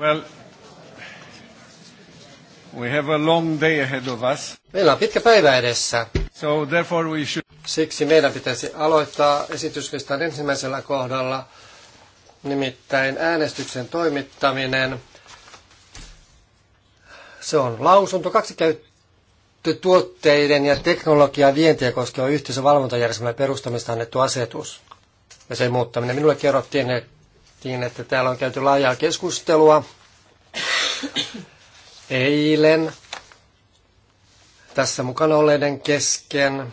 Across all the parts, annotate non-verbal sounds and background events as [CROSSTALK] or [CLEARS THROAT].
Well, we have a long day ahead of us. Meillä on pitkä päivä edessä. So therefore we should... Siksi meidän pitäisi aloittaa esityslistan ensimmäisellä kohdalla, nimittäin äänestyksen toimittaminen. Se on lausunto kaksi käyttötuotteiden ja teknologian vientiä koskeva yhteisövalvontajärjestelmän perustamista annettu asetus ja sen muuttaminen. Minulle kerrottiin, että todettiin, että täällä on käyty laajaa keskustelua eilen tässä mukana olleiden kesken.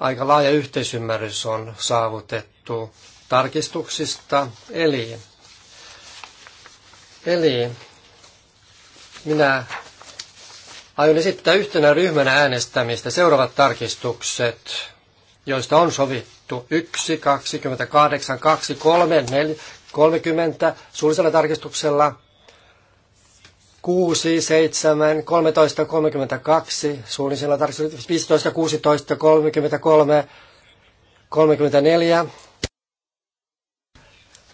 Aika laaja yhteisymmärrys on saavutettu tarkistuksista, eli, eli minä aion esittää yhtenä ryhmänä äänestämistä seuraavat tarkistukset, joista on sovittu Tarkistettu 1, 28, 2, 3, 4, 30 suullisella tarkistuksella. 6, 7, 13, 32 suullisella tarkistuksella. 15, 16, 33, 34.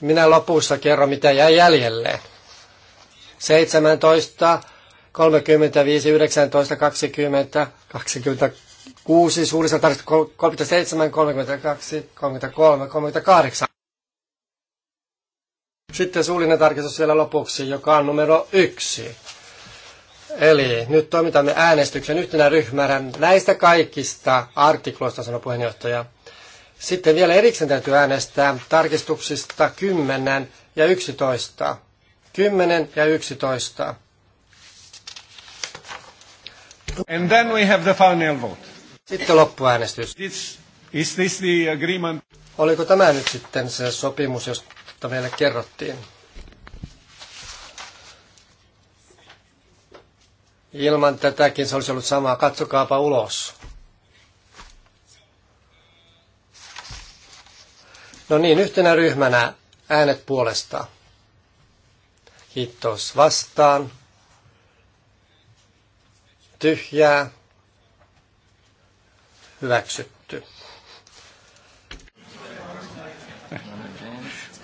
Minä lopussa kerron, mitä jäi jäljelle. 17, 35, 19, 20, 20 6, suuri 137, 32, 33, 38. Sitten suullinen tarkistus vielä lopuksi, joka on numero yksi. Eli nyt toimitamme äänestyksen yhtenä ryhmänä näistä kaikista artikloista, sanoi puheenjohtaja. Sitten vielä erikseen täytyy äänestää tarkistuksista 10 ja 11. 10 ja 11. And then we have the final vote. Sitten loppuäänestys. This, is this the agreement? Oliko tämä nyt sitten se sopimus, josta meille kerrottiin? Ilman tätäkin se olisi ollut samaa. Katsokaapa ulos. No niin, yhtenä ryhmänä äänet puolesta. Kiitos vastaan. Tyhjää hyväksytty.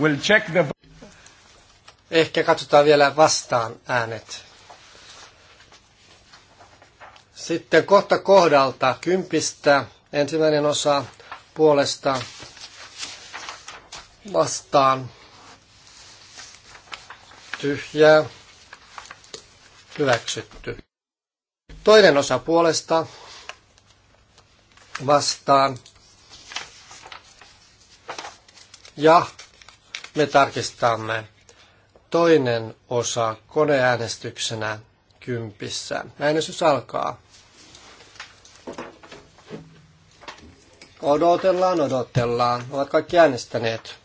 We'll check the... Ehkä katsotaan vielä vastaan äänet. Sitten kohta kohdalta kympistä ensimmäinen osa puolesta vastaan tyhjää hyväksytty. Toinen osa puolesta vastaan. Ja me tarkistamme toinen osa koneäänestyksenä kympissä. Äänestys alkaa. Odotellaan, odotellaan. Ovat kaikki äänestäneet.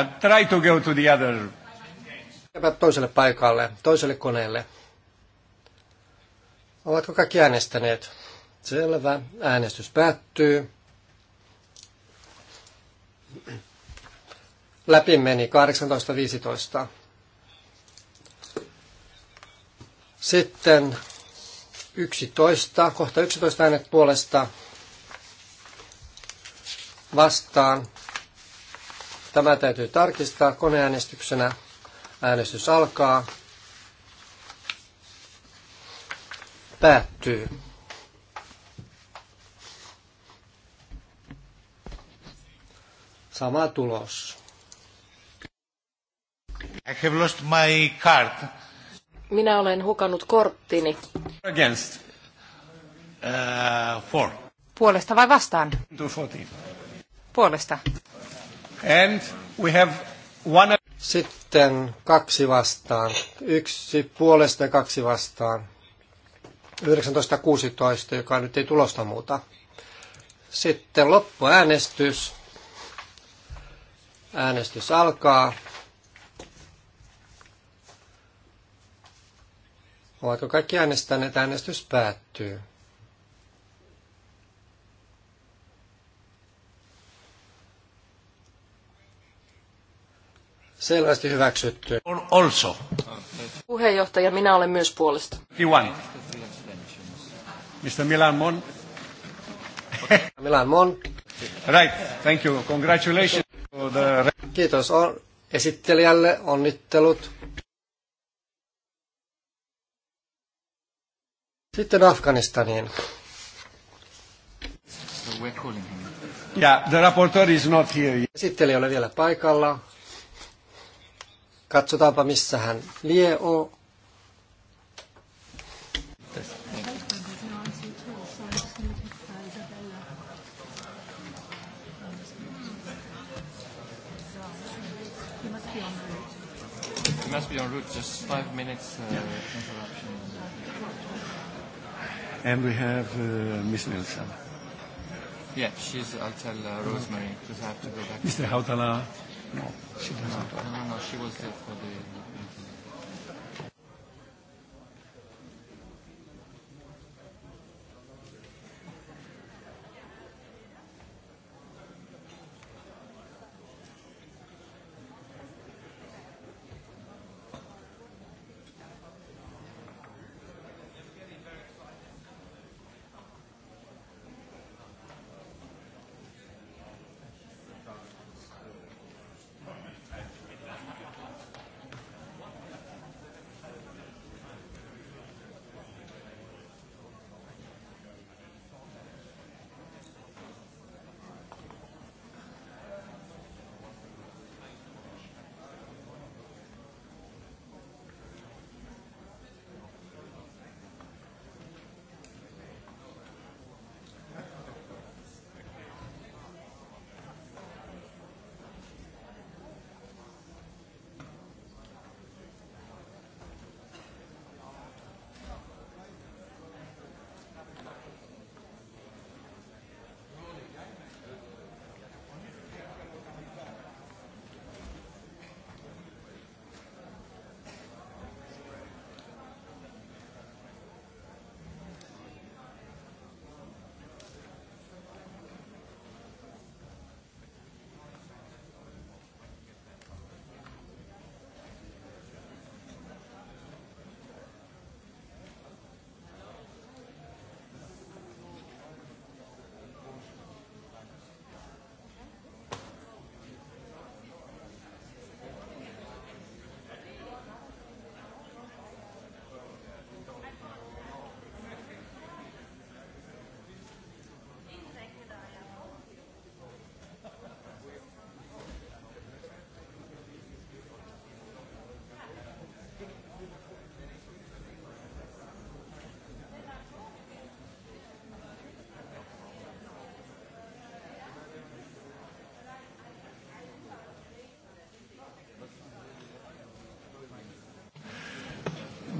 I try to go to the other toiselle paikalle, toiselle koneelle. Ovatko kaikki äänestäneet? Selvä. Äänestys päättyy. Läpi meni 18.15. Sitten 11, kohta 11 äänet puolesta vastaan. Tämä täytyy tarkistaa koneäänestyksenä. Äänestys alkaa. Päättyy. Sama tulos. I have lost my card. Minä olen hukannut korttini. Against. Uh, for. Puolesta vai vastaan? 214. Puolesta. And we have one... Sitten kaksi vastaan. Yksi puolesta ja kaksi vastaan. 19.16, joka nyt ei tulosta muuta. Sitten loppuäänestys. Äänestys alkaa. Ovatko kaikki äänestäneet? Äänestys päättyy. Selvästi hyväksytty. On also. Puheenjohtaja, minä olen myös puolesta. Iwan. Mr. Milan Mon. [LAUGHS] Milan Mon. Right, thank you. Congratulations. Kiitos on esittelijälle, onnittelut. Sitten Afganistaniin. Yeah, the rapporteur is not here. Esittelijä ei ole vielä paikalla. Katsotaanpa, missä hän lie o. You must be en route, just five minutes uh, yeah. interruption. And we have uh, Miss Nielsen. Yeah, she's, I'll tell uh, Rosemary, because I have to go back. Mr. Hautala, No, she doesn't. No, no, no, she was there for the.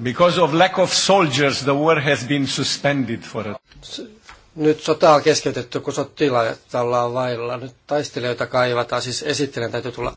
Because of lack of soldiers, the war has been suspended for a... Nyt sota on keskeytetty, kun sotilaita ollaan vailla. Nyt taistelijoita kaivataan, siis esittelen täytyy tulla.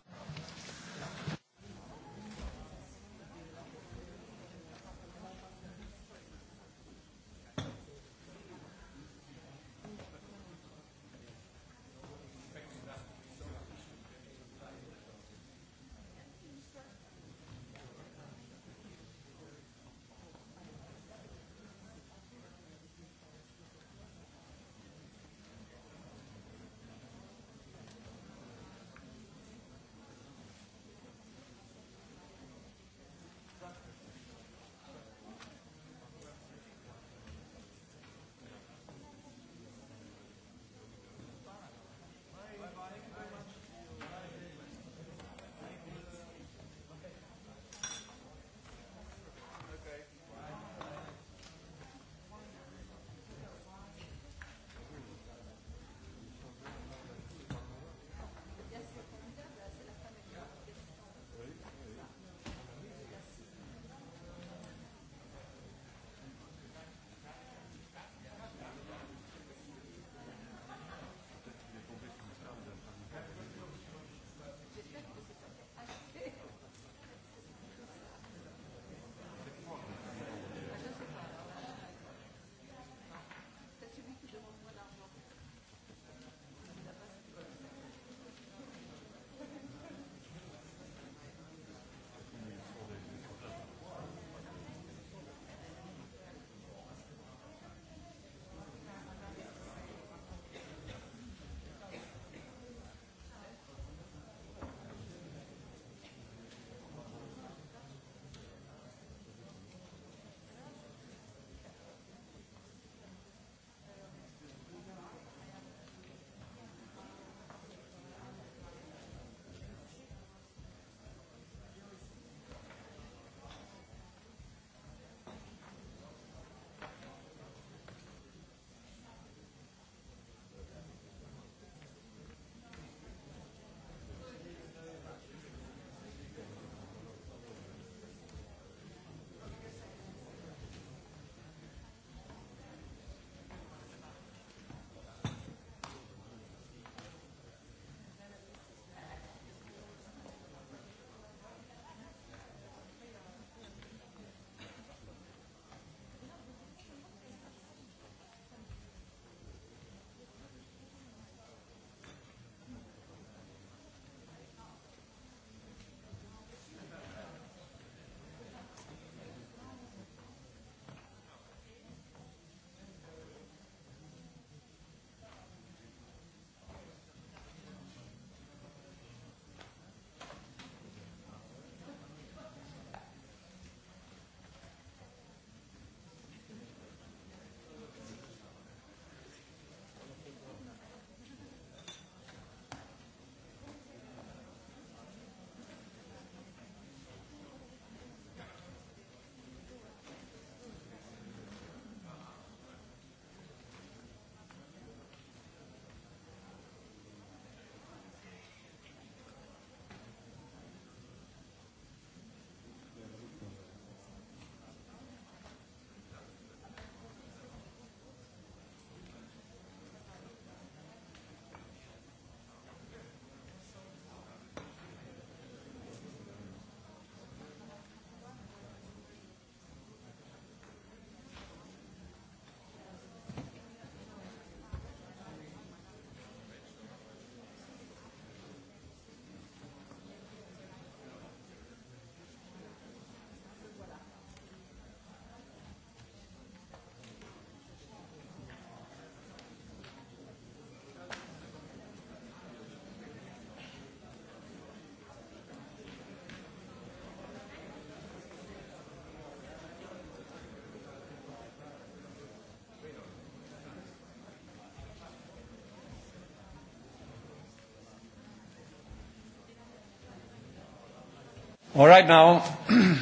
All right now. [CLEARS THROAT]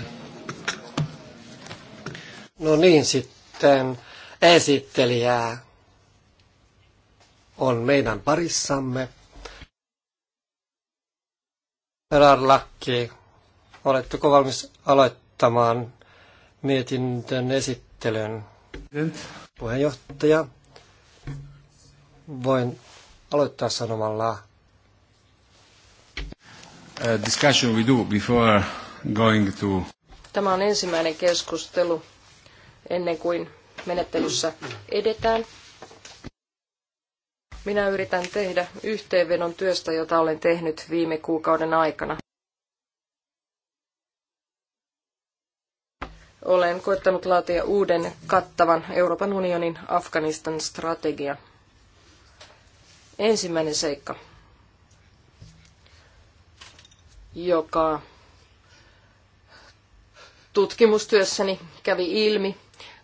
No niin, sitten esittelijää on meidän parissamme. Herran Lakki, oletteko valmis aloittamaan mietintön esittelyn? Puheenjohtaja, voin aloittaa sanomalla, discussion we do before going to... Tämä on ensimmäinen keskustelu ennen kuin menettelyssä edetään. Minä yritän tehdä yhteenvedon työstä, jota olen tehnyt viime kuukauden aikana. Olen koettanut laatia uuden kattavan Euroopan unionin Afganistan-strategia. Ensimmäinen seikka. joka tutkimustyössäni kävi ilmi,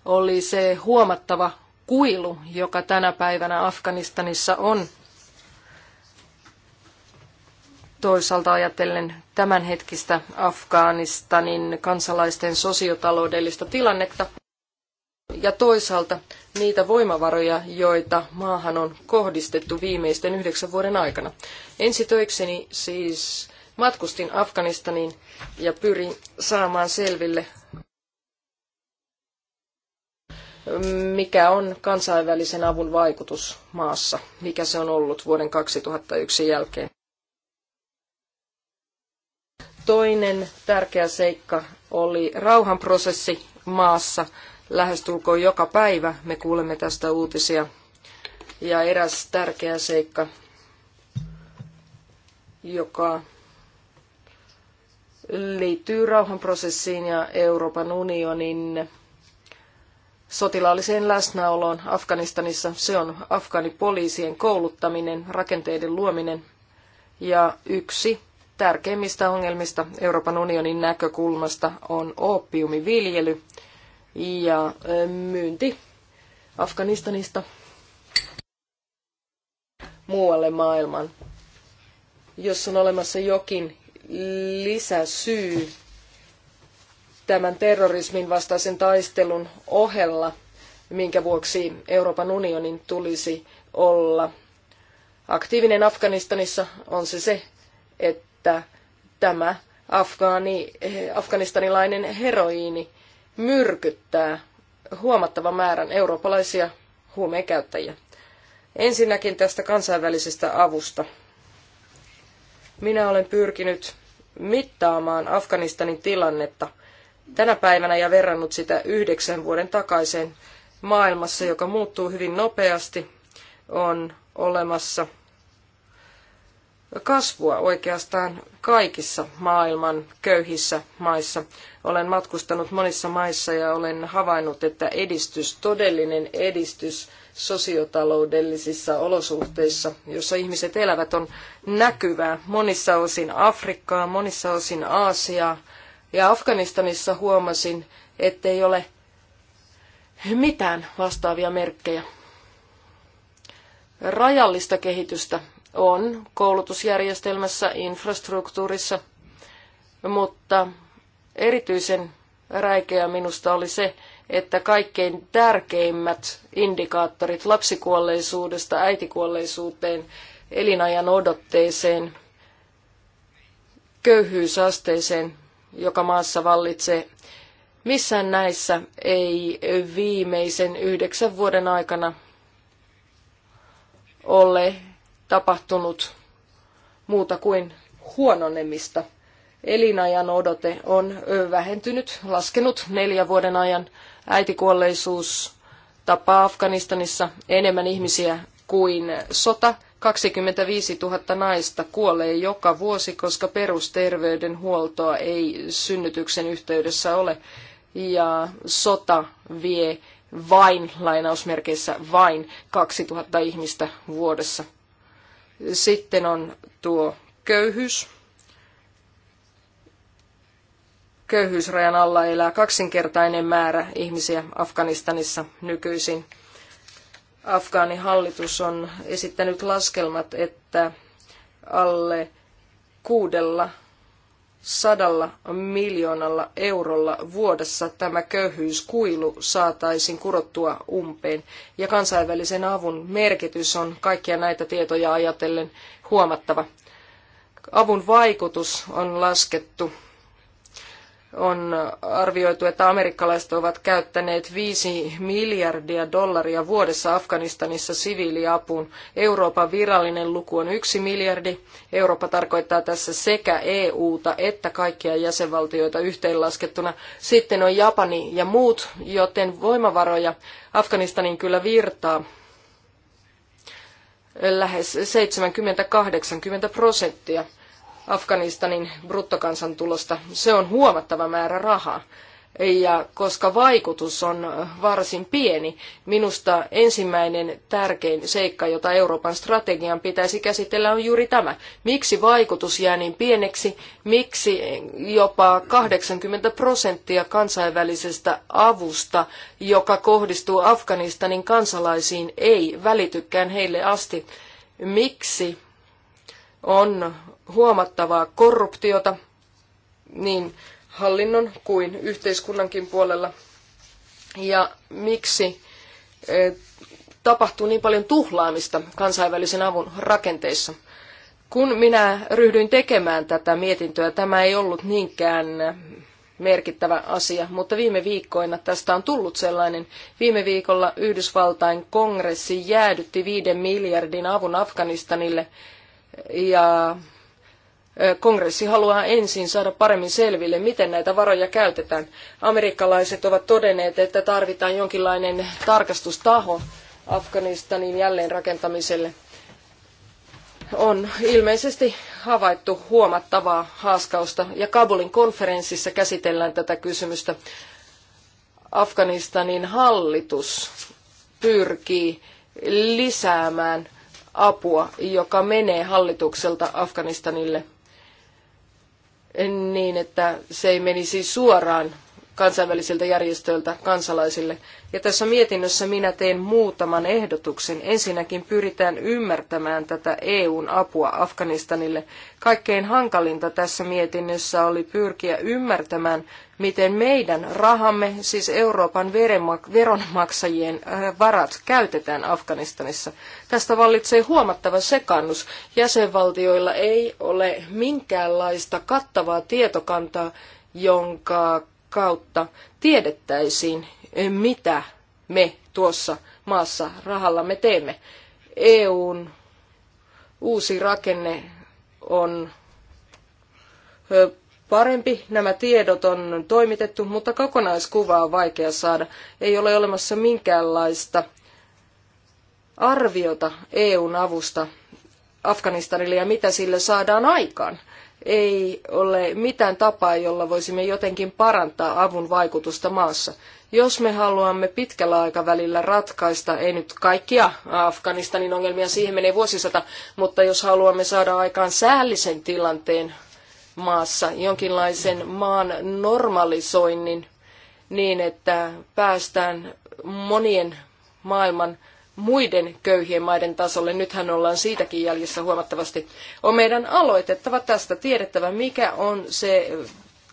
oli se huomattava kuilu, joka tänä päivänä Afganistanissa on toisaalta ajatellen tämänhetkistä Afganistanin kansalaisten sosiotaloudellista tilannetta ja toisaalta niitä voimavaroja, joita maahan on kohdistettu viimeisten yhdeksän vuoden aikana. Ensi töikseni siis Matkustin Afganistaniin ja pyrin saamaan selville, mikä on kansainvälisen avun vaikutus maassa, mikä se on ollut vuoden 2001 jälkeen. Toinen tärkeä seikka oli rauhanprosessi maassa. Lähestulkoon joka päivä me kuulemme tästä uutisia. Ja eräs tärkeä seikka, joka liittyy rauhanprosessiin ja Euroopan unionin sotilaalliseen läsnäoloon Afganistanissa. Se on afgaanipoliisien kouluttaminen, rakenteiden luominen ja yksi tärkeimmistä ongelmista Euroopan unionin näkökulmasta on oppiumiviljely ja myynti Afganistanista muualle maailmaan. Jos on olemassa jokin lisäsyy tämän terrorismin vastaisen taistelun ohella, minkä vuoksi Euroopan unionin tulisi olla aktiivinen Afganistanissa, on se se, että tämä afgaani, afganistanilainen heroiini myrkyttää huomattavan määrän eurooppalaisia huumeenkäyttäjiä. Ensinnäkin tästä kansainvälisestä avusta. Minä olen pyrkinyt mittaamaan Afganistanin tilannetta tänä päivänä ja verrannut sitä yhdeksän vuoden takaiseen maailmassa, joka muuttuu hyvin nopeasti, on olemassa kasvua oikeastaan kaikissa maailman köyhissä maissa. Olen matkustanut monissa maissa ja olen havainnut, että edistys, todellinen edistys sosiotaloudellisissa olosuhteissa, jossa ihmiset elävät, on näkyvää monissa osin Afrikkaa, monissa osin Aasiaa. Ja Afganistanissa huomasin, ettei ole mitään vastaavia merkkejä. Rajallista kehitystä on koulutusjärjestelmässä, infrastruktuurissa, mutta erityisen räikeä minusta oli se, että kaikkein tärkeimmät indikaattorit lapsikuolleisuudesta äitikuolleisuuteen, elinajan odotteeseen, köyhyysasteeseen, joka maassa vallitsee, missään näissä ei viimeisen yhdeksän vuoden aikana ole tapahtunut muuta kuin huononemista. Elinajan odote on vähentynyt, laskenut neljän vuoden ajan äitikuolleisuus tapaa Afganistanissa enemmän ihmisiä kuin sota. 25 000 naista kuolee joka vuosi, koska perusterveydenhuoltoa ei synnytyksen yhteydessä ole. Ja sota vie vain, lainausmerkeissä vain, 2000 ihmistä vuodessa. Sitten on tuo köyhyys. köyhyysrajan alla elää kaksinkertainen määrä ihmisiä Afganistanissa nykyisin. Afgaanihallitus on esittänyt laskelmat, että alle kuudella sadalla miljoonalla eurolla vuodessa tämä köyhyyskuilu saataisiin kurottua umpeen. Ja kansainvälisen avun merkitys on kaikkia näitä tietoja ajatellen huomattava. Avun vaikutus on laskettu on arvioitu, että amerikkalaiset ovat käyttäneet viisi miljardia dollaria vuodessa Afganistanissa siviiliapuun. Euroopan virallinen luku on yksi miljardi. Eurooppa tarkoittaa tässä sekä EUta että kaikkia jäsenvaltioita yhteenlaskettuna. Sitten on Japani ja muut, joten voimavaroja Afganistanin kyllä virtaa lähes 70-80 prosenttia. Afganistanin bruttokansantulosta. Se on huomattava määrä rahaa. Ja koska vaikutus on varsin pieni, minusta ensimmäinen tärkein seikka, jota Euroopan strategian pitäisi käsitellä, on juuri tämä. Miksi vaikutus jää niin pieneksi? Miksi jopa 80 prosenttia kansainvälisestä avusta, joka kohdistuu Afganistanin kansalaisiin, ei välitykään heille asti? Miksi on huomattavaa korruptiota niin hallinnon kuin yhteiskunnankin puolella. Ja miksi e, tapahtuu niin paljon tuhlaamista kansainvälisen avun rakenteissa. Kun minä ryhdyin tekemään tätä mietintöä, tämä ei ollut niinkään merkittävä asia, mutta viime viikkoina tästä on tullut sellainen. Viime viikolla Yhdysvaltain kongressi jäädytti viiden miljardin avun Afganistanille ja Kongressi haluaa ensin saada paremmin selville, miten näitä varoja käytetään. Amerikkalaiset ovat todenneet, että tarvitaan jonkinlainen tarkastustaho Afganistanin jälleenrakentamiselle. On ilmeisesti havaittu huomattavaa haaskausta ja Kabulin konferenssissa käsitellään tätä kysymystä. Afganistanin hallitus pyrkii lisäämään apua, joka menee hallitukselta Afganistanille niin, että se ei menisi suoraan kansainvälisiltä järjestöiltä kansalaisille. Ja tässä mietinnössä minä tein muutaman ehdotuksen. Ensinnäkin pyritään ymmärtämään tätä EUn apua Afganistanille. Kaikkein hankalinta tässä mietinnössä oli pyrkiä ymmärtämään, miten meidän rahamme, siis Euroopan veronmaksajien äh, varat, käytetään Afganistanissa. Tästä vallitsee huomattava sekannus. Jäsenvaltioilla ei ole minkäänlaista kattavaa tietokantaa, jonka kautta tiedettäisiin, mitä me tuossa maassa rahallamme teemme. EUn uusi rakenne on parempi. Nämä tiedot on toimitettu, mutta kokonaiskuvaa on vaikea saada. Ei ole olemassa minkäänlaista arviota EUn avusta Afganistanille ja mitä sillä saadaan aikaan ei ole mitään tapaa, jolla voisimme jotenkin parantaa avun vaikutusta maassa. Jos me haluamme pitkällä aikavälillä ratkaista, ei nyt kaikkia Afganistanin ongelmia, siihen menee vuosisata, mutta jos haluamme saada aikaan säällisen tilanteen maassa, jonkinlaisen maan normalisoinnin niin, että päästään monien maailman muiden köyhien maiden tasolle. Nythän ollaan siitäkin jäljessä huomattavasti. On meidän aloitettava tästä tiedettävä, mikä on se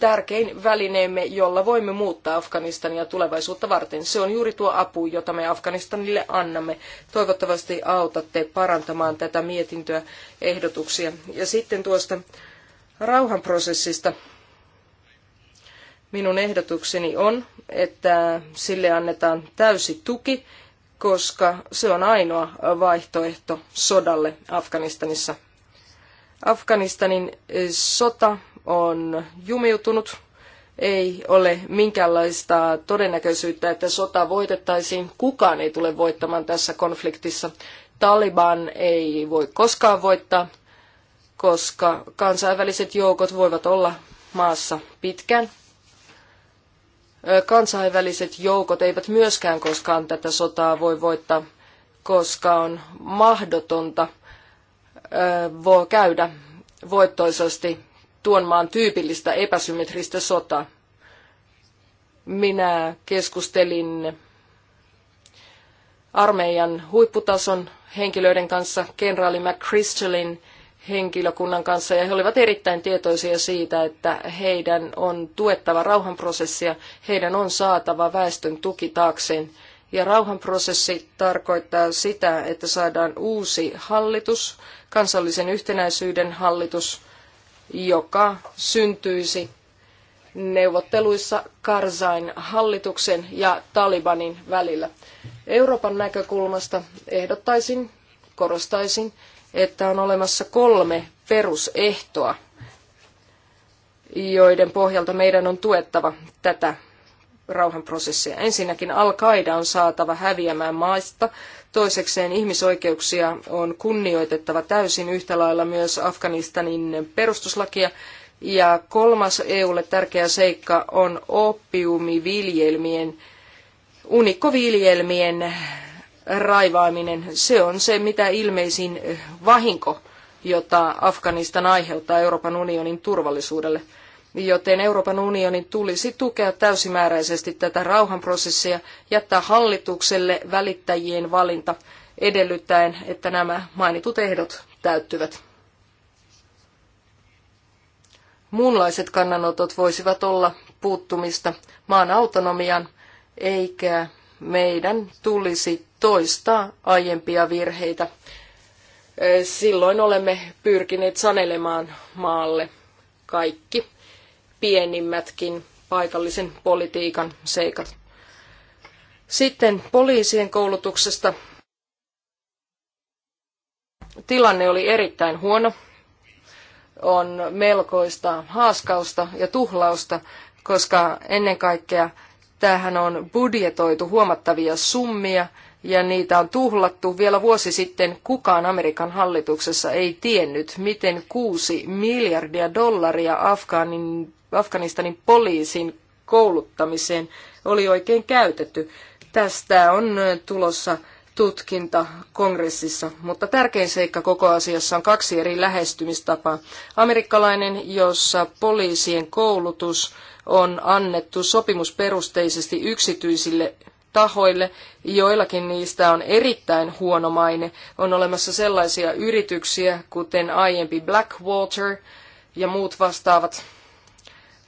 tärkein välineemme, jolla voimme muuttaa Afganistania tulevaisuutta varten. Se on juuri tuo apu, jota me Afganistanille annamme. Toivottavasti autatte parantamaan tätä mietintöä ehdotuksia. Ja sitten tuosta rauhanprosessista. Minun ehdotukseni on, että sille annetaan täysi tuki koska se on ainoa vaihtoehto sodalle Afganistanissa. Afganistanin eh, sota on jumiutunut. Ei ole minkäänlaista todennäköisyyttä, että sota voitettaisiin. Kukaan ei tule voittamaan tässä konfliktissa. Taliban ei voi koskaan voittaa, koska kansainväliset joukot voivat olla maassa pitkään – Kansainväliset joukot eivät myöskään koskaan tätä sotaa voi voittaa, koska on mahdotonta voi käydä voittoisasti tuon maan tyypillistä epäsymmetristä sotaa. Minä keskustelin armeijan huipputason henkilöiden kanssa, kenraali McChrystalin henkilökunnan kanssa ja he olivat erittäin tietoisia siitä, että heidän on tuettava rauhanprosessia, heidän on saatava väestön tuki taakseen. Ja rauhanprosessi tarkoittaa sitä, että saadaan uusi hallitus, kansallisen yhtenäisyyden hallitus, joka syntyisi neuvotteluissa Karzain hallituksen ja Talibanin välillä. Euroopan näkökulmasta ehdottaisin, korostaisin, että on olemassa kolme perusehtoa, joiden pohjalta meidän on tuettava tätä rauhanprosessia. Ensinnäkin Al-Qaida on saatava häviämään maista. Toisekseen ihmisoikeuksia on kunnioitettava täysin yhtä lailla myös Afganistanin perustuslakia. Ja kolmas EUlle tärkeä seikka on oppiumiviljelmien, unikkoviljelmien raivaaminen, se on se mitä ilmeisin vahinko, jota Afganistan aiheuttaa Euroopan unionin turvallisuudelle. Joten Euroopan unionin tulisi tukea täysimääräisesti tätä rauhanprosessia, jättää hallitukselle välittäjien valinta edellyttäen, että nämä mainitut ehdot täyttyvät. Muunlaiset kannanotot voisivat olla puuttumista maan autonomiaan, eikä meidän tulisi toistaa aiempia virheitä. Silloin olemme pyrkineet sanelemaan maalle kaikki pienimmätkin paikallisen politiikan seikat. Sitten poliisien koulutuksesta. Tilanne oli erittäin huono. On melkoista haaskausta ja tuhlausta, koska ennen kaikkea tähän on budjetoitu huomattavia summia ja niitä on tuhlattu. Vielä vuosi sitten kukaan Amerikan hallituksessa ei tiennyt, miten kuusi miljardia dollaria Afganin, Afganistanin poliisin kouluttamiseen oli oikein käytetty. Tästä on tulossa tutkinta kongressissa, mutta tärkein seikka koko asiassa on kaksi eri lähestymistapaa. Amerikkalainen, jossa poliisien koulutus on annettu sopimusperusteisesti yksityisille tahoille. Joillakin niistä on erittäin huono maine. On olemassa sellaisia yrityksiä, kuten aiempi Blackwater ja muut vastaavat.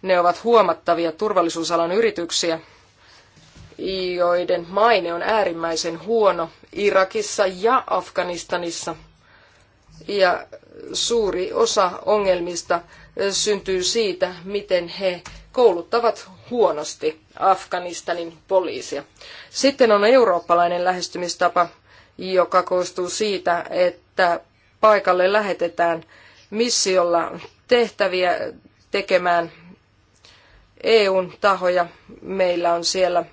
Ne ovat huomattavia turvallisuusalan yrityksiä, joiden maine on äärimmäisen huono Irakissa ja Afganistanissa. Ja suuri osa ongelmista syntyy siitä, miten he kouluttavat huonosti Afganistanin poliisia. Sitten on eurooppalainen lähestymistapa, joka koostuu siitä, että paikalle lähetetään missiolla tehtäviä tekemään EUn tahoja. Meillä on siellä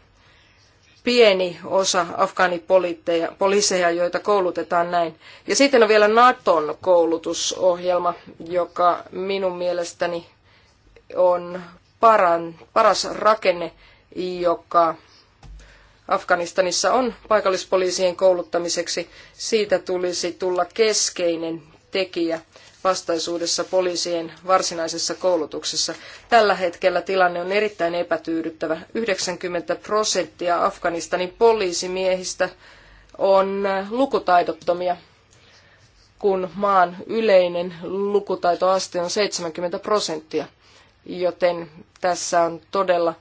pieni osa afgaanipoliiseja, joita koulutetaan näin. Ja sitten on vielä Naton koulutusohjelma, joka minun mielestäni on paran, paras rakenne, joka Afganistanissa on paikallispoliisien kouluttamiseksi. Siitä tulisi tulla keskeinen tekijä vastaisuudessa poliisien varsinaisessa koulutuksessa. Tällä hetkellä tilanne on erittäin epätyydyttävä. 90 prosenttia Afganistanin poliisimiehistä on lukutaidottomia, kun maan yleinen lukutaitoaste on 70 prosenttia joten tässä on todella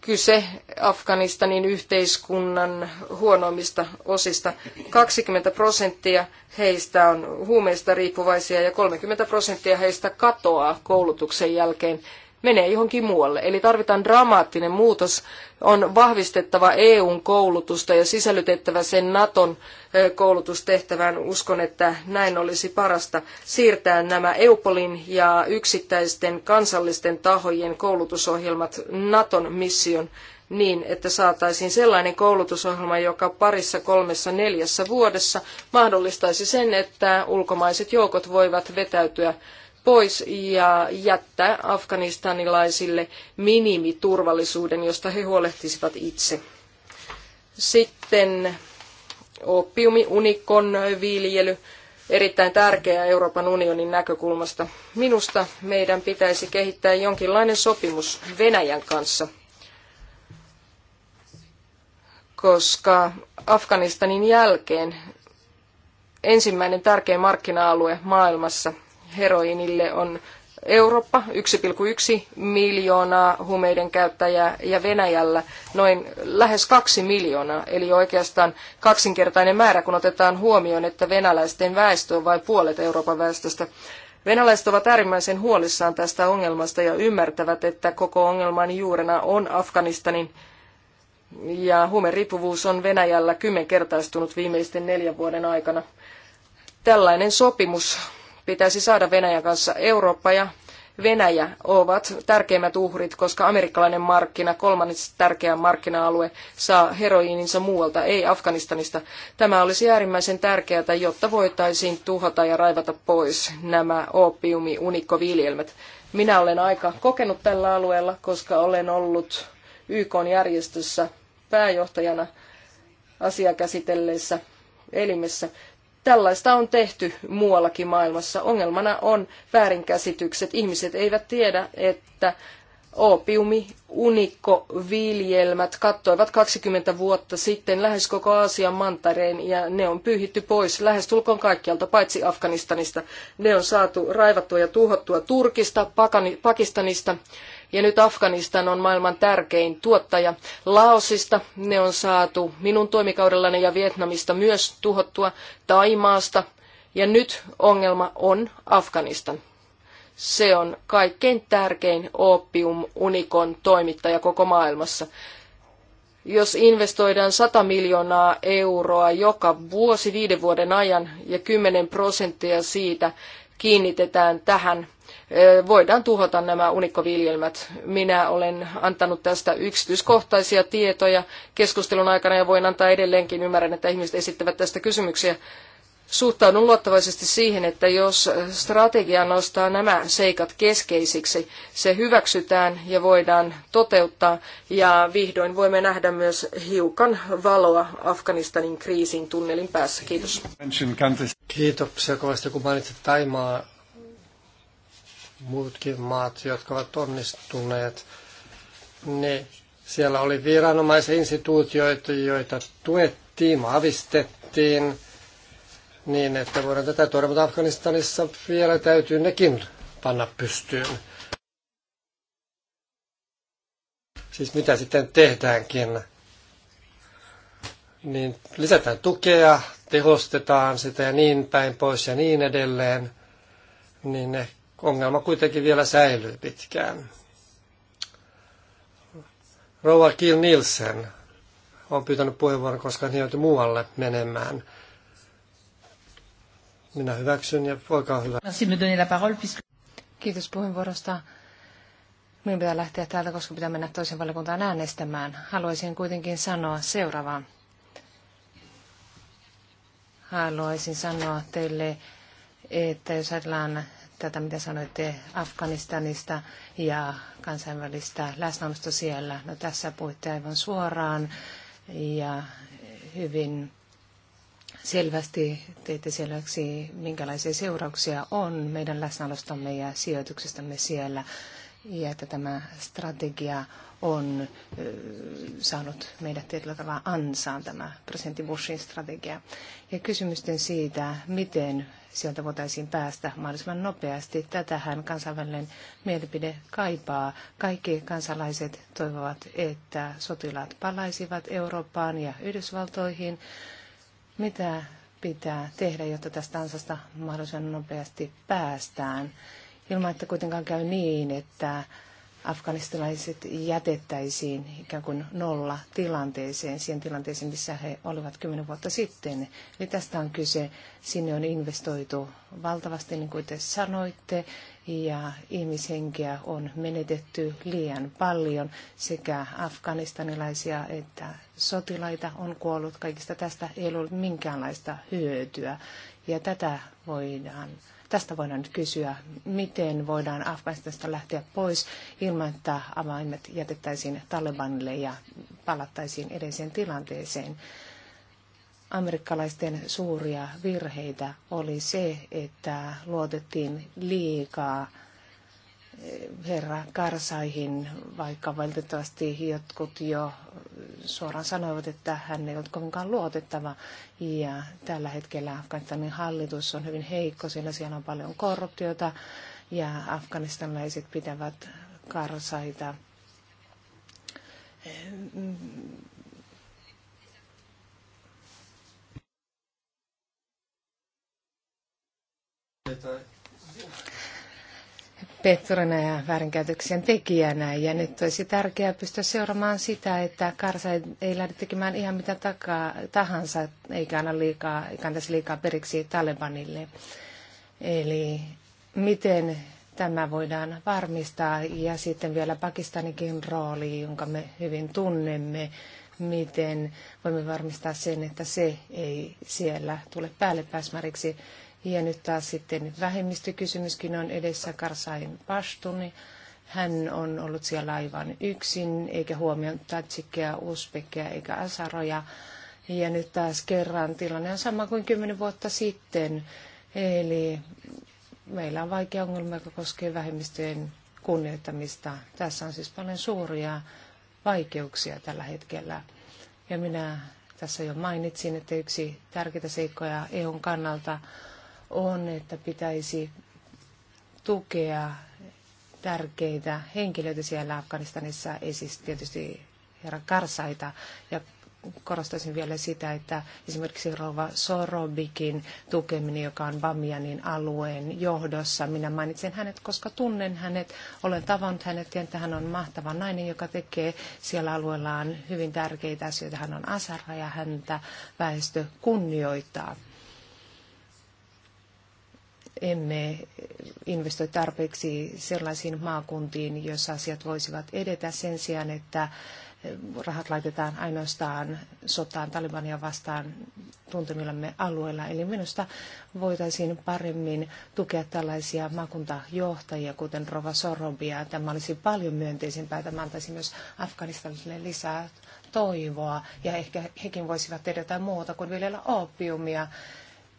kyse Afganistanin yhteiskunnan huonoimmista osista. 20 prosenttia heistä on huumeista riippuvaisia ja 30 prosenttia heistä katoaa koulutuksen jälkeen menee johonkin muualle. Eli tarvitaan dramaattinen muutos. On vahvistettava EUn koulutusta ja sisällytettävä sen Naton koulutustehtävään. Uskon, että näin olisi parasta siirtää nämä EUPOLin ja yksittäisten kansallisten tahojen koulutusohjelmat Naton mission niin, että saataisiin sellainen koulutusohjelma, joka parissa, kolmessa, neljässä vuodessa mahdollistaisi sen, että ulkomaiset joukot voivat vetäytyä pois ja jättää afganistanilaisille minimiturvallisuuden, josta he huolehtisivat itse. Sitten oppiumi, unikon viljely, erittäin tärkeää Euroopan unionin näkökulmasta. Minusta meidän pitäisi kehittää jonkinlainen sopimus Venäjän kanssa, koska Afganistanin jälkeen ensimmäinen tärkein markkina-alue maailmassa – heroinille on Eurooppa, 1,1 miljoonaa humeiden käyttäjää ja Venäjällä noin lähes 2 miljoonaa, eli oikeastaan kaksinkertainen määrä, kun otetaan huomioon, että venäläisten väestö on vain puolet Euroopan väestöstä. Venäläiset ovat äärimmäisen huolissaan tästä ongelmasta ja ymmärtävät, että koko ongelman juurena on Afganistanin ja huumeriippuvuus on Venäjällä kymmenkertaistunut viimeisten neljän vuoden aikana. Tällainen sopimus pitäisi saada Venäjän kanssa. Eurooppa ja Venäjä ovat tärkeimmät uhrit, koska amerikkalainen markkina, kolmannes tärkeä markkina-alue, saa heroiininsa muualta, ei Afganistanista. Tämä olisi äärimmäisen tärkeää, jotta voitaisiin tuhota ja raivata pois nämä opiumi-unikkoviljelmät. Minä olen aika kokenut tällä alueella, koska olen ollut YK-järjestössä pääjohtajana asiaa käsitelleessä elimessä. Tällaista on tehty muuallakin maailmassa. Ongelmana on väärinkäsitykset. Ihmiset eivät tiedä, että Oopiumi, unikkoviljelmät kattoivat 20 vuotta sitten lähes koko Aasian mantareen ja ne on pyyhitty pois lähestulkoon kaikkialta, paitsi Afganistanista. Ne on saatu raivattua ja tuhottua Turkista, Pakistanista, ja nyt Afganistan on maailman tärkein tuottaja. Laosista ne on saatu minun toimikaudellani ja Vietnamista myös tuhottua Taimaasta. Ja nyt ongelma on Afganistan. Se on kaikkein tärkein opiumunikon toimittaja koko maailmassa jos investoidaan 100 miljoonaa euroa joka vuosi viiden vuoden ajan ja kymmenen prosenttia siitä kiinnitetään tähän voidaan tuhota nämä unikkoviljelmät. Minä olen antanut tästä yksityiskohtaisia tietoja keskustelun aikana ja voin antaa edelleenkin. Ymmärrän, että ihmiset esittävät tästä kysymyksiä. Suhtaudun luottavaisesti siihen, että jos strategia nostaa nämä seikat keskeisiksi, se hyväksytään ja voidaan toteuttaa ja vihdoin voimme nähdä myös hiukan valoa Afganistanin kriisin tunnelin päässä. Kiitos. Kiitoksia kovasti, kun mainitsit Taimaa muutkin maat, jotka ovat onnistuneet, niin siellä oli viranomaisinstituutioita, joita tuettiin, avistettiin, niin että voidaan tätä tuoda, mutta Afganistanissa vielä täytyy nekin panna pystyyn. Siis mitä sitten tehdäänkin? Niin lisätään tukea, tehostetaan sitä ja niin päin pois ja niin edelleen. Niin ongelma kuitenkin vielä säilyy pitkään. Rova Kiel Nielsen on pyytänyt puheenvuoron, koska hän joutui muualle menemään. Minä hyväksyn ja olkaa hyvä. Kiitos puheenvuorosta. Minun pitää lähteä täältä, koska pitää mennä toisen valiokuntaan äänestämään. Haluaisin kuitenkin sanoa seuraavaa. Haluaisin sanoa teille, että jos ajatellaan tätä, mitä sanoitte Afganistanista ja kansainvälistä läsnäolosta siellä. No tässä puhuitte aivan suoraan ja hyvin selvästi teitte selväksi, minkälaisia seurauksia on meidän läsnäolostamme ja sijoituksestamme siellä ja että tämä strategia on saanut meidät tietyllä tavalla ansaan tämä presidentti Bushin strategia. Ja kysymysten siitä, miten sieltä voitaisiin päästä mahdollisimman nopeasti. Tätähän kansainvälinen mielipide kaipaa. Kaikki kansalaiset toivovat, että sotilaat palaisivat Eurooppaan ja Yhdysvaltoihin. Mitä pitää tehdä, jotta tästä ansasta mahdollisimman nopeasti päästään? ilman että kuitenkaan käy niin, että afganistalaiset jätettäisiin ikään kuin nolla tilanteeseen, siihen tilanteeseen, missä he olivat kymmenen vuotta sitten. Eli tästä on kyse. Sinne on investoitu valtavasti, niin kuin te sanoitte, ja ihmishenkiä on menetetty liian paljon. Sekä afganistanilaisia että sotilaita on kuollut. Kaikista tästä ei ollut minkäänlaista hyötyä. Ja tätä voidaan Tästä voidaan nyt kysyä, miten voidaan Afganistanista lähteä pois ilman, että avaimet jätettäisiin Talibanille ja palattaisiin edelliseen tilanteeseen. Amerikkalaisten suuria virheitä oli se, että luotettiin liikaa herra Karsaihin, vaikka valitettavasti jotkut jo suoraan sanoivat, että hän ei ollut kovinkaan luotettava. Ja tällä hetkellä Afganistanin hallitus on hyvin heikko, sillä siellä on paljon korruptiota ja afganistanilaiset pitävät Karsaita petturina ja väärinkäytöksen tekijänä. Ja nyt olisi tärkeää pystyä seuraamaan sitä, että Karsa ei, ei lähde tekemään ihan mitä takaa, tahansa, eikä anna liikaa, eikä antaisi liikaa periksi Talebanille. Eli miten tämä voidaan varmistaa. Ja sitten vielä Pakistanikin rooli, jonka me hyvin tunnemme, miten voimme varmistaa sen, että se ei siellä tule päälle pääsmäriksi. Ja nyt taas sitten vähemmistökysymyskin on edessä Karsain Pastuni. Hän on ollut siellä aivan yksin, eikä huomioon tatsikkeja, uspekkeja eikä asaroja. Ja nyt taas kerran tilanne on sama kuin kymmenen vuotta sitten. Eli meillä on vaikea ongelma, joka koskee vähemmistöjen kunnioittamista. Tässä on siis paljon suuria vaikeuksia tällä hetkellä. Ja minä tässä jo mainitsin, että yksi tärkeitä seikkoja EUn kannalta on, että pitäisi tukea tärkeitä henkilöitä siellä Afganistanissa, ei siis tietysti herra Karsaita. Ja korostaisin vielä sitä, että esimerkiksi Rova Sorobikin tukeminen, joka on Bamianin alueen johdossa, minä mainitsen hänet, koska tunnen hänet, olen tavannut hänet, ja että hän on mahtava nainen, joka tekee siellä alueellaan hyvin tärkeitä asioita. Hän on asara ja häntä väestö kunnioittaa emme investoi tarpeeksi sellaisiin maakuntiin, joissa asiat voisivat edetä sen sijaan, että rahat laitetaan ainoastaan sotaan Talibania vastaan tuntemillamme alueilla. Eli minusta voitaisiin paremmin tukea tällaisia maakuntajohtajia, kuten Rova Sorobia. Tämä olisi paljon myönteisempää. Tämä antaisi myös Afganistanille lisää toivoa ja ehkä hekin voisivat tehdä jotain muuta kuin viljellä opiumia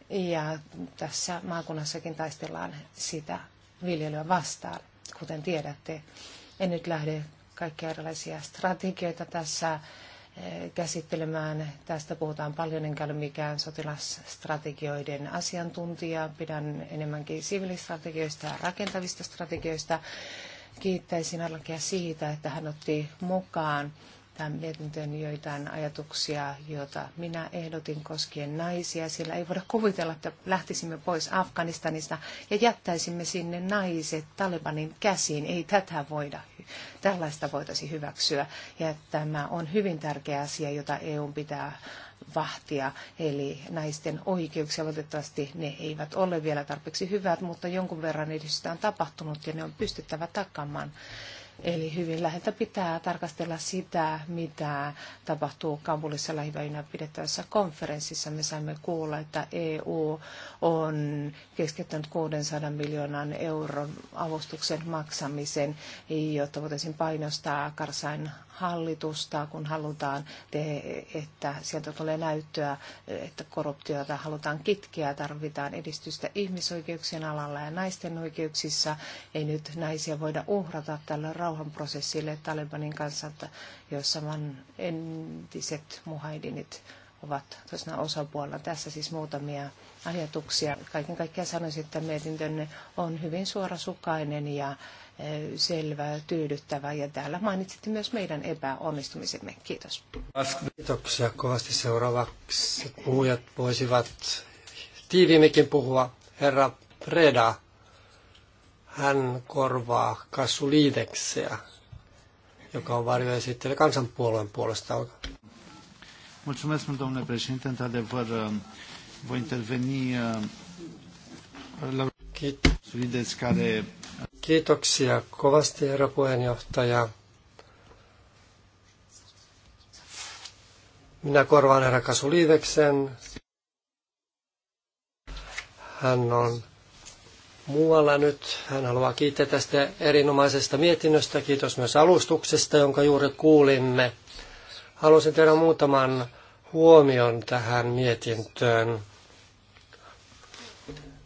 ja tässä maakunnassakin taistellaan sitä viljelyä vastaan, kuten tiedätte. En nyt lähde kaikkia erilaisia strategioita tässä eh, käsittelemään. Tästä puhutaan paljon, enkä ole mikään sotilasstrategioiden asiantuntija. Pidän enemmänkin siviilistrategioista ja rakentavista strategioista. Kiittäisin Arlakia siitä, että hän otti mukaan tämän mietintöön joitain ajatuksia, joita minä ehdotin koskien naisia, sillä ei voida kuvitella, että lähtisimme pois Afganistanista ja jättäisimme sinne naiset Talibanin käsiin. Ei tätä voida, tällaista voitaisiin hyväksyä. Ja tämä on hyvin tärkeä asia, jota EU pitää vahtia, eli naisten oikeuksia. Valitettavasti ne eivät ole vielä tarpeeksi hyvät, mutta jonkun verran edistystä on tapahtunut ja ne on pystyttävä takamaan. Eli hyvin läheltä pitää tarkastella sitä, mitä tapahtuu Kabulissa lähipäivinä pidettävässä konferenssissa. Me saimme kuulla, että EU on keskittänyt 600 miljoonan euron avustuksen maksamisen, jotta voitaisiin painostaa Karsain hallitusta, kun halutaan, te- että sieltä tulee näyttöä, että korruptiota halutaan kitkeä, tarvitaan edistystä ihmisoikeuksien alalla ja naisten oikeuksissa. Ei nyt naisia voida uhrata tällä rauhanprosessille Talibanin kanssa, jossa vain entiset muhaidinit ovat tosina osapuolena. Tässä siis muutamia ajatuksia. Kaiken kaikkiaan sanoisin, että mietintönne on hyvin suorasukainen ja eh, selvä, tyydyttävä ja täällä mainitsitte myös meidän epäonnistumisemme. Kiitos. Kiitoksia kovasti seuraavaksi. Puhujat voisivat tiiviimmekin puhua. Herra Preda, hän korvaa Liitekseä, joka on esittely kansanpuolueen puolesta. Mulțumesc, domnule președinte. Într-adevăr, um, voi interveni um, la Sulides care... Kiitoksia kovasti, herra puheenjohtaja. Minä korvaan herra Kasuliiveksen. Hän on muualla nyt. Hän haluaa kiittää tästä erinomaisesta mietinnöstä. Kiitos myös alustuksesta, jonka juuri kuulimme. Haluaisin tehdä muutaman huomion tähän mietintöön.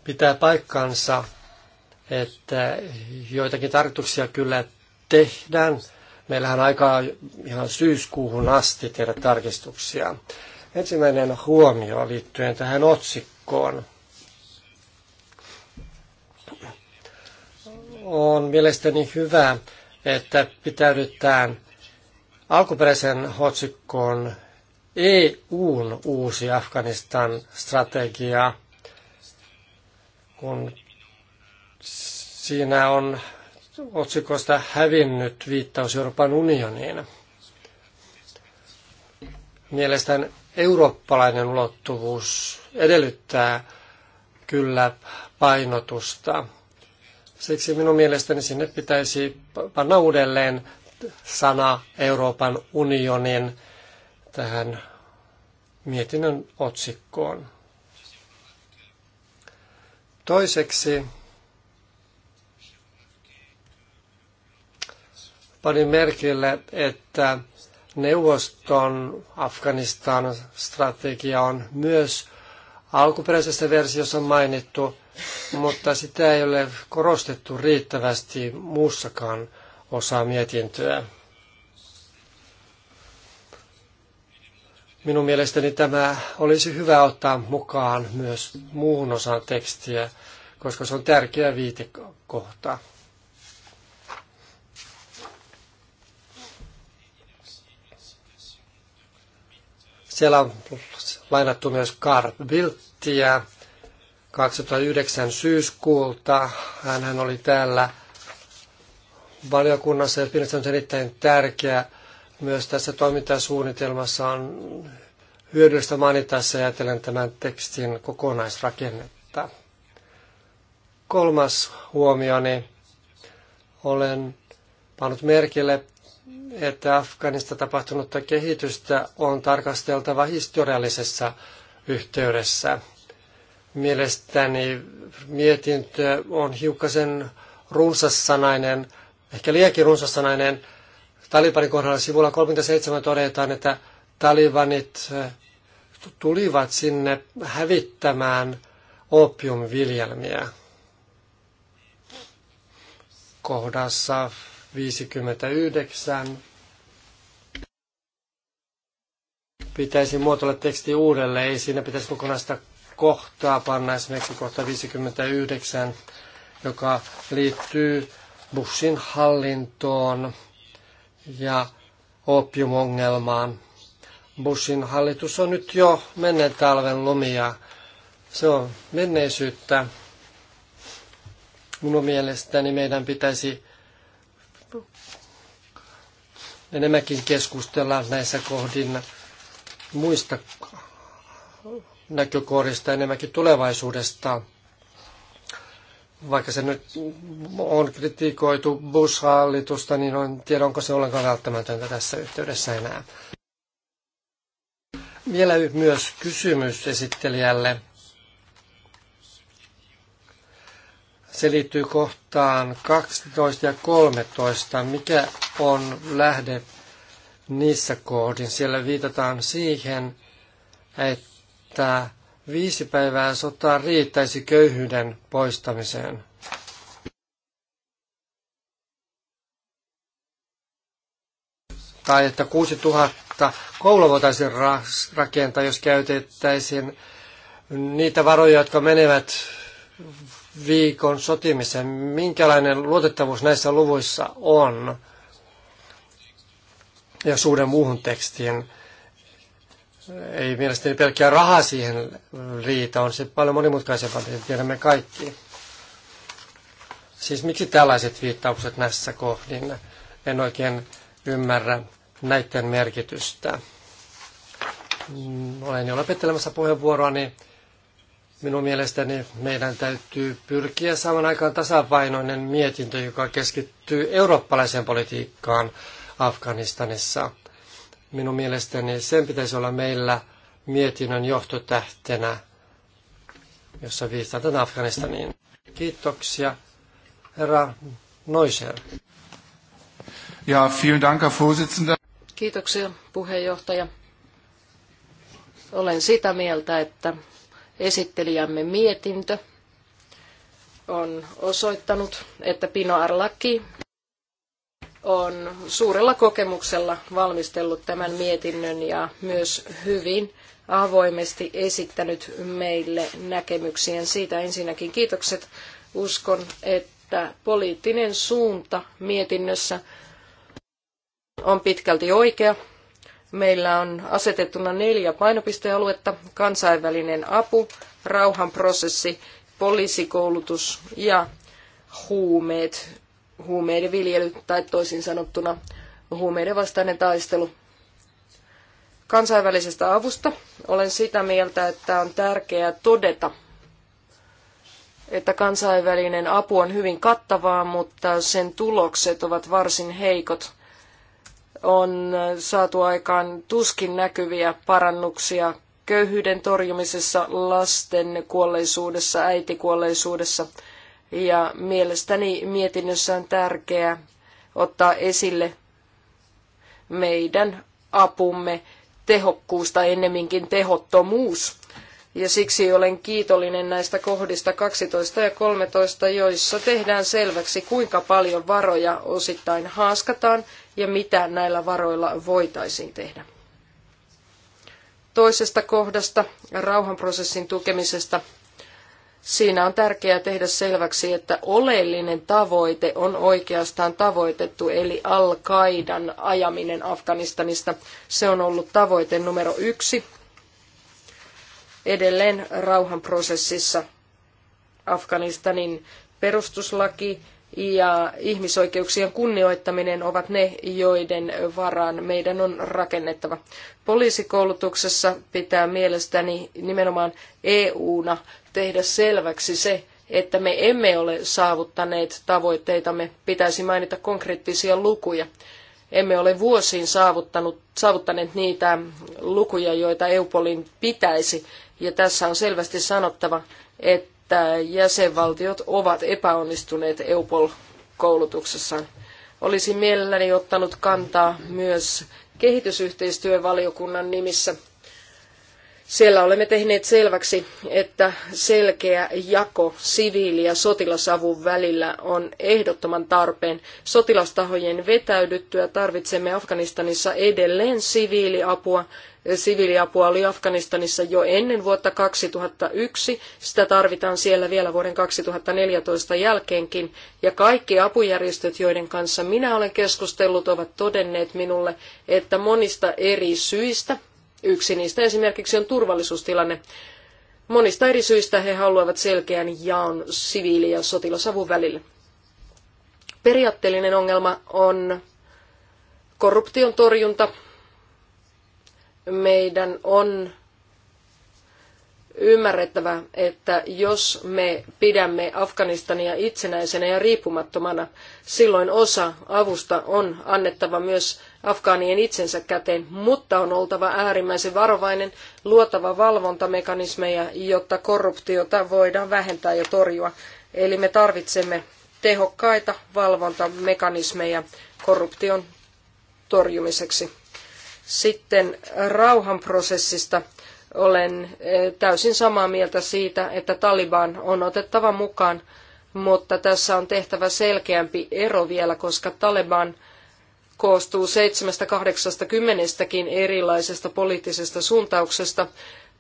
Pitää paikkansa, että joitakin tarkoituksia kyllä tehdään. Meillähän on aikaa ihan syyskuuhun asti tehdä tarkistuksia. Ensimmäinen huomio liittyen tähän otsikkoon. on mielestäni hyvä, että pitäydytään alkuperäisen otsikkoon EUn uusi Afganistan-strategia, kun siinä on otsikosta hävinnyt viittaus Euroopan unioniin. Mielestäni eurooppalainen ulottuvuus edellyttää kyllä painotusta Siksi minun mielestäni sinne pitäisi panna uudelleen sana Euroopan unionin tähän mietinnön otsikkoon. Toiseksi panin merkille, että neuvoston Afganistan strategia on myös alkuperäisessä versiossa mainittu, mutta sitä ei ole korostettu riittävästi muussakaan osaa mietintöä. Minun mielestäni tämä olisi hyvä ottaa mukaan myös muuhun osaan tekstiä, koska se on tärkeä viitekohta. Siellä on lainattu myös Carl Bilttiä, 2009 syyskuulta. Hänhän oli täällä valiokunnassa ja mielestäni erittäin tärkeä myös tässä toimintasuunnitelmassa on hyödyllistä mainita se ajatellen tämän tekstin kokonaisrakennetta. Kolmas huomioni. Olen pannut merkille, että Afganista tapahtunutta kehitystä on tarkasteltava historiallisessa yhteydessä – Mielestäni mietintö on hiukkasen runsassanainen, ehkä liiankin runsassanainen. Talibanin kohdalla sivulla 37 todetaan, että talibanit eh, tulivat sinne hävittämään opiumviljelmiä. Kohdassa 59 pitäisi muotoilla teksti uudelleen, ei siinä pitäisi kokonaista kohtaa panna esimerkiksi kohta 59, joka liittyy bussin hallintoon ja opiumongelmaan. Bussin hallitus on nyt jo menneen talven lumia. Se on menneisyyttä. Minun mielestäni meidän pitäisi enemmänkin keskustella näissä kohdin muista näkökohdista, enemmänkin tulevaisuudesta. Vaikka se nyt on kritikoitu Bush-hallitusta, niin en tiedä, onko se ollenkaan välttämätöntä tässä yhteydessä enää. Vielä myös kysymys esittelijälle. Se liittyy kohtaan 12 ja 13. Mikä on lähde niissä kohdin? Siellä viitataan siihen, että että viisi päivää sotaa riittäisi köyhyyden poistamiseen. Tai että 6000 koulua voitaisiin rakentaa, jos käytettäisiin niitä varoja, jotka menevät viikon sotimiseen. Minkälainen luotettavuus näissä luvuissa on ja suuden muuhun tekstiin? ei mielestäni pelkkää rahaa siihen riitä, on se paljon monimutkaisempaa, niin tiedämme kaikki. Siis miksi tällaiset viittaukset näissä kohdin? En oikein ymmärrä näiden merkitystä. Mm, olen jo lopettelemassa puheenvuoroani. Minun mielestäni meidän täytyy pyrkiä saamaan aikaan tasapainoinen mietintö, joka keskittyy eurooppalaiseen politiikkaan Afganistanissa – minun mielestäni sen pitäisi olla meillä mietinnön johtotähtenä, jossa viitataan Afganistaniin. Kiitoksia, herra Noiser. Ja, vielen Dank, Herr Vorsitzender. Kiitoksia, puheenjohtaja. Olen sitä mieltä, että esittelijämme mietintö on osoittanut, että Pinoar laki on suurella kokemuksella valmistellut tämän mietinnön ja myös hyvin avoimesti esittänyt meille näkemyksiään siitä. Ensinnäkin kiitokset. Uskon, että poliittinen suunta mietinnössä on pitkälti oikea. Meillä on asetettuna neljä painopistealuetta, kansainvälinen apu, rauhanprosessi, poliisikoulutus ja huumeet huumeiden viljely tai toisin sanottuna huumeiden vastainen taistelu. Kansainvälisestä avusta olen sitä mieltä, että on tärkeää todeta, että kansainvälinen apu on hyvin kattavaa, mutta sen tulokset ovat varsin heikot. On saatu aikaan tuskin näkyviä parannuksia köyhyyden torjumisessa, lasten kuolleisuudessa, äitikuolleisuudessa – ja mielestäni mietinnössä on tärkeää ottaa esille meidän apumme tehokkuus tai ennemminkin tehottomuus. Ja siksi olen kiitollinen näistä kohdista 12 ja 13, joissa tehdään selväksi, kuinka paljon varoja osittain haaskataan ja mitä näillä varoilla voitaisiin tehdä. Toisesta kohdasta, rauhanprosessin tukemisesta, Siinä on tärkeää tehdä selväksi, että oleellinen tavoite on oikeastaan tavoitettu, eli Al-Qaidan ajaminen Afganistanista. Se on ollut tavoite numero yksi edelleen rauhanprosessissa. Afganistanin perustuslaki ja ihmisoikeuksien kunnioittaminen ovat ne, joiden varaan meidän on rakennettava. Poliisikoulutuksessa pitää mielestäni nimenomaan EU-na tehdä selväksi se, että me emme ole saavuttaneet tavoitteitamme, pitäisi mainita konkreettisia lukuja. Emme ole vuosiin saavuttanut, saavuttaneet niitä lukuja, joita EUPOLin pitäisi, ja tässä on selvästi sanottava, että jäsenvaltiot ovat epäonnistuneet EUPOL-koulutuksessaan. Olisin mielelläni ottanut kantaa myös kehitysyhteistyövaliokunnan nimissä – siellä olemme tehneet selväksi, että selkeä jako siviili- ja sotilasavun välillä on ehdottoman tarpeen. Sotilastahojen vetäydyttyä tarvitsemme Afganistanissa edelleen siviiliapua. Siviiliapua oli Afganistanissa jo ennen vuotta 2001. Sitä tarvitaan siellä vielä vuoden 2014 jälkeenkin. Ja kaikki apujärjestöt, joiden kanssa minä olen keskustellut, ovat todenneet minulle, että monista eri syistä – Yksi niistä esimerkiksi on turvallisuustilanne. Monista eri syistä he haluavat selkeän jaon siviili- ja sotilasavun välille. Periaatteellinen ongelma on korruption torjunta. Meidän on ymmärrettävä, että jos me pidämme Afganistania itsenäisenä ja riippumattomana, silloin osa avusta on annettava myös afgaanien itsensä käteen, mutta on oltava äärimmäisen varovainen, luotava valvontamekanismeja, jotta korruptiota voidaan vähentää ja torjua. Eli me tarvitsemme tehokkaita valvontamekanismeja korruption torjumiseksi. Sitten rauhanprosessista olen eh, täysin samaa mieltä siitä, että Taliban on otettava mukaan, mutta tässä on tehtävä selkeämpi ero vielä, koska Taliban – koostuu seitsemästä, kahdeksasta, kymmenestäkin erilaisesta poliittisesta suuntauksesta,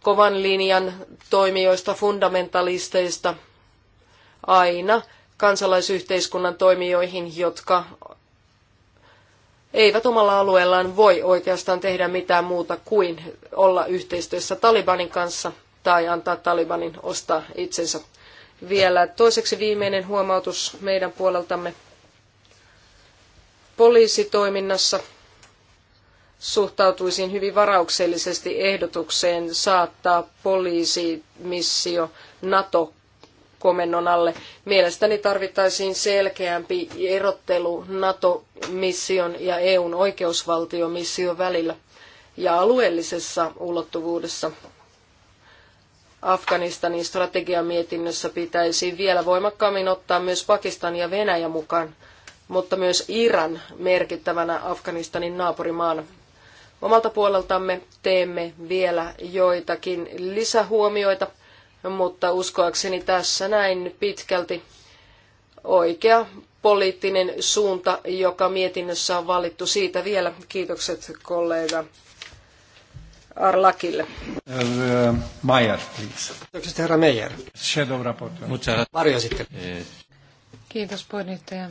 kovan linjan toimijoista, fundamentalisteista, aina kansalaisyhteiskunnan toimijoihin, jotka eivät omalla alueellaan voi oikeastaan tehdä mitään muuta kuin olla yhteistyössä Talibanin kanssa tai antaa Talibanin ostaa itsensä vielä. Toiseksi viimeinen huomautus meidän puoleltamme poliisitoiminnassa suhtautuisin hyvin varauksellisesti ehdotukseen saattaa poliisimissio NATO komennon alle. Mielestäni tarvittaisiin selkeämpi erottelu NATO-mission ja EUn oikeusvaltiomission välillä ja alueellisessa ulottuvuudessa. Afganistanin strategiamietinnössä pitäisi vielä voimakkaammin ottaa myös Pakistan ja Venäjä mukaan – mutta myös Iran merkittävänä Afganistanin naapurimaana. Omalta puoleltamme teemme vielä joitakin lisähuomioita, mutta uskoakseni tässä näin pitkälti oikea poliittinen suunta, joka mietinnössä on valittu. Siitä vielä kiitokset kollega Arlakille. Uh, Mayer, please. Kiitokset herra Meijer. Shadow Varjo sitten. Kiitos puheenjohtaja.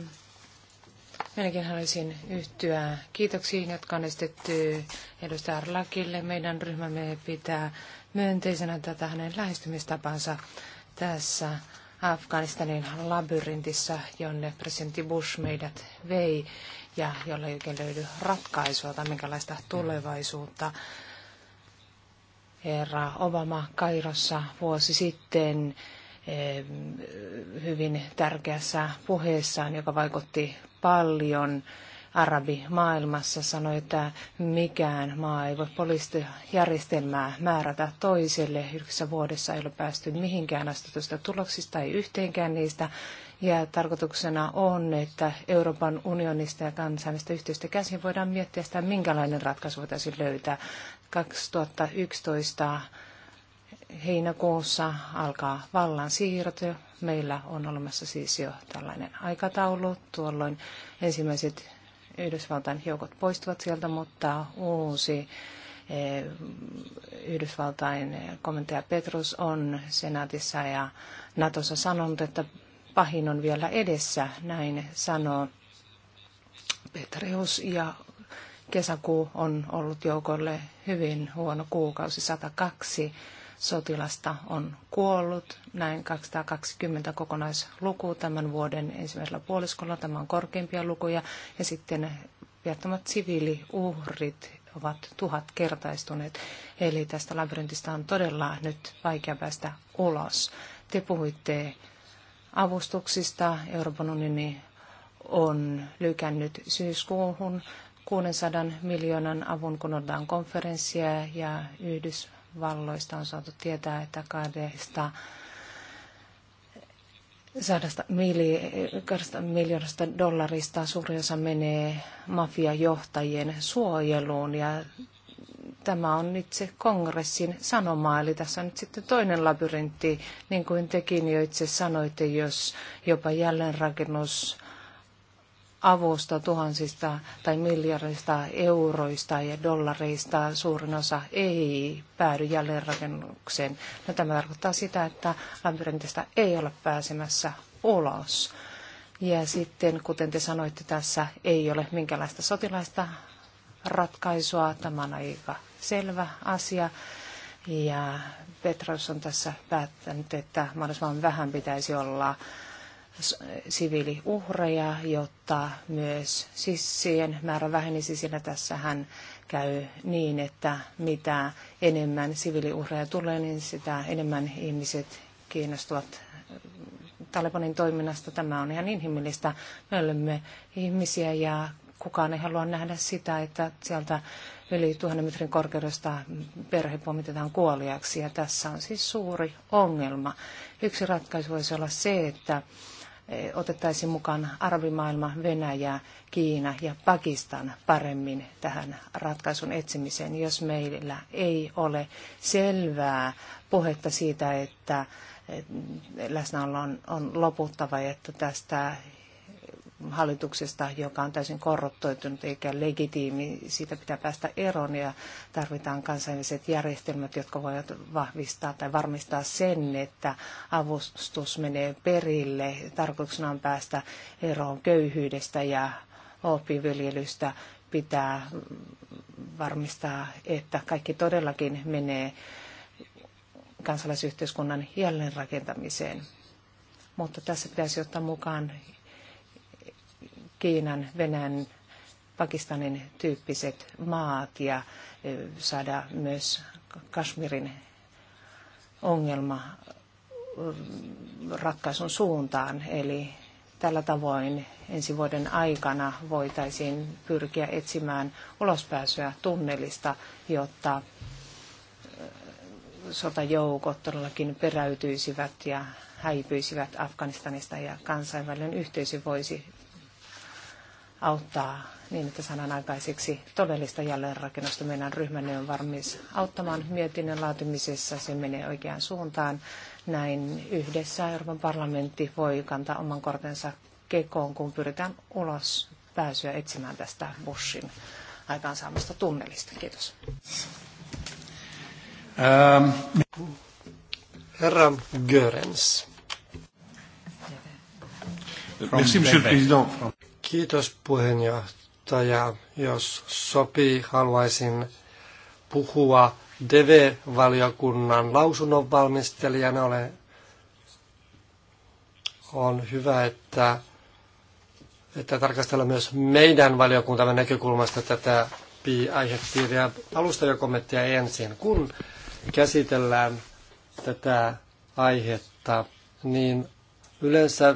Minäkin haluaisin yhtyä kiitoksiin, jotka on esitetty edustaja Arlakille. Meidän ryhmämme pitää myönteisenä tätä hänen lähestymistapansa tässä Afganistanin labyrintissä, jonne presidentti Bush meidät vei ja jolle ei oikein löydy ratkaisua tai minkälaista tulevaisuutta. Herra Obama Kairossa vuosi sitten hyvin tärkeässä puheessaan, joka vaikutti paljon arabimaailmassa sanoi, että mikään maa ei voi poliisijärjestelmää määrätä toiselle. Yhdessä vuodessa ei ole päästy mihinkään astutusta tuloksista, ei yhteenkään niistä. Ja tarkoituksena on, että Euroopan unionista ja kansainvälistä yhteistyöstä käsin voidaan miettiä sitä, minkälainen ratkaisu voitaisiin löytää. 2011 heinäkuussa alkaa vallan siirto Meillä on olemassa siis jo tällainen aikataulu. Tuolloin ensimmäiset Yhdysvaltain joukot poistuvat sieltä, mutta uusi eh, Yhdysvaltain komentaja Petrus on senaatissa ja Natossa sanonut, että pahin on vielä edessä, näin sanoo Petrius. Ja kesäkuu on ollut joukolle hyvin huono kuukausi, 102 sotilasta on kuollut. Näin 220 kokonaisluku tämän vuoden ensimmäisellä puoliskolla. Tämä on korkeimpia lukuja. Ja sitten viattomat siviiliuhrit ovat tuhat kertaistuneet. Eli tästä labyrintistä on todella nyt vaikea päästä ulos. Te puhuitte avustuksista. Euroopan unioni on lykännyt syyskuuhun 600 miljoonan avun, kun konferenssia ja Yhdysvallat Valloista on saatu tietää, että kahdesta sadasta mili, miljoonasta dollarista suurin osa menee mafiajohtajien suojeluun ja tämä on nyt se kongressin sanoma, eli tässä on nyt sitten toinen labyrintti, niin kuin tekin jo itse sanoitte, jos jopa jälleenrakennus avusta tuhansista tai miljardista euroista ja dollareista suurin osa ei päädy jälleenrakennukseen. No, tämä tarkoittaa sitä, että labyrintistä ei ole pääsemässä ulos. Ja sitten, kuten te sanoitte, tässä ei ole minkäänlaista sotilaista ratkaisua. Tämä on aika selvä asia. Ja Petros on tässä päättänyt, että mahdollisimman vähän pitäisi olla siviiliuhreja, jotta myös sissien määrä vähenisi, sillä tässähän käy niin, että mitä enemmän siviiliuhreja tulee, niin sitä enemmän ihmiset kiinnostuvat äh, Talibanin toiminnasta. Tämä on ihan inhimillistä. Me olemme ihmisiä ja kukaan ei halua nähdä sitä, että sieltä yli tuhannen metrin korkeudesta perhe pommitetaan kuoliaksi. Ja tässä on siis suuri ongelma. Yksi ratkaisu voisi olla se, että E, otettaisiin mukaan arabimaailma, Venäjä, Kiina ja Pakistan paremmin tähän ratkaisun etsimiseen, jos meillä ei ole selvää puhetta siitä, että läsnäolo on, on loputtava ja että tästä hallituksesta, joka on täysin korruptoitunut eikä legitiimi. Siitä pitää päästä eroon ja tarvitaan kansainväliset järjestelmät, jotka voivat vahvistaa tai varmistaa sen, että avustus menee perille. Tarkoituksena on päästä eroon köyhyydestä ja oppiviljelystä pitää varmistaa, että kaikki todellakin menee kansalaisyhteiskunnan jälleenrakentamiseen. Mutta tässä pitäisi ottaa mukaan Kiinan, Venäjän, Pakistanin tyyppiset maat ja saada myös Kashmirin ongelma ratkaisun suuntaan. Eli tällä tavoin ensi vuoden aikana voitaisiin pyrkiä etsimään ulospääsyä tunnelista, jotta sotajoukot todellakin peräytyisivät ja häipyisivät Afganistanista ja kansainvälinen yhteisö voisi auttaa niin, että saadaan aikaiseksi todellista jälleenrakennusta. Meidän ryhmänne on varmis auttamaan mietinnön laatimisessa. Se menee oikeaan suuntaan. Näin yhdessä Euroopan parlamentti voi kantaa oman kortensa kekoon, kun pyritään ulos pääsyä etsimään tästä Bushin aikaansaamasta tunnelista. Kiitos. Ähm. Herra Görens. Merci, monsieur le président. Kiitos puheenjohtaja. Jos sopii, haluaisin puhua DV-valiokunnan lausunnon valmistelijana. Olen, on hyvä, että, että tarkastella myös meidän valiokuntamme näkökulmasta tätä aihepiiriä. jo kommenttia ensin. Kun käsitellään tätä aihetta, niin yleensä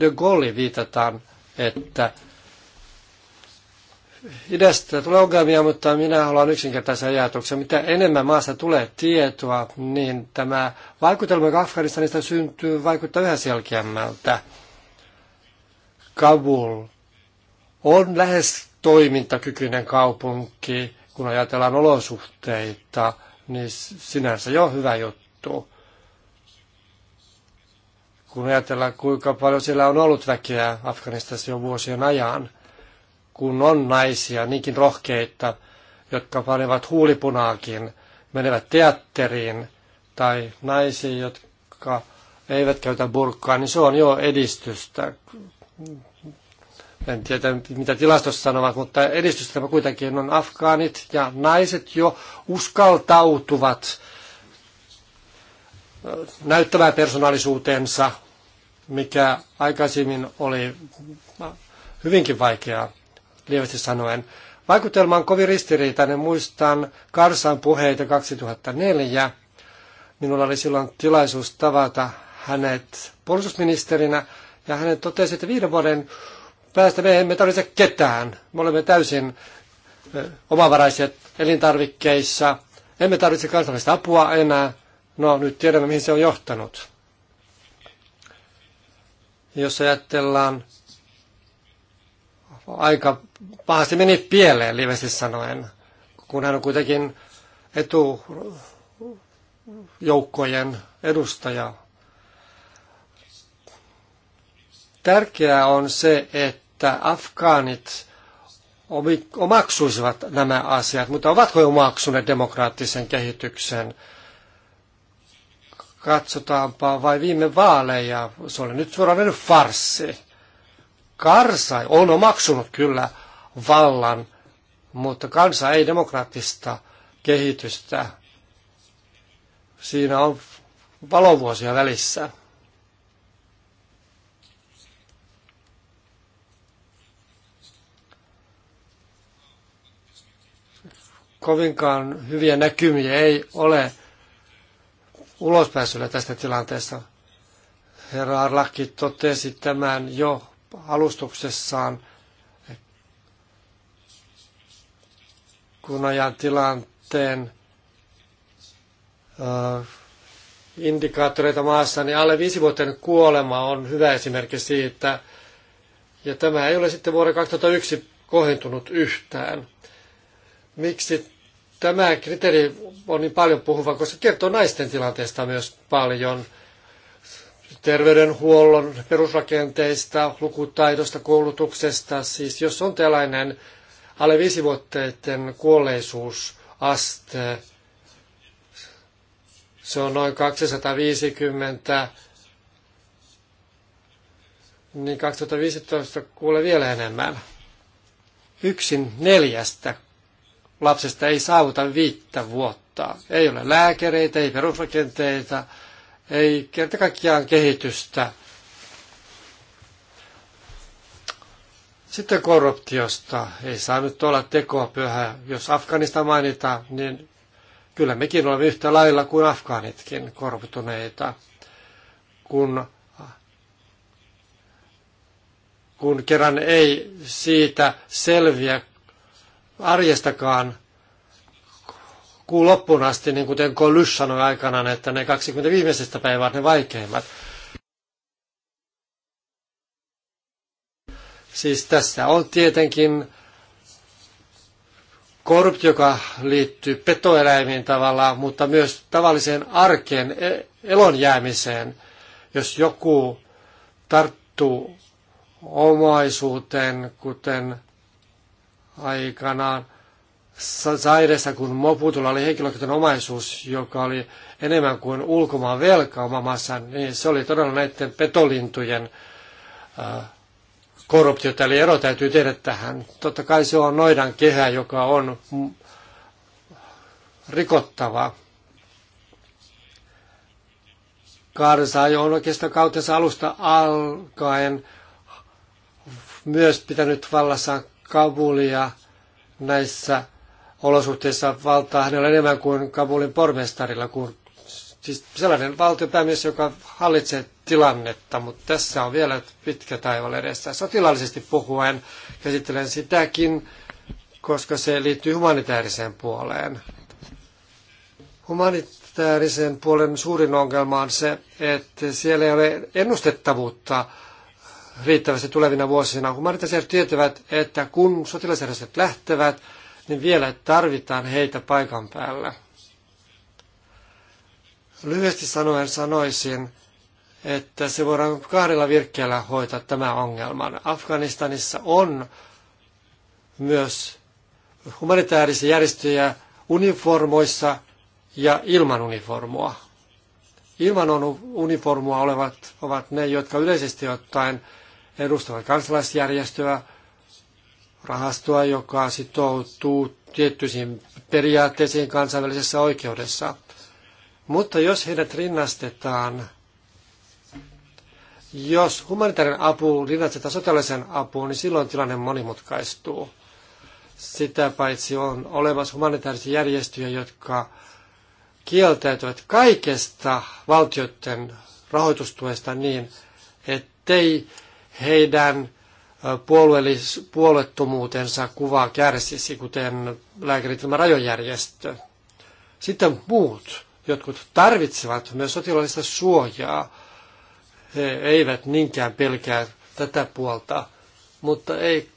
de Gaulle viitataan – että idästä tulee ongelmia, mutta minä haluan yksinkertaisen ajatuksen. Mitä enemmän maassa tulee tietoa, niin tämä vaikutelma, joka Afganistanista syntyy, vaikuttaa yhä selkeämmältä. Kabul on lähes toimintakykyinen kaupunki, kun ajatellaan olosuhteita, niin sinänsä jo hyvä juttu kun ajatellaan kuinka paljon siellä on ollut väkeä Afganistassa jo vuosien ajan, kun on naisia niinkin rohkeita, jotka panevat huulipunaakin, menevät teatteriin, tai naisia, jotka eivät käytä burkkaa, niin se on jo edistystä. En tiedä, mitä tilastossa sanovat, mutta edistystä kuitenkin on afgaanit ja naiset jo uskaltautuvat näyttämään persoonallisuutensa mikä aikaisemmin oli hyvinkin vaikeaa, lievästi sanoen. Vaikutelma on kovin ristiriitainen. Muistan Karsan puheita 2004. Minulla oli silloin tilaisuus tavata hänet puolustusministerinä, ja hänen totesi, että viiden vuoden päästä me emme tarvitse ketään. Me olemme täysin omavaraiset elintarvikkeissa. Emme tarvitse kansallista apua enää. No, nyt tiedämme, mihin se on johtanut jos ajatellaan aika pahasti meni pieleen, livesti sanoen, kun hän on kuitenkin etujoukkojen edustaja. Tärkeää on se, että afgaanit omaksuisivat nämä asiat, mutta ovatko he omaksuneet demokraattisen kehityksen – katsotaanpa vai viime vaaleja, se oli nyt mennyt farsi. Karsa on omaksunut kyllä vallan, mutta kansa ei demokraattista kehitystä. Siinä on valovuosia välissä. Kovinkaan hyviä näkymiä ei ole ulospääsyllä tästä tilanteesta. Herra Arlaki totesi tämän jo alustuksessaan, kun ajan tilanteen indikaattoreita maassa, niin alle vuoden kuolema on hyvä esimerkki siitä. Ja tämä ei ole sitten vuoden 2001 kohentunut yhtään. Miksi Tämä kriteeri on niin paljon puhuva, koska se kertoo naisten tilanteesta myös paljon. Terveydenhuollon perusrakenteista, lukutaidosta, koulutuksesta. Siis jos on tällainen alle viisivuotteiden kuolleisuusaste, se on noin 250 niin 2015 kuulee vielä enemmän. Yksin neljästä lapsesta ei saavuta viittä vuotta. Ei ole lääkäreitä, ei perusrakenteita, ei kerta kaikkiaan kehitystä. Sitten korruptiosta. Ei saa nyt olla tekopyhä. Jos Afganista mainitaan, niin kyllä mekin olemme yhtä lailla kuin afgaanitkin korruptuneita. Kun, kun kerran ei siitä selviä arjestakaan kuun loppuun asti, niin kuten Kolys sanoi aikanaan, että ne 20 viimeisestä päivää ovat ne vaikeimmat. Siis tässä on tietenkin korruptio, joka liittyy petoeläimiin tavallaan, mutta myös tavalliseen arkeen, e- elonjäämiseen. Jos joku tarttuu omaisuuteen, kuten aikanaan sairessa, kun Moputulla oli henkilökohtainen omaisuus, joka oli enemmän kuin ulkomaan velka omamassa, niin se oli todella näiden petolintujen korruptiota, eli ero täytyy tehdä tähän. Totta kai se on noidan kehä, joka on rikottava. Karsai on oikeastaan kautensa alusta alkaen myös pitänyt vallassaan Kabulia näissä olosuhteissa valtaa hänellä enemmän kuin Kabulin pormestarilla, kun siis sellainen valtiopäämies, joka hallitsee tilannetta, mutta tässä on vielä pitkä taival edessä. Sotilaallisesti puhuen käsittelen sitäkin, koska se liittyy humanitaariseen puoleen. Humanitaarisen puolen suurin ongelma on se, että siellä ei ole ennustettavuutta riittävästi tulevina vuosina. Humanitaariset tietävät, että kun sotilasjärjestöt lähtevät, niin vielä tarvitaan heitä paikan päällä. Lyhyesti sanoen sanoisin, että se voidaan kahdella virkkeellä hoitaa tämä ongelman. Afganistanissa on myös humanitaarisia järjestöjä uniformoissa ja ilman uniformua. Ilman uniformua olevat ovat ne, jotka yleisesti ottaen edustavat kansalaisjärjestöä, rahastoa, joka sitoutuu tiettyisiin periaatteisiin kansainvälisessä oikeudessa. Mutta jos heidät rinnastetaan, jos humanitaarinen apu rinnastetaan sotilaisen apuun, niin silloin tilanne monimutkaistuu. Sitä paitsi on olemassa humanitaarisia järjestöjä, jotka kieltäytyvät kaikesta valtioiden rahoitustuesta niin, ettei heidän puolueellis- puolettomuutensa kuva kärsisi, kuten lääkärit ilman rajojärjestö. Sitten muut, jotkut tarvitsevat myös sotilaallista suojaa. He eivät niinkään pelkää tätä puolta, mutta ei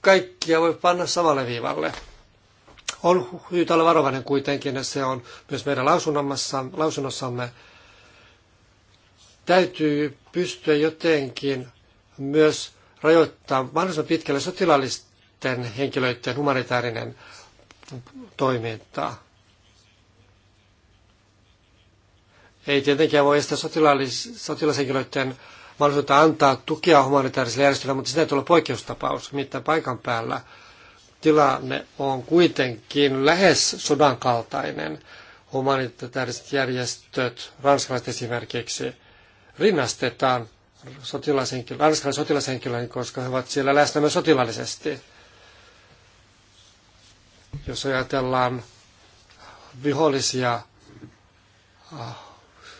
kaikkia voi panna samalle viivalle. On syytä olla varovainen kuitenkin, ja se on myös meidän lausunnossamme. Täytyy pystyä jotenkin myös rajoittaa mahdollisimman pitkälle sotilaallisten henkilöiden humanitaarinen toiminta. Ei tietenkään voi estää sotilaallis- sotilashenkilöiden mahdollisuutta antaa tukea humanitaariselle järjestölle, mutta sitä ei tule poikkeustapaus, mitä paikan päällä tilanne on kuitenkin lähes sodan kaltainen. Humanitaariset järjestöt, ranskalaiset esimerkiksi, rinnastetaan sotilashenkilö, ranskalainen sotilashenkilöihin, koska he ovat siellä läsnä myös sotilaallisesti. Jos ajatellaan vihollisia ah,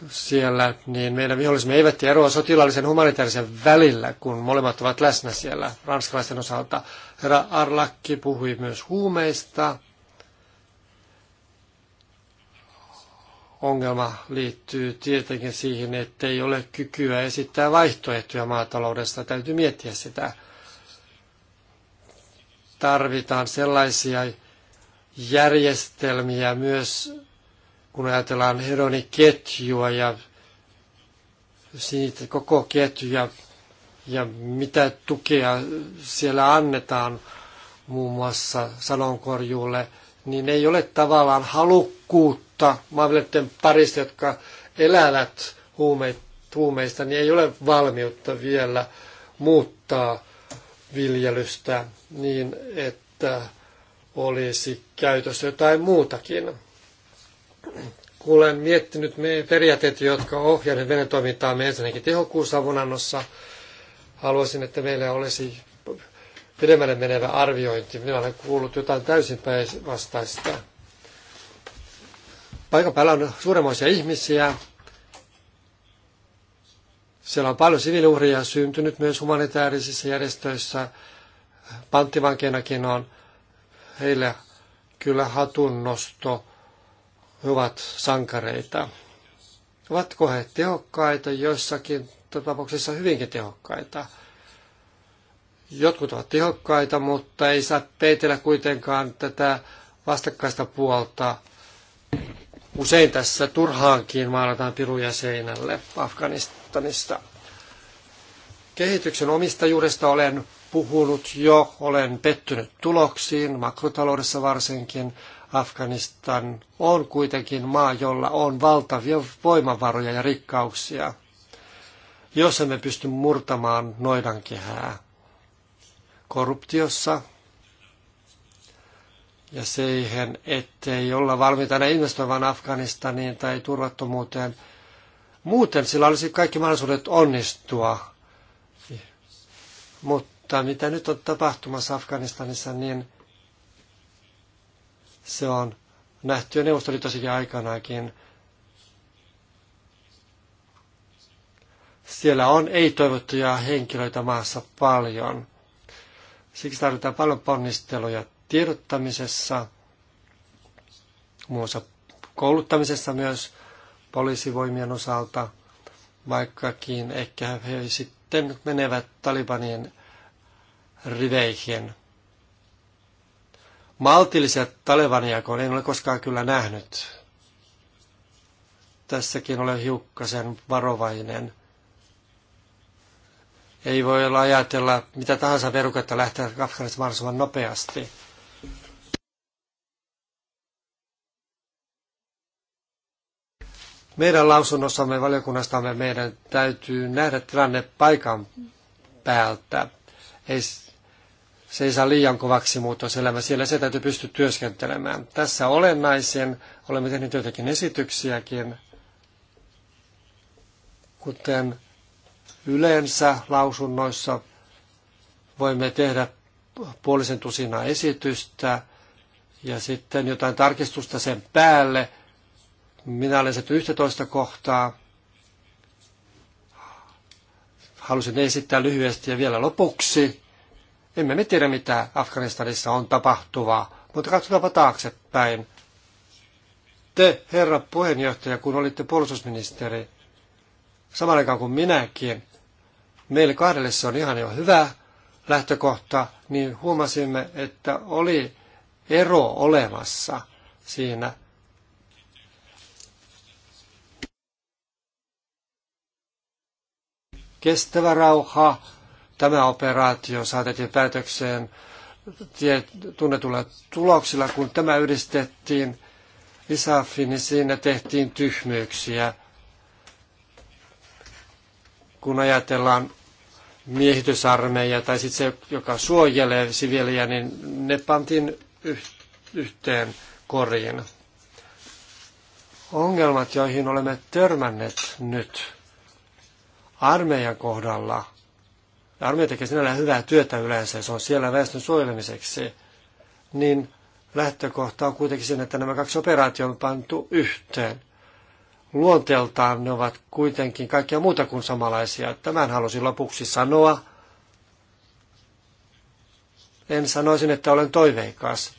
siellä, niin meidän vihollisemme eivät eroa sotilaallisen humanitaarisen välillä, kun molemmat ovat läsnä siellä ranskalaisten osalta. Herra Arlakki puhui myös huumeista, ongelma liittyy tietenkin siihen, että ei ole kykyä esittää vaihtoehtoja maataloudesta. Täytyy miettiä sitä. Tarvitaan sellaisia järjestelmiä myös, kun ajatellaan hedoniketjua ja siitä koko ketjuja ja mitä tukea siellä annetaan muun muassa sanonkorjuulle, niin ei ole tavallaan halukkuutta mutta maanviljelijöiden parista, jotka elävät huumeista, niin ei ole valmiutta vielä muuttaa viljelystä niin, että olisi käytössä jotain muutakin. Kuulen miettinyt me periaatteet, jotka ohjaavat meidän toimintaamme ensinnäkin tehokkuusavunannossa. Haluaisin, että meillä olisi pidemmälle menevä arviointi. Minä olen kuullut jotain täysin päinvastaista. Paikan päällä on suuremmoisia ihmisiä. Siellä on paljon siviiliuhria syntynyt myös humanitaarisissa järjestöissä. Panttivankeinakin on heille kyllä hatunnosto. He ovat sankareita. Ovatko he tehokkaita joissakin tapauksissa hyvinkin tehokkaita? Jotkut ovat tehokkaita, mutta ei saa peitellä kuitenkaan tätä vastakkaista puolta, Usein tässä turhaankin maalataan piruja seinälle Afganistanista. Kehityksen omistajuudesta olen puhunut jo, olen pettynyt tuloksiin, makrotaloudessa varsinkin. Afganistan on kuitenkin maa, jolla on valtavia voimavaroja ja rikkauksia, jos emme pysty murtamaan noidankehää. Korruptiossa ja siihen, ettei olla valmiita aina investoimaan Afganistaniin tai turvattomuuteen. Muuten sillä olisi kaikki mahdollisuudet onnistua. Mutta mitä nyt on tapahtumassa Afganistanissa, niin se on nähty jo Neuvostoliitossakin aikanakin. Siellä on ei-toivottuja henkilöitä maassa paljon. Siksi tarvitaan paljon ponnisteluja tiedottamisessa, muun muassa kouluttamisessa myös poliisivoimien osalta, vaikkakin ehkä he sitten menevät Talibanien riveihin. Maltillisia kun en ole koskaan kyllä nähnyt. Tässäkin olen hiukkasen varovainen. Ei voi olla ajatella mitä tahansa veruketta lähteä Afganistan mahdollisimman nopeasti. Meidän lausunnossamme valiokunnastamme meidän täytyy nähdä tilanne paikan päältä. Ei, se ei saa liian kovaksi muutoselämä. Siellä se täytyy pystyä työskentelemään. Tässä olennaisen olemme tehneet joitakin esityksiäkin, kuten yleensä lausunnoissa voimme tehdä puolisen tusinaa esitystä ja sitten jotain tarkistusta sen päälle, minä olen 11 kohtaa. Halusin esittää lyhyesti ja vielä lopuksi. Emme me tiedä, mitä Afganistanissa on tapahtuvaa, mutta katsotaanpa taaksepäin. Te, herra puheenjohtaja, kun olitte puolustusministeri, samalla aikaan kuin minäkin, meille kahdelle se on ihan jo hyvä lähtökohta, niin huomasimme, että oli ero olemassa siinä, kestävä rauha. Tämä operaatio saatettiin päätökseen tunnetulla tuloksilla, kun tämä yhdistettiin ISAFin, niin siinä tehtiin tyhmyyksiä. Kun ajatellaan miehitysarmeija tai sitten se, joka suojelee siviiliä, niin ne pantiin yhteen koriin. Ongelmat, joihin olemme törmänneet nyt, armeijan kohdalla. Armeija tekee sinällään hyvää työtä yleensä, se on siellä väestön suojelemiseksi. Niin lähtökohta on kuitenkin siinä, että nämä kaksi operaatio on pantu yhteen. Luonteeltaan ne ovat kuitenkin kaikkia muuta kuin samanlaisia. Tämän halusin lopuksi sanoa. En sanoisin, että olen toiveikas.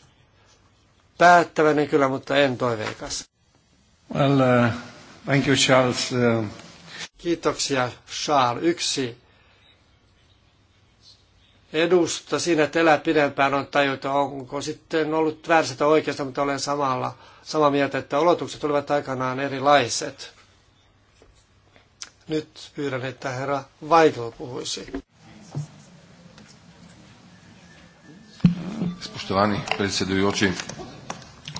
Päättäväinen kyllä, mutta en toiveikas. Well, uh, thank you, Charles. Uh... Kiitoksia, Shaar. Yksi edusta siinä, että elää pidempään on tajuta, onko sitten ollut väärästä oikeasta, mutta olen samalla, samaa mieltä, että olotukset olivat aikanaan erilaiset. Nyt pyydän, että herra Weigel puhuisi. Spoštovani predsedujoči,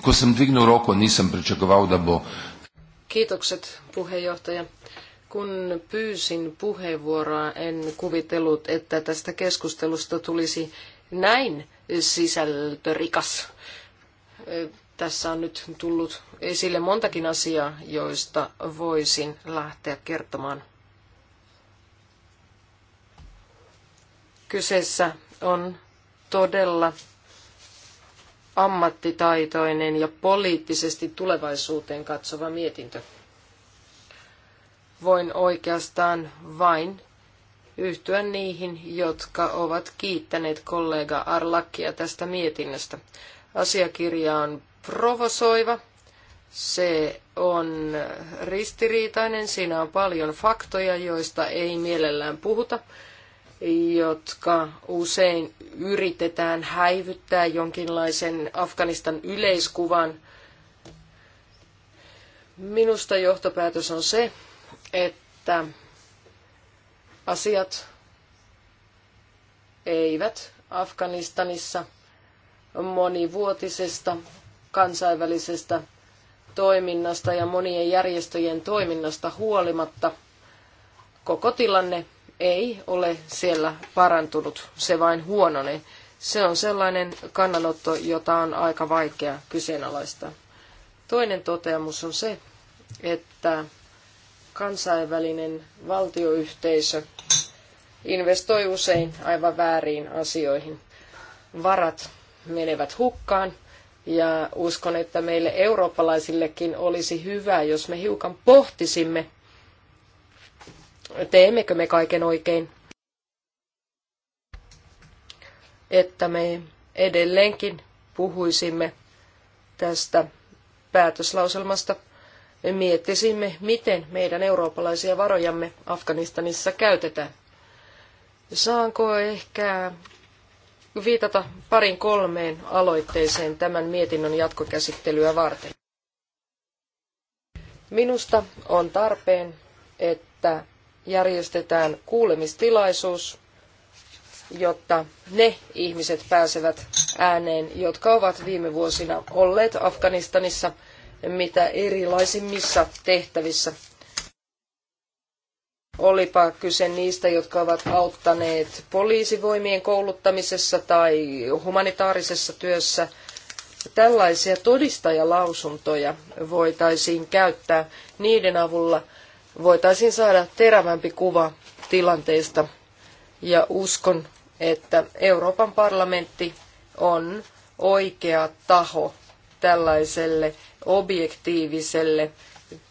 ko sem dvignul roko, nisem pričakoval, da bo... Kiitokset, puheenjohtaja. Kun pyysin puheenvuoroa, en kuvitellut, että tästä keskustelusta tulisi näin sisältörikas. Tässä on nyt tullut esille montakin asiaa, joista voisin lähteä kertomaan. Kyseessä on todella ammattitaitoinen ja poliittisesti tulevaisuuteen katsova mietintö voin oikeastaan vain yhtyä niihin, jotka ovat kiittäneet kollega Arlakia tästä mietinnöstä. Asiakirja on provosoiva, se on ristiriitainen, siinä on paljon faktoja, joista ei mielellään puhuta, jotka usein yritetään häivyttää jonkinlaisen Afganistan yleiskuvan. Minusta johtopäätös on se, että asiat eivät Afganistanissa monivuotisesta kansainvälisestä toiminnasta ja monien järjestöjen toiminnasta huolimatta koko tilanne ei ole siellä parantunut, se vain huononee. Se on sellainen kannanotto, jota on aika vaikea kyseenalaistaa. Toinen toteamus on se, että kansainvälinen valtioyhteisö investoi usein aivan vääriin asioihin. Varat menevät hukkaan ja uskon, että meille eurooppalaisillekin olisi hyvä, jos me hiukan pohtisimme, teemmekö me kaiken oikein, että me edelleenkin puhuisimme tästä päätöslauselmasta – miettisimme, miten meidän eurooppalaisia varojamme Afganistanissa käytetään. Saanko ehkä viitata parin kolmeen aloitteeseen tämän mietinnön jatkokäsittelyä varten? Minusta on tarpeen, että järjestetään kuulemistilaisuus, jotta ne ihmiset pääsevät ääneen, jotka ovat viime vuosina olleet Afganistanissa – mitä erilaisimmissa tehtävissä. Olipa kyse niistä, jotka ovat auttaneet poliisivoimien kouluttamisessa tai humanitaarisessa työssä. Tällaisia todistajalausuntoja voitaisiin käyttää. Niiden avulla voitaisiin saada terävämpi kuva tilanteesta. Ja uskon, että Euroopan parlamentti on oikea taho tällaiselle objektiiviselle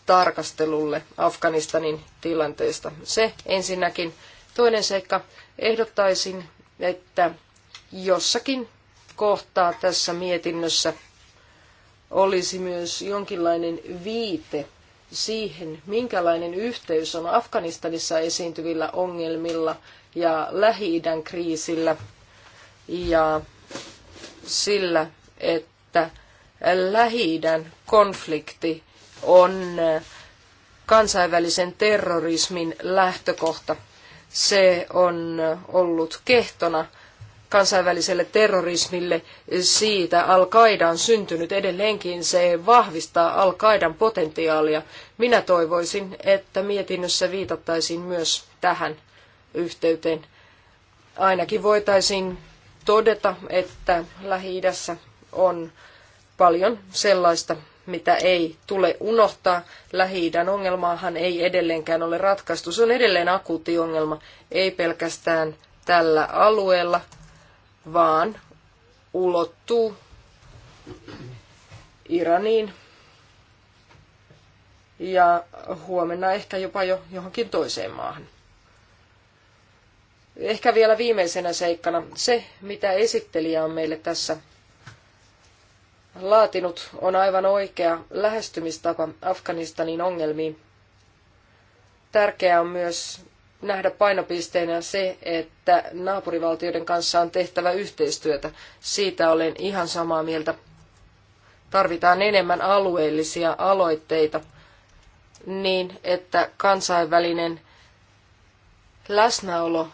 tarkastelulle Afganistanin tilanteesta. Se ensinnäkin. Toinen seikka, ehdottaisin, että jossakin kohtaa tässä mietinnössä olisi myös jonkinlainen viite siihen, minkälainen yhteys on Afganistanissa esiintyvillä ongelmilla ja Lähi-idän kriisillä ja sillä, että lähi konflikti on kansainvälisen terrorismin lähtökohta. Se on ollut kehtona kansainväliselle terrorismille. Siitä al on syntynyt edelleenkin. Se vahvistaa al potentiaalia. Minä toivoisin, että mietinnössä viitattaisiin myös tähän yhteyteen. Ainakin voitaisiin todeta, että Lähi-idässä on paljon sellaista, mitä ei tule unohtaa. lähi ongelmaahan ei edelleenkään ole ratkaistu. Se on edelleen akuutti ongelma, ei pelkästään tällä alueella, vaan ulottuu Iraniin ja huomenna ehkä jopa jo johonkin toiseen maahan. Ehkä vielä viimeisenä seikkana se, mitä esittelijä on meille tässä laatinut, on aivan oikea lähestymistapa Afganistanin ongelmiin. Tärkeää on myös nähdä painopisteenä se, että naapurivaltioiden kanssa on tehtävä yhteistyötä. Siitä olen ihan samaa mieltä. Tarvitaan enemmän alueellisia aloitteita niin, että kansainvälinen läsnäolo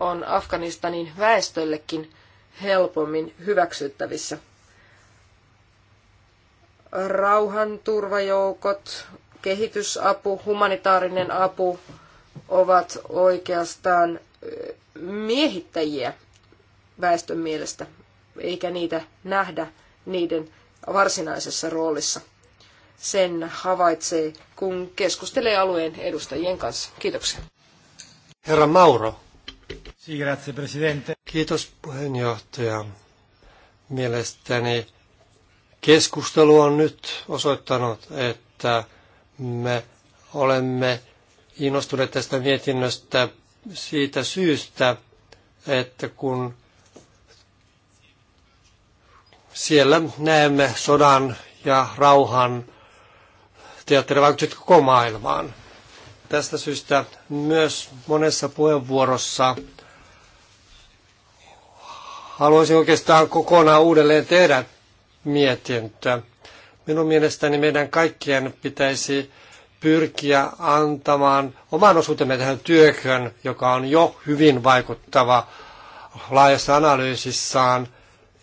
on Afganistanin väestöllekin helpommin hyväksyttävissä rauhanturvajoukot, kehitysapu, humanitaarinen apu ovat oikeastaan miehittäjiä väestön mielestä, eikä niitä nähdä niiden varsinaisessa roolissa. Sen havaitsee, kun keskustelee alueen edustajien kanssa. Kiitoksia. Herra Mauro. Grazie, presidente. Kiitos puheenjohtaja. Mielestäni Keskustelu on nyt osoittanut, että me olemme innostuneet tästä mietinnöstä siitä syystä, että kun siellä näemme sodan ja rauhan teatterivaikutukset koko maailmaan. Tästä syystä myös monessa puheenvuorossa haluaisin oikeastaan kokonaan uudelleen tehdä mietintö. Minun mielestäni meidän kaikkien pitäisi pyrkiä antamaan oman osuutemme tähän työhön, joka on jo hyvin vaikuttava laajassa analyysissaan.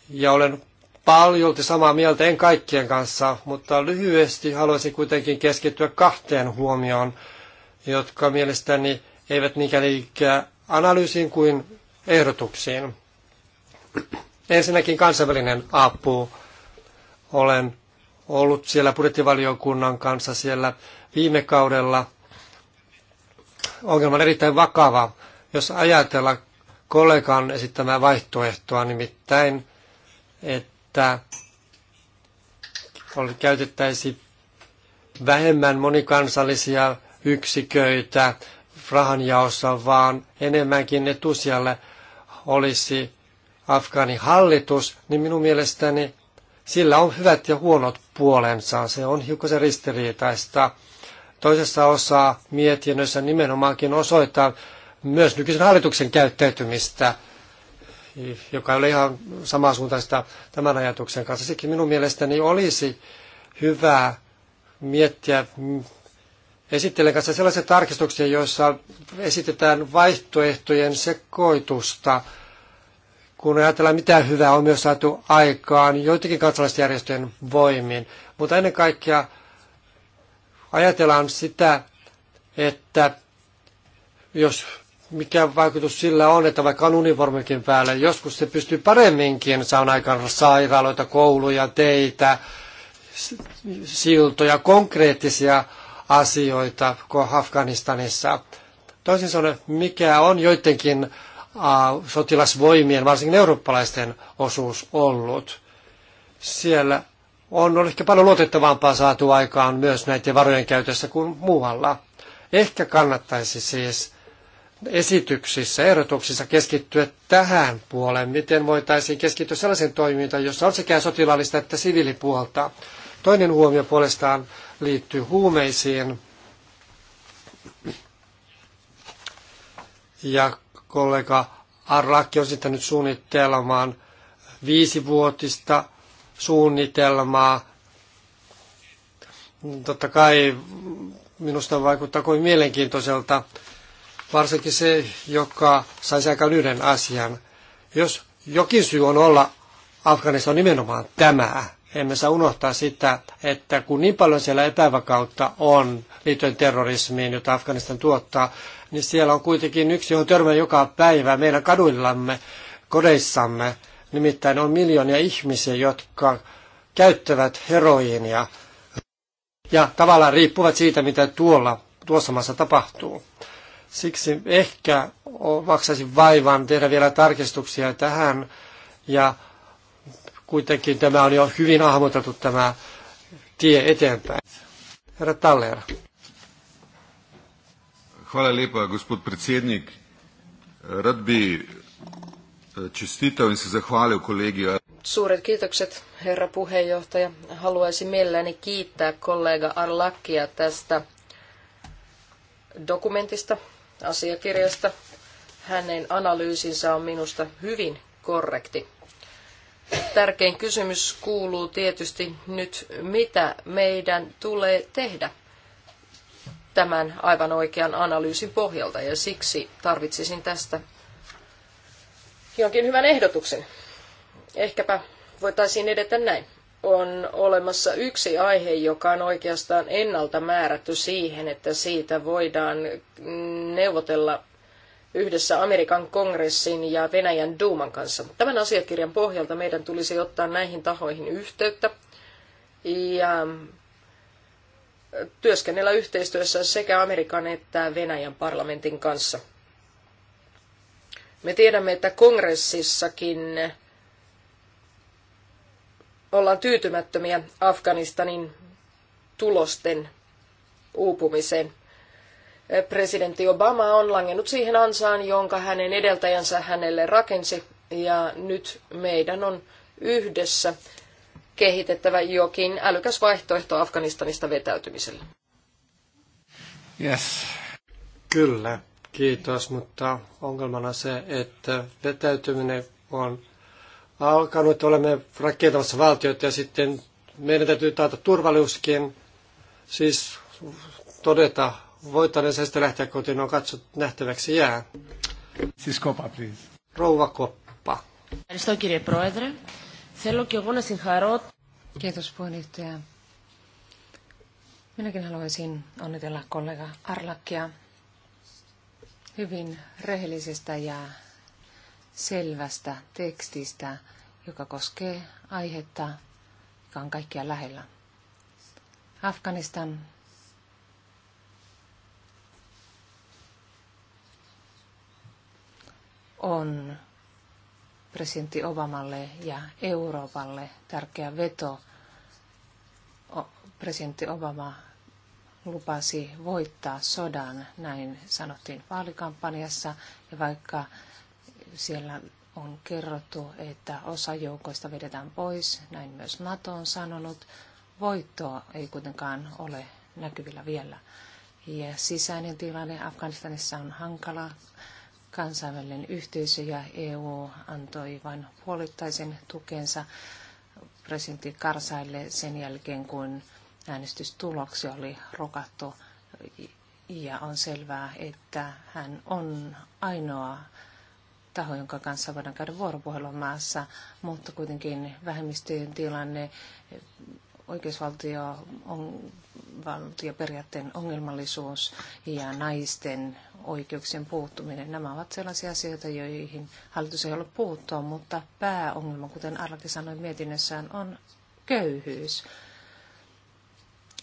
Ja olen paljolti samaa mieltä, en kaikkien kanssa, mutta lyhyesti haluaisin kuitenkin keskittyä kahteen huomioon, jotka mielestäni eivät niinkään liikkeä analyysiin kuin ehdotuksiin. Ensinnäkin kansainvälinen apu. Olen ollut siellä budjettivaliokunnan kanssa siellä viime kaudella. Ongelma on erittäin vakava, jos ajatella kollegan esittämää vaihtoehtoa, nimittäin, että käytettäisiin vähemmän monikansallisia yksiköitä rahanjaossa, vaan enemmänkin etusijalle olisi Afgaanin hallitus, niin minun mielestäni sillä on hyvät ja huonot puolensa. Se on se ristiriitaista. Toisessa osaa mietinnössä nimenomaankin osoittaa myös nykyisen hallituksen käyttäytymistä, joka ei ole ihan samansuuntaista tämän ajatuksen kanssa. Siksi minun mielestäni olisi hyvä miettiä mm, esittelen kanssa sellaisia tarkistuksia, joissa esitetään vaihtoehtojen sekoitusta – kun ajatellaan mitä hyvää on myös saatu aikaan joitakin kansalaisjärjestöjen voimin. Mutta ennen kaikkea ajatellaan sitä, että jos mikä vaikutus sillä on, että vaikka on uniformikin päällä, joskus se pystyy paremminkin saamaan aikaan sairaaloita, kouluja, teitä, siltoja, konkreettisia asioita kuin Afganistanissa. Toisin sanoen, mikä on joidenkin Äh, sotilasvoimien, varsinkin eurooppalaisten osuus ollut. Siellä on ehkä paljon luotettavampaa saatu aikaan myös näiden varojen käytössä kuin muualla. Ehkä kannattaisi siis esityksissä, ehdotuksissa keskittyä tähän puoleen, miten voitaisiin keskittyä sellaisen toimintaan, jossa on sekä sotilaallista että siviilipuolta. Toinen huomio puolestaan liittyy huumeisiin ja kollega Arlakki on esittänyt suunnitelman viisivuotista suunnitelmaa. Totta kai minusta vaikuttaa kovin mielenkiintoiselta, varsinkin se, joka saisi aika yhden asian. Jos jokin syy on olla Afganistan on nimenomaan tämä, emme saa unohtaa sitä, että kun niin paljon siellä epävakautta on liittyen terrorismiin, jota Afganistan tuottaa, niin siellä on kuitenkin yksi, johon törmää joka päivä meidän kaduillamme, kodeissamme. Nimittäin on miljoonia ihmisiä, jotka käyttävät heroiinia ja tavallaan riippuvat siitä, mitä tuolla, tuossa maassa tapahtuu. Siksi ehkä maksaisi vaivan tehdä vielä tarkistuksia tähän ja kuitenkin tämä on jo hyvin hahmotettu tämä tie eteenpäin. Herra Taller. Hvala lepa, gospod predsednik. Rad bi eh, čestitav in se zahvalil kolegija. Suuret kiitokset, herra puheenjohtaja. Haluaisin mielelläni kiittää kollega Arlakia tästä dokumentista, asiakirjasta. Hänen analyysinsä on minusta hyvin korrekti tärkein kysymys kuuluu tietysti nyt, mitä meidän tulee tehdä tämän aivan oikean analyysin pohjalta, ja siksi tarvitsisin tästä jonkin hyvän ehdotuksen. Ehkäpä voitaisiin edetä näin. On olemassa yksi aihe, joka on oikeastaan ennalta määrätty siihen, että siitä voidaan neuvotella yhdessä Amerikan kongressin ja Venäjän duuman kanssa. Tämän asiakirjan pohjalta meidän tulisi ottaa näihin tahoihin yhteyttä ja eh, työskennellä yhteistyössä sekä Amerikan että Venäjän parlamentin kanssa. Me tiedämme, että kongressissakin ollaan tyytymättömiä Afganistanin tulosten uupumiseen presidentti Obama on langennut siihen ansaan, jonka hänen edeltäjänsä hänelle rakensi, ja nyt meidän on yhdessä kehitettävä jokin älykäs vaihtoehto Afganistanista vetäytymiselle. Yes. Kyllä, kiitos, mutta ongelmana se, että vetäytyminen on alkanut, olemme rakentamassa valtiota ja sitten meidän täytyy taata turvallisuuskin, siis todeta voitaneen säästö lähteä kotiin, on katsot nähtäväksi jää. Siis kopa, please. Rouva koppa. Ευχαριστώ κύριε Πρόεδρε. Θέλω και Kiitos puheenjohtaja. Minäkin haluaisin onnitella kollega Arlakia hyvin rehellisestä ja selvästä tekstistä, joka koskee aihetta, joka on kaikkia lähellä. Afganistan on presidentti Obamalle ja Euroopalle tärkeä veto. Presidentti Obama lupasi voittaa sodan, näin sanottiin vaalikampanjassa, ja vaikka siellä on kerrottu, että osa joukoista vedetään pois, näin myös NATO on sanonut, voittoa ei kuitenkaan ole näkyvillä vielä. Ja sisäinen tilanne Afganistanissa on hankala kansainvälinen yhteisö ja EU antoi vain puolittaisen tukensa presidentti Karsaille sen jälkeen, kun äänestystuloksi oli rokattu. Ja on selvää, että hän on ainoa taho, jonka kanssa voidaan käydä vuoropuhelua maassa, mutta kuitenkin vähemmistöjen tilanne, oikeusvaltio, on, valtioperiaatteen ongelmallisuus ja naisten oikeuksien puuttuminen. Nämä ovat sellaisia asioita, joihin hallitus ei ole puuttua, mutta pääongelma, kuten Arlaki sanoi mietinnössään, on köyhyys.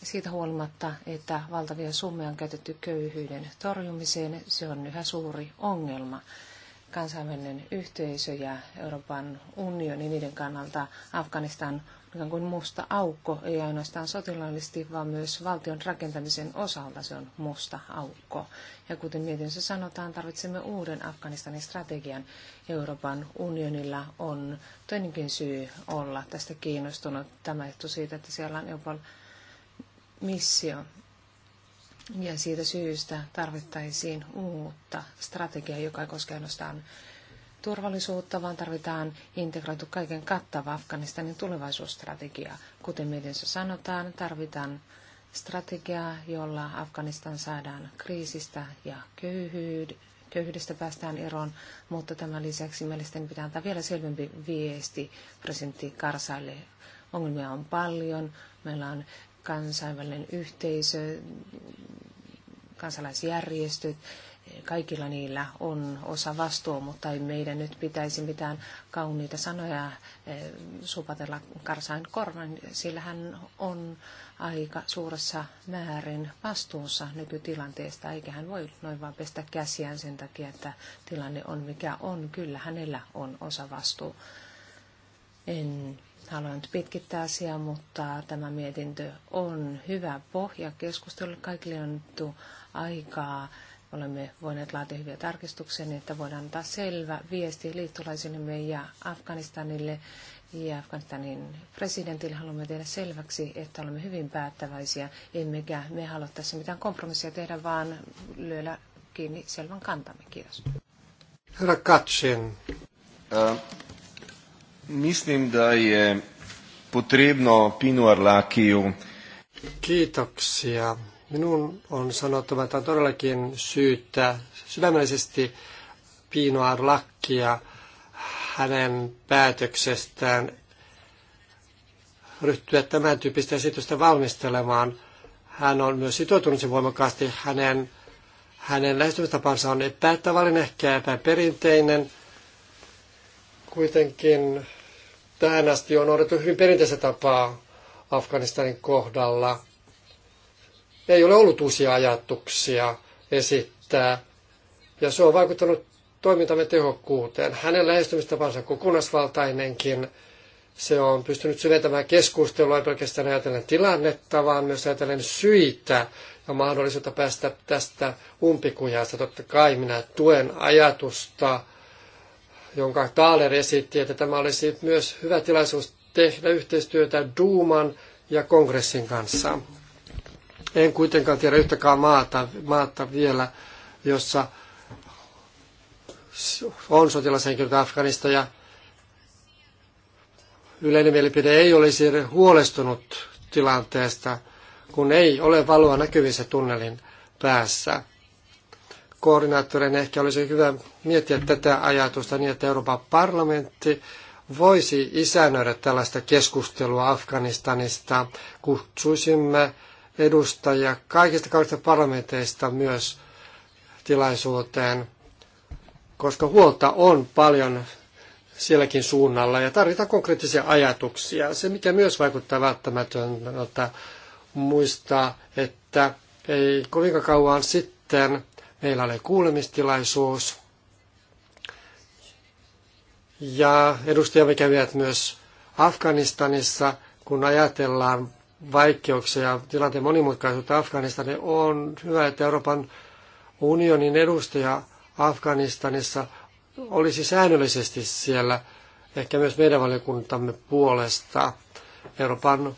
Siitä huolimatta, että valtavia summia on käytetty köyhyyden torjumiseen, se on yhä suuri ongelma kansainvälinen yhteisö ja Euroopan unioni, niiden kannalta Afganistan ikään kuin musta aukko, ei ainoastaan sotilaallisesti, vaan myös valtion rakentamisen osalta se on musta aukko. Ja kuten mietinnössä sanotaan, tarvitsemme uuden Afganistanin strategian. Euroopan unionilla on toinenkin syy olla tästä kiinnostunut. Tämä johtuu siitä, että siellä on Euroopan missio. Ja siitä syystä tarvittaisiin uutta strategiaa, joka ei koske ainoastaan turvallisuutta, vaan tarvitaan integroitu kaiken kattava Afganistanin tulevaisuusstrategia. Kuten mietinnössä sanotaan, tarvitaan strategiaa, jolla Afganistan saadaan kriisistä ja köyhyydestä päästään eroon, mutta tämän lisäksi mielestäni pitää antaa vielä selvempi viesti presidentti Karsaille. Ongelmia on paljon, meillä on kansainvälinen yhteisö, kansalaisjärjestöt, kaikilla niillä on osa vastuu, mutta ei meidän nyt pitäisi mitään kauniita sanoja eh, supatella karsain korvan. Sillä hän on aika suuressa määrin vastuussa nykytilanteesta, eikä hän voi noin vaan pestä käsiään sen takia, että tilanne on mikä on. Kyllä hänellä on osa vastuu. En halua nyt pitkittää asiaa, mutta tämä mietintö on hyvä pohja keskustelulle. Kaikille on annettu aikaa Olemme voineet laatia hyviä tarkistuksia, niin että voidaan antaa selvä viesti liittolaisillemme ja Afganistanille ja Afganistanin presidentille haluamme tehdä selväksi, että olemme hyvin päättäväisiä, emmekä me halua tässä mitään kompromissia tehdä, vaan lyödä kiinni selvän kantamme. Kiitos. Herra Katsin. mislim da je potrebno Pinuar Lakiju. Kiitoksia. Minun on sanottava, että on todellakin syyttä sydämellisesti piinoa lakkia hänen päätöksestään ryhtyä tämän tyyppistä esitystä valmistelemaan. Hän on myös sitoutunut sen voimakkaasti. Hänen, hänen lähestymistapansa on epätavallinen, ehkä epäperinteinen. Kuitenkin tähän asti on odotettu hyvin perinteistä tapaa Afganistanin kohdalla ei ole ollut uusia ajatuksia esittää, ja se on vaikuttanut toimintamme tehokkuuteen. Hänen lähestymistapansa kokonaisvaltainenkin, se on pystynyt syventämään keskustelua ei pelkästään ajatellen tilannetta, vaan myös ajatellen syitä ja mahdollisuutta päästä tästä umpikujasta. Totta kai minä tuen ajatusta, jonka Taaler esitti, että tämä olisi myös hyvä tilaisuus tehdä yhteistyötä Duuman ja kongressin kanssa. En kuitenkaan tiedä yhtäkään maata, maata vielä, jossa on sotilashenkilöitä Afganista ja yleinen mielipide ei olisi huolestunut tilanteesta, kun ei ole valoa näkyvissä tunnelin päässä. Koordinaattorin ehkä olisi hyvä miettiä tätä ajatusta niin, että Euroopan parlamentti voisi isännöidä tällaista keskustelua Afganistanista. Kutsuisimme edustajia kaikista kaikista parlamenteista myös tilaisuuteen, koska huolta on paljon sielläkin suunnalla ja tarvitaan konkreettisia ajatuksia. Se, mikä myös vaikuttaa välttämätöntä muistaa, että ei kovin kauan sitten meillä oli kuulemistilaisuus ja edustajamme kävivät myös Afganistanissa, kun ajatellaan vaikeuksia ja tilanteen monimutkaisuutta Afganistanin, on hyvä, että Euroopan unionin edustaja Afganistanissa olisi säännöllisesti siellä, ehkä myös meidän valiokuntamme puolesta. Euroopan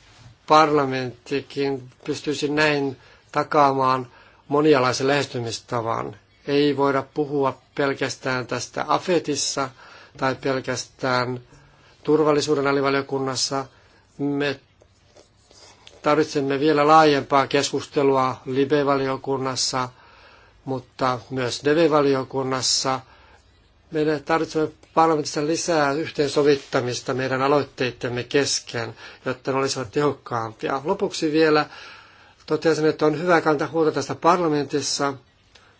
parlamenttikin pystyisi näin takaamaan monialaisen lähestymistavan. Ei voida puhua pelkästään tästä AFETissa tai pelkästään turvallisuuden alivaliokunnassa. Me Tarvitsemme vielä laajempaa keskustelua Libe-valiokunnassa, mutta myös DEVE-valiokunnassa. Meidän tarvitsemme parlamentissa lisää yhteensovittamista meidän aloitteittemme kesken, jotta ne olisivat tehokkaampia. Lopuksi vielä totesin, että on hyvä kantaa huolta tästä parlamentissa,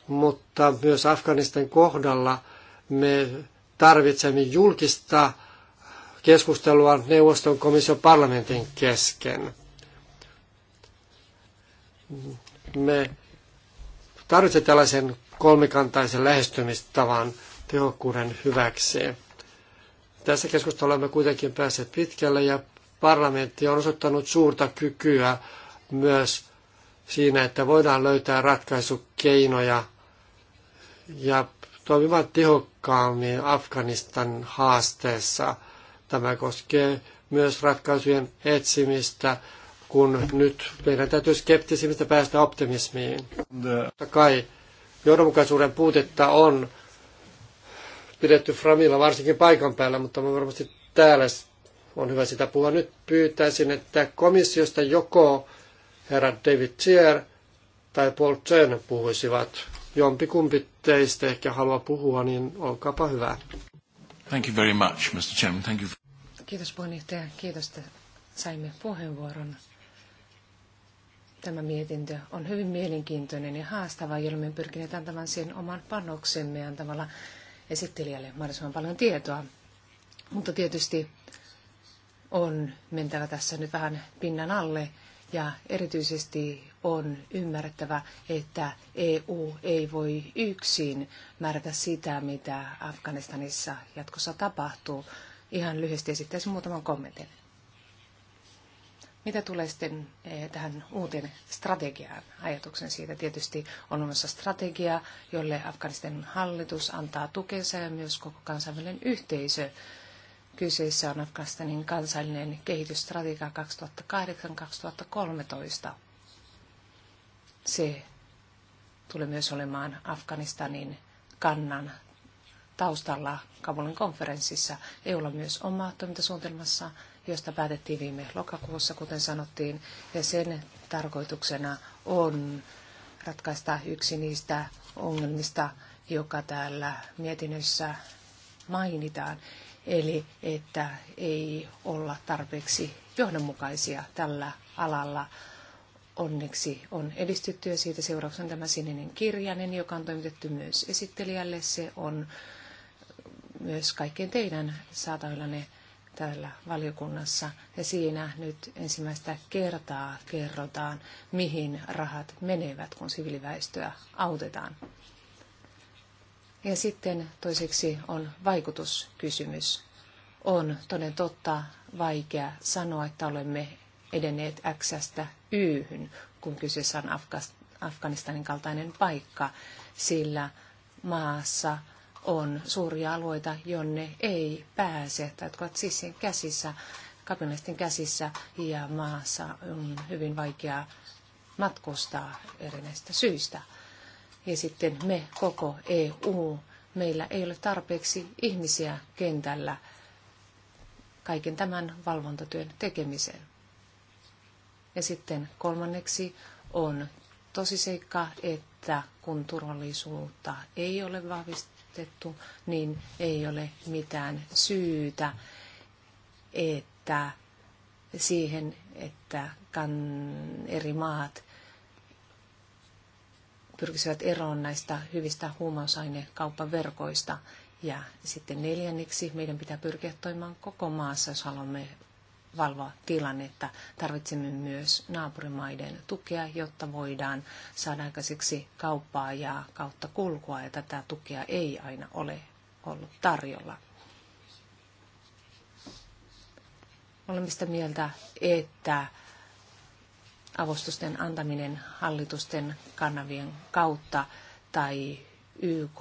mutta myös Afganistan kohdalla me tarvitsemme julkista keskustelua neuvoston komission parlamentin kesken me tarvitsemme tällaisen kolmikantaisen lähestymistavan tehokkuuden hyväkseen. Tässä keskustelussa olemme kuitenkin päässeet pitkälle ja parlamentti on osoittanut suurta kykyä myös siinä, että voidaan löytää ratkaisukeinoja ja toimivat tehokkaammin Afganistan haasteessa. Tämä koskee myös ratkaisujen etsimistä kun nyt meidän täytyy skeptisimistä päästä optimismiin. Totta kai johdonmukaisuuden puutetta on pidetty Framilla varsinkin paikan päällä, mutta varmasti täällä on hyvä sitä puhua. Nyt pyytäisin, että komissiosta joko herra David Chier tai Paul Chen puhuisivat. Jompikumpi teistä ehkä haluaa puhua, niin olkaapa hyvä. Thank you very much, Mr. Chairman. Thank you. Kiitos puheenjohtaja. Kiitos, että saimme puheenvuoron. Tämä mietintö on hyvin mielenkiintoinen ja haastava, jolloin me pyrkineet antamaan siihen oman panoksemme antamalla esittelijälle mahdollisimman paljon tietoa. Mutta tietysti on mentävä tässä nyt vähän pinnan alle ja erityisesti on ymmärrettävä, että EU ei voi yksin määrätä sitä, mitä Afganistanissa jatkossa tapahtuu. Ihan lyhyesti esittäisin muutaman kommentin. Mitä tulee sitten eh, tähän uuteen strategiaan? Ajatuksen siitä tietysti on olemassa strategia, jolle Afganistan hallitus antaa tukensa ja myös koko kansainvälinen yhteisö. Kyseessä on Afganistanin kansallinen kehitysstrategia 2008-2013. Se tulee myös olemaan Afganistanin kannan taustalla Kabulin konferenssissa. EUlla myös omaa toimintasuunnitelmassa josta päätettiin viime lokakuussa, kuten sanottiin, ja sen tarkoituksena on ratkaista yksi niistä ongelmista, joka täällä mietinnössä mainitaan, eli että ei olla tarpeeksi johdonmukaisia tällä alalla. Onneksi on edistytty ja siitä seurauksena tämä sininen kirjainen, joka on toimitettu myös esittelijälle. Se on myös kaikkien teidän saatavillanne täällä valiokunnassa ja siinä nyt ensimmäistä kertaa kerrotaan, mihin rahat menevät, kun siviiliväestöä autetaan. Ja sitten toiseksi on vaikutuskysymys. On toden totta vaikea sanoa, että olemme edenneet X-stä Y-hyn, kun kyseessä on Afganistanin kaltainen paikka, sillä maassa on suuria alueita, jonne ei pääse, tai jotka ovat sissien käsissä, kapinallisten käsissä, ja maassa on hyvin vaikea matkustaa erinäistä syistä. Ja sitten me, koko EU, meillä ei ole tarpeeksi ihmisiä kentällä kaiken tämän valvontatyön tekemiseen. Ja sitten kolmanneksi on tosiseikka, että kun turvallisuutta ei ole vahvistettu, otettu, niin ei ole mitään syytä, että siihen, että eri maat pyrkisivät eroon näistä hyvistä huumausainekauppaverkoista. Ja sitten neljänneksi meidän pitää pyrkiä toimimaan koko maassa, jos haluamme valvoa tilannetta. Tarvitsemme myös naapurimaiden tukea, jotta voidaan saada aikaiseksi kauppaa ja kautta kulkua, ja tätä tukea ei aina ole ollut tarjolla. Olemme sitä mieltä, että avustusten antaminen hallitusten kanavien kautta tai YK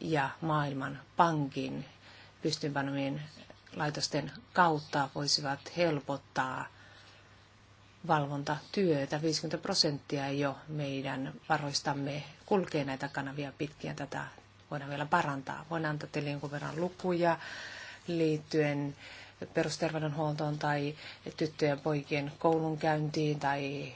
ja Maailman pankin pystyvänomien laitosten kautta voisivat helpottaa valvontatyötä. 50 prosenttia jo meidän varoistamme kulkee näitä kanavia pitkin tätä voidaan vielä parantaa. Voin antaa teille jonkun verran lukuja liittyen perusterveydenhuoltoon tai tyttöjen ja poikien koulunkäyntiin tai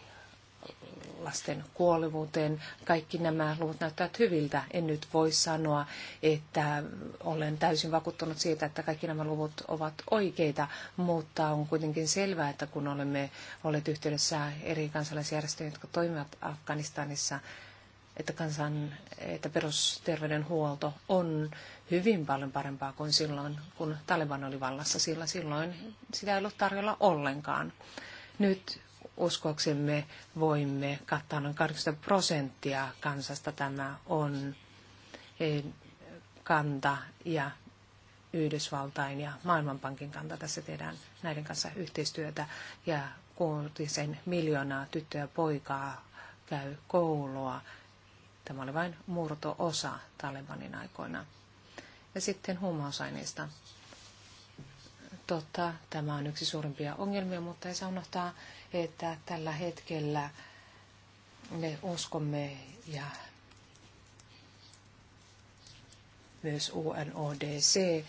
lasten kuolevuuteen. Kaikki nämä luvut näyttävät hyviltä. En nyt voi sanoa, että olen täysin vakuuttunut siitä, että kaikki nämä luvut ovat oikeita, mutta on kuitenkin selvää, että kun olemme olleet yhteydessä eri kansalaisjärjestöihin, jotka toimivat Afganistanissa, että, kansan, että perusterveydenhuolto on hyvin paljon parempaa kuin silloin, kun Taliban oli vallassa, sillä silloin sitä ei ollut tarjolla ollenkaan. Nyt uskoksemme voimme kattaa noin 80 prosenttia kansasta. Tämä on e, kanta ja Yhdysvaltain ja Maailmanpankin kanta. Tässä tehdään näiden kanssa yhteistyötä ja kuutisen miljoonaa tyttöä ja poikaa käy koulua. Tämä oli vain murto-osa Talebanin aikoina. Ja sitten huumausaineista. Totta, tämä on yksi suurimpia ongelmia, mutta ei saa unohtaa että tällä hetkellä me uskomme ja myös UNODC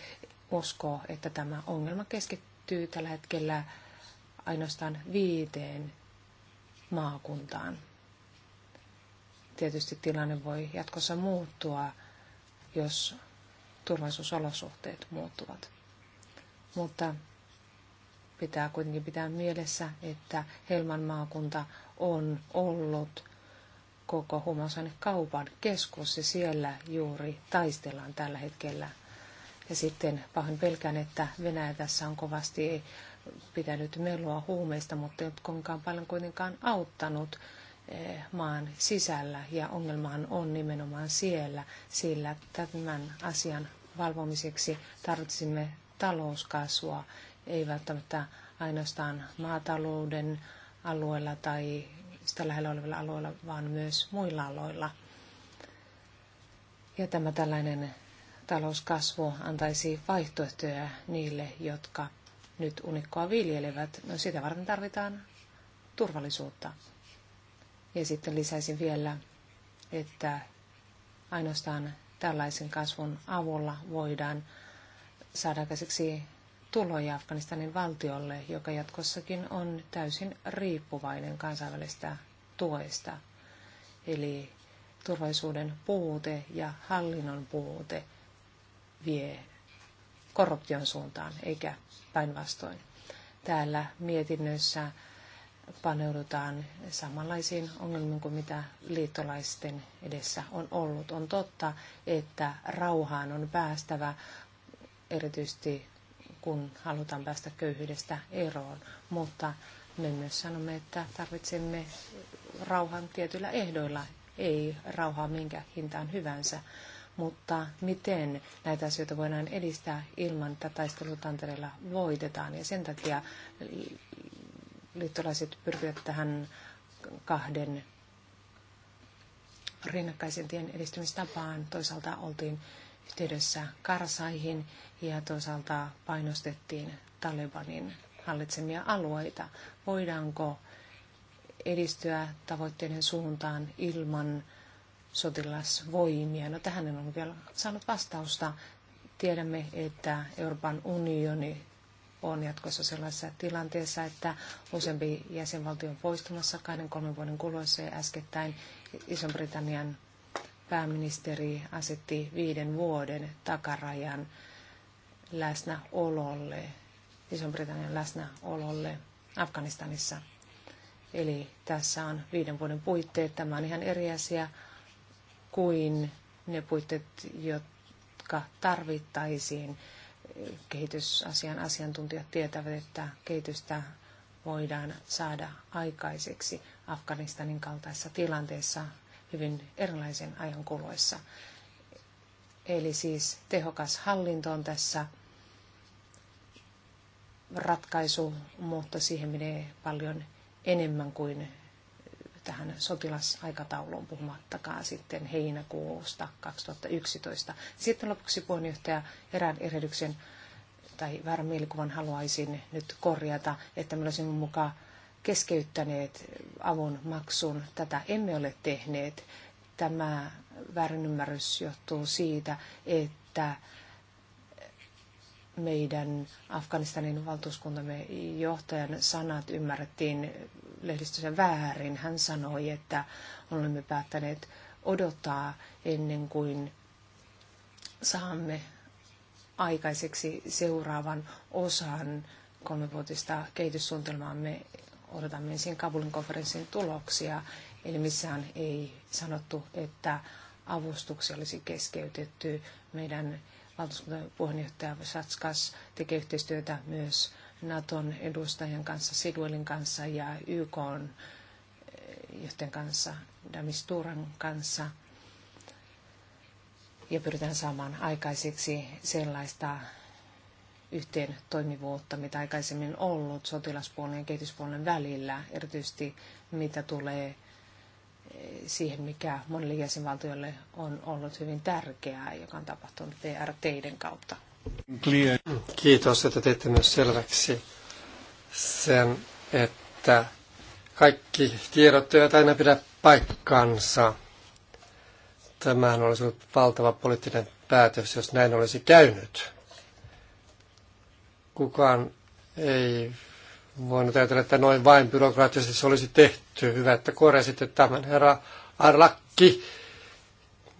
uskoo, että tämä ongelma keskittyy tällä hetkellä ainoastaan viiteen maakuntaan. Tietysti tilanne voi jatkossa muuttua, jos turvallisuusolosuhteet muuttuvat. Mutta Pitää kuitenkin pitää mielessä, että Helman maakunta on ollut koko kaupan keskus ja siellä juuri taistellaan tällä hetkellä. Ja sitten pahoin pelkään, että Venäjä tässä on kovasti pitänyt melua huumeista, mutta ei ole paljon kuitenkaan auttanut eh, maan sisällä ja ongelmahan on nimenomaan siellä, sillä tämän asian valvomiseksi tarvitsimme talouskasvua ei välttämättä ainoastaan maatalouden alueella tai sitä lähellä olevilla alueilla, vaan myös muilla aloilla. Ja tämä tällainen talouskasvu antaisi vaihtoehtoja niille, jotka nyt unikkoa viljelevät. No sitä varten tarvitaan turvallisuutta. Ja sitten lisäisin vielä, että ainoastaan tällaisen kasvun avulla voidaan saada käsiksi tuloja Afganistanin valtiolle, joka jatkossakin on täysin riippuvainen kansainvälistä tuesta. Eli turvallisuuden puute ja hallinnon puute vie korruption suuntaan, eikä päinvastoin. Täällä mietinnössä paneudutaan samanlaisiin ongelmiin kuin mitä liittolaisten edessä on ollut. On totta, että rauhaan on päästävä erityisesti kun halutaan päästä köyhyydestä eroon, mutta me myös sanomme, että tarvitsemme rauhan tietyillä ehdoilla, ei rauhaa minkä hintaan hyvänsä. Mutta miten näitä asioita voidaan edistää ilman, että taistelutantereilla voitetaan. Ja sen takia liittolaiset pyrkivät tähän kahden rinnakkaisen tien edistymistapaan. Toisaalta oltiin yhteydessä Karsaihin ja toisaalta painostettiin Talibanin hallitsemia alueita. Voidaanko edistyä tavoitteiden suuntaan ilman sotilasvoimia? No tähän en ole vielä saanut vastausta. Tiedämme, että Euroopan unioni on jatkossa sellaisessa tilanteessa, että useampi jäsenvaltio on poistumassa kahden kolmen vuoden kuluessa ja äskettäin Ison-Britannian pääministeri asetti viiden vuoden takarajan läsnäololle, iso britannian läsnäololle Afganistanissa. Eli tässä on viiden vuoden puitteet. Tämä on ihan eri asia kuin ne puitteet, jotka tarvittaisiin. Kehitysasian asiantuntijat tietävät, että kehitystä voidaan saada aikaiseksi Afganistanin kaltaisessa tilanteessa hyvin erilaisen ajan kuluessa. Eli siis tehokas hallinto on tässä ratkaisu, mutta siihen menee paljon enemmän kuin tähän sotilasaikatauluun puhumattakaan sitten heinäkuusta 2011. Sitten lopuksi puheenjohtaja erään erehdyksen tai väärän mielikuvan haluaisin nyt korjata, että me olisimme mukaan keskeyttäneet avun maksun. Tätä emme ole tehneet. Tämä väärinymmärrys johtuu siitä, että meidän Afganistanin valtuuskuntamme johtajan sanat ymmärrettiin lehdistössä väärin. Hän sanoi, että olemme päättäneet odottaa ennen kuin saamme aikaiseksi seuraavan osan kolmevuotista kehityssuunnitelmaamme odotamme ensin Kabulin konferenssin tuloksia, eli missään ei sanottu, että avustuksia olisi keskeytetty. Meidän valtuuskunnan puheenjohtaja Satskas tekee yhteistyötä myös Naton edustajien kanssa, Sidwellin kanssa ja YK eh, johtajan kanssa, Damisturan kanssa. Ja pyritään saamaan aikaiseksi sellaista yhteen toimivuutta, mitä aikaisemmin ollut sotilaspuolen ja kehityspuolen välillä, erityisesti mitä tulee eh, siihen, mikä monille jäsenvaltioille on ollut hyvin tärkeää, joka on tapahtunut VRTiden e kautta. Kiitos, että teitte myös selväksi sen, että kaikki tiedot eivät aina pidä paikkansa. Tämähän olisi ollut valtava poliittinen päätös, jos näin olisi käynyt. Kukaan ei voinut ajatella, että noin vain byrokraattisesti se olisi tehty. Hyvä, että korjasitte tämän, herra Arlakki.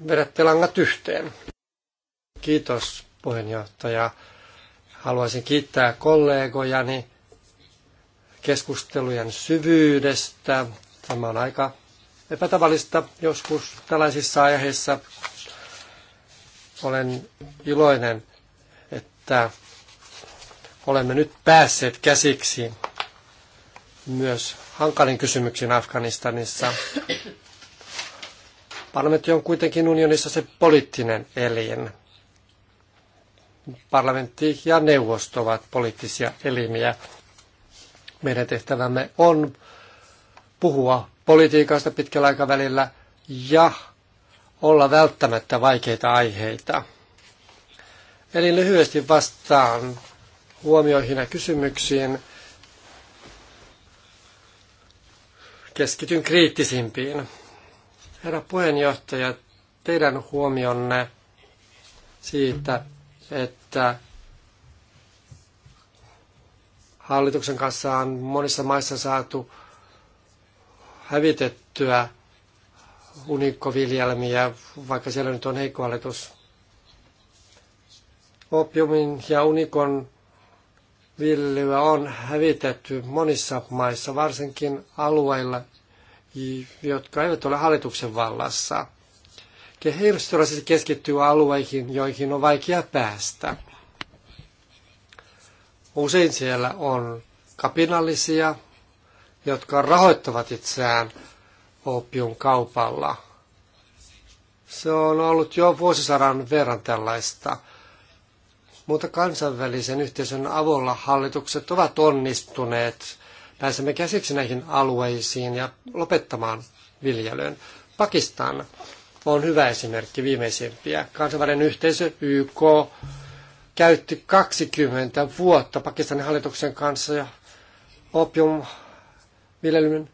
Vedätte langat yhteen. Kiitos, puheenjohtaja. Haluaisin kiittää kollegojani keskustelujen syvyydestä. Tämä on aika epätavallista joskus tällaisissa aiheissa. Olen iloinen, että Olemme nyt päässeet käsiksi myös hankalin kysymyksiin Afganistanissa. Parlamentti on kuitenkin unionissa se poliittinen elin. Parlamentti ja neuvosto ovat poliittisia elimiä. Meidän tehtävämme on puhua politiikasta pitkällä aikavälillä ja olla välttämättä vaikeita aiheita. Eli lyhyesti vastaan huomioihin ja kysymyksiin. Keskityn kriittisimpiin. Herra puheenjohtaja, teidän huomionne siitä, että hallituksen kanssa on monissa maissa saatu hävitettyä unikkoviljelmiä, vaikka siellä nyt on heikko hallitus. Opiumin ja unikon viljelyä on hävitetty monissa maissa, varsinkin alueilla, jotka eivät ole hallituksen vallassa. Kehitystura siis keskittyy alueihin, joihin on vaikea päästä. Usein siellä on kapinallisia, jotka rahoittavat itseään opion kaupalla. Se on ollut jo vuosisadan verran tällaista mutta kansainvälisen yhteisön avulla hallitukset ovat onnistuneet. Pääsemme käsiksi näihin alueisiin ja lopettamaan viljelyn. Pakistan on hyvä esimerkki viimeisimpiä. Kansainvälinen yhteisö YK käytti 20 vuotta Pakistanin hallituksen kanssa ja opium viljelyn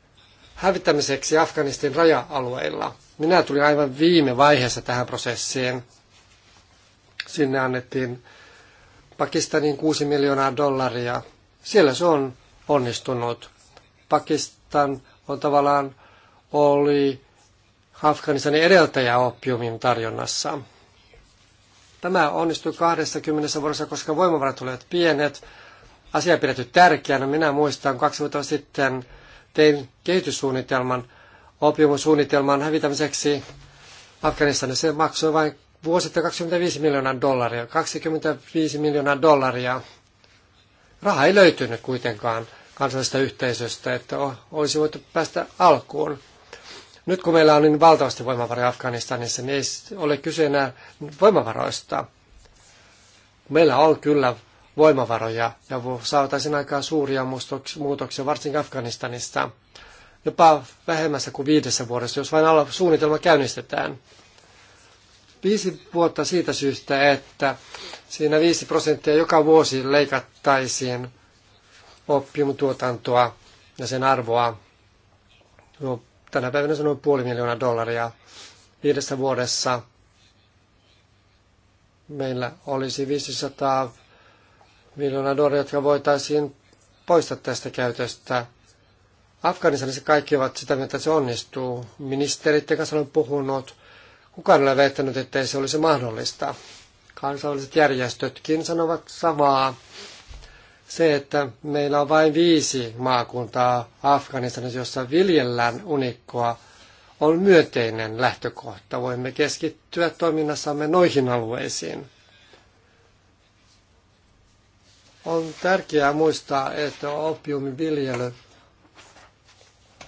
hävittämiseksi Afganistin raja-alueilla. Minä tulin aivan viime vaiheessa tähän prosessiin. Sinne annettiin Pakistanin 6 miljoonaa dollaria. Siellä se on onnistunut. Pakistan on tavallaan oli Afganistanin edeltäjä opiumin tarjonnassa. Tämä onnistui 20 vuodessa, koska voimavarat olivat pienet. Asia pidetty tärkeänä. Minä muistan, kaksi vuotta sitten tein kehityssuunnitelman, opiumisuunnitelman hävitämiseksi Afganistanissa. Se maksoi vain vuosittain 25 miljoonaa dollaria. 25 miljoonaa dollaria. Raha ei löytynyt kuitenkaan kansallisesta yhteisöstä, että olisi voitu päästä alkuun. Nyt kun meillä on niin valtavasti voimavaroja Afganistanissa, niin ei ole kyse enää voimavaroista. Meillä on kyllä voimavaroja ja saataisiin aikaan suuria muutoksia, varsinkin Afganistanista, jopa vähemmässä kuin viidessä vuodessa, jos vain suunnitelma käynnistetään viisi vuotta siitä syystä, että siinä viisi prosenttia joka vuosi leikattaisiin oppimutuotantoa, ja sen arvoa. No, tänä päivänä se on noin puoli miljoonaa dollaria. Viidessä vuodessa meillä olisi 500 miljoonaa dollaria, jotka voitaisiin poistaa tästä käytöstä. Afganistanissa kaikki ovat sitä mieltä, että se onnistuu. Ministerit kanssa on puhunut, Kukaan ei ole väittänyt, että se olisi mahdollista. Kansalliset järjestötkin sanovat samaa. Se, että meillä on vain viisi maakuntaa Afganistanissa, jossa viljellään unikkoa, on myönteinen lähtökohta. Voimme keskittyä toiminnassamme noihin alueisiin. On tärkeää muistaa, että opiumiviljely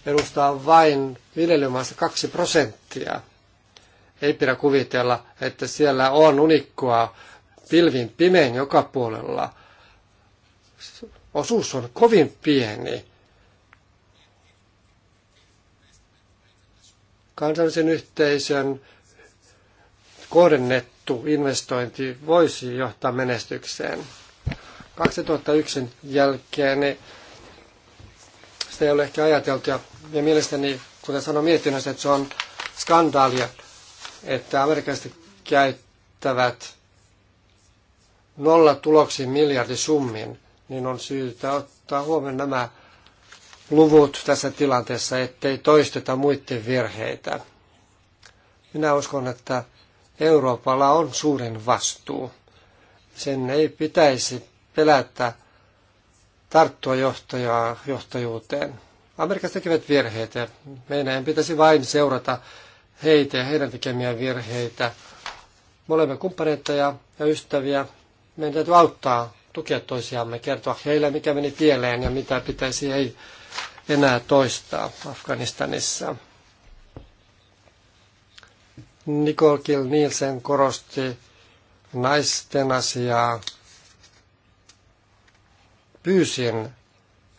edustaa vain viljelymaassa 2 prosenttia – ei pidä kuvitella, että siellä on unikkoa pilvin pimeen joka puolella. Osuus on kovin pieni. Kansallisen yhteisön kohdennettu investointi voisi johtaa menestykseen. 2001 jälkeen niin sitä ei ole ehkä ajateltu. Ja, ja mielestäni, kuten sanoin mietinnössä, että se on skandaalia, että amerikkalaiset käyttävät nolla tuloksi miljardisummin, niin on syytä ottaa huomioon nämä luvut tässä tilanteessa, ettei toisteta muiden virheitä. Minä uskon, että Euroopalla on suurin vastuu. Sen ei pitäisi pelätä tarttua johtajaa, johtajuuteen. Amerikassa tekevät virheitä. Meidän pitäisi vain seurata heitä ja heidän tekemiä virheitä. Me olemme kumppaneita ja, ja ystäviä. Meidän täytyy auttaa, tukea toisiamme, kertoa heille, mikä meni pieleen ja mitä pitäisi ei enää toistaa Afganistanissa. Nicole Kill Nielsen korosti naisten asiaa. Pyysin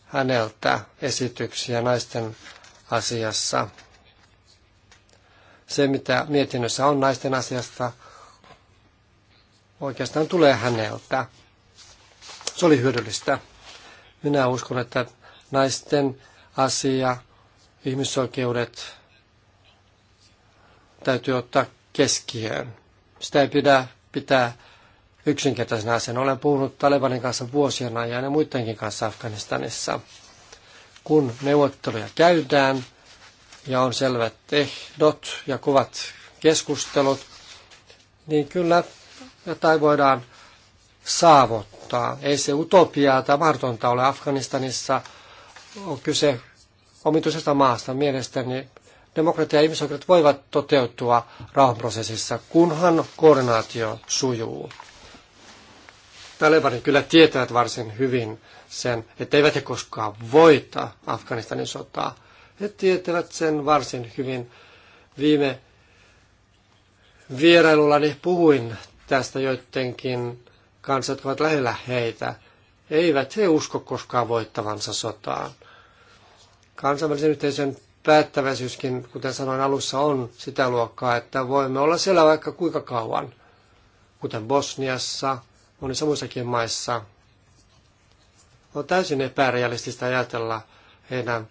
häneltä esityksiä naisten asiassa se, mitä mietinnössä on naisten asiasta, oikeastaan tulee häneltä. Se oli hyödyllistä. Minä uskon, että naisten asia, ihmisoikeudet täytyy ottaa keskiöön. Sitä ei pidä pitää yksinkertaisena asiana. Olen puhunut Talebanin kanssa vuosien ajan ja muidenkin kanssa Afganistanissa. Kun neuvotteluja käydään, ja on selvät ehdot ja kuvat keskustelut, niin kyllä jotain voidaan saavuttaa. Ei se utopiaa tai mahdotonta ole. Afganistanissa on kyse omituisesta maasta mielestäni. Demokratia ja ihmisoikeudet voivat toteutua rauhanprosessissa, kunhan koordinaatio sujuu. Talebanit kyllä tietävät varsin hyvin sen, että eivät he koskaan voita Afganistanin sotaa. He tietävät sen varsin hyvin. Viime vierailullani puhuin tästä joidenkin kanssa, jotka ovat lähellä heitä. Eivät he usko koskaan voittavansa sotaan. Kansainvälisen yhteisön päättäväisyyskin, kuten sanoin alussa, on sitä luokkaa, että voimme olla siellä vaikka kuinka kauan, kuten Bosniassa, monissa muissakin maissa. On täysin epärealistista ajatella heidän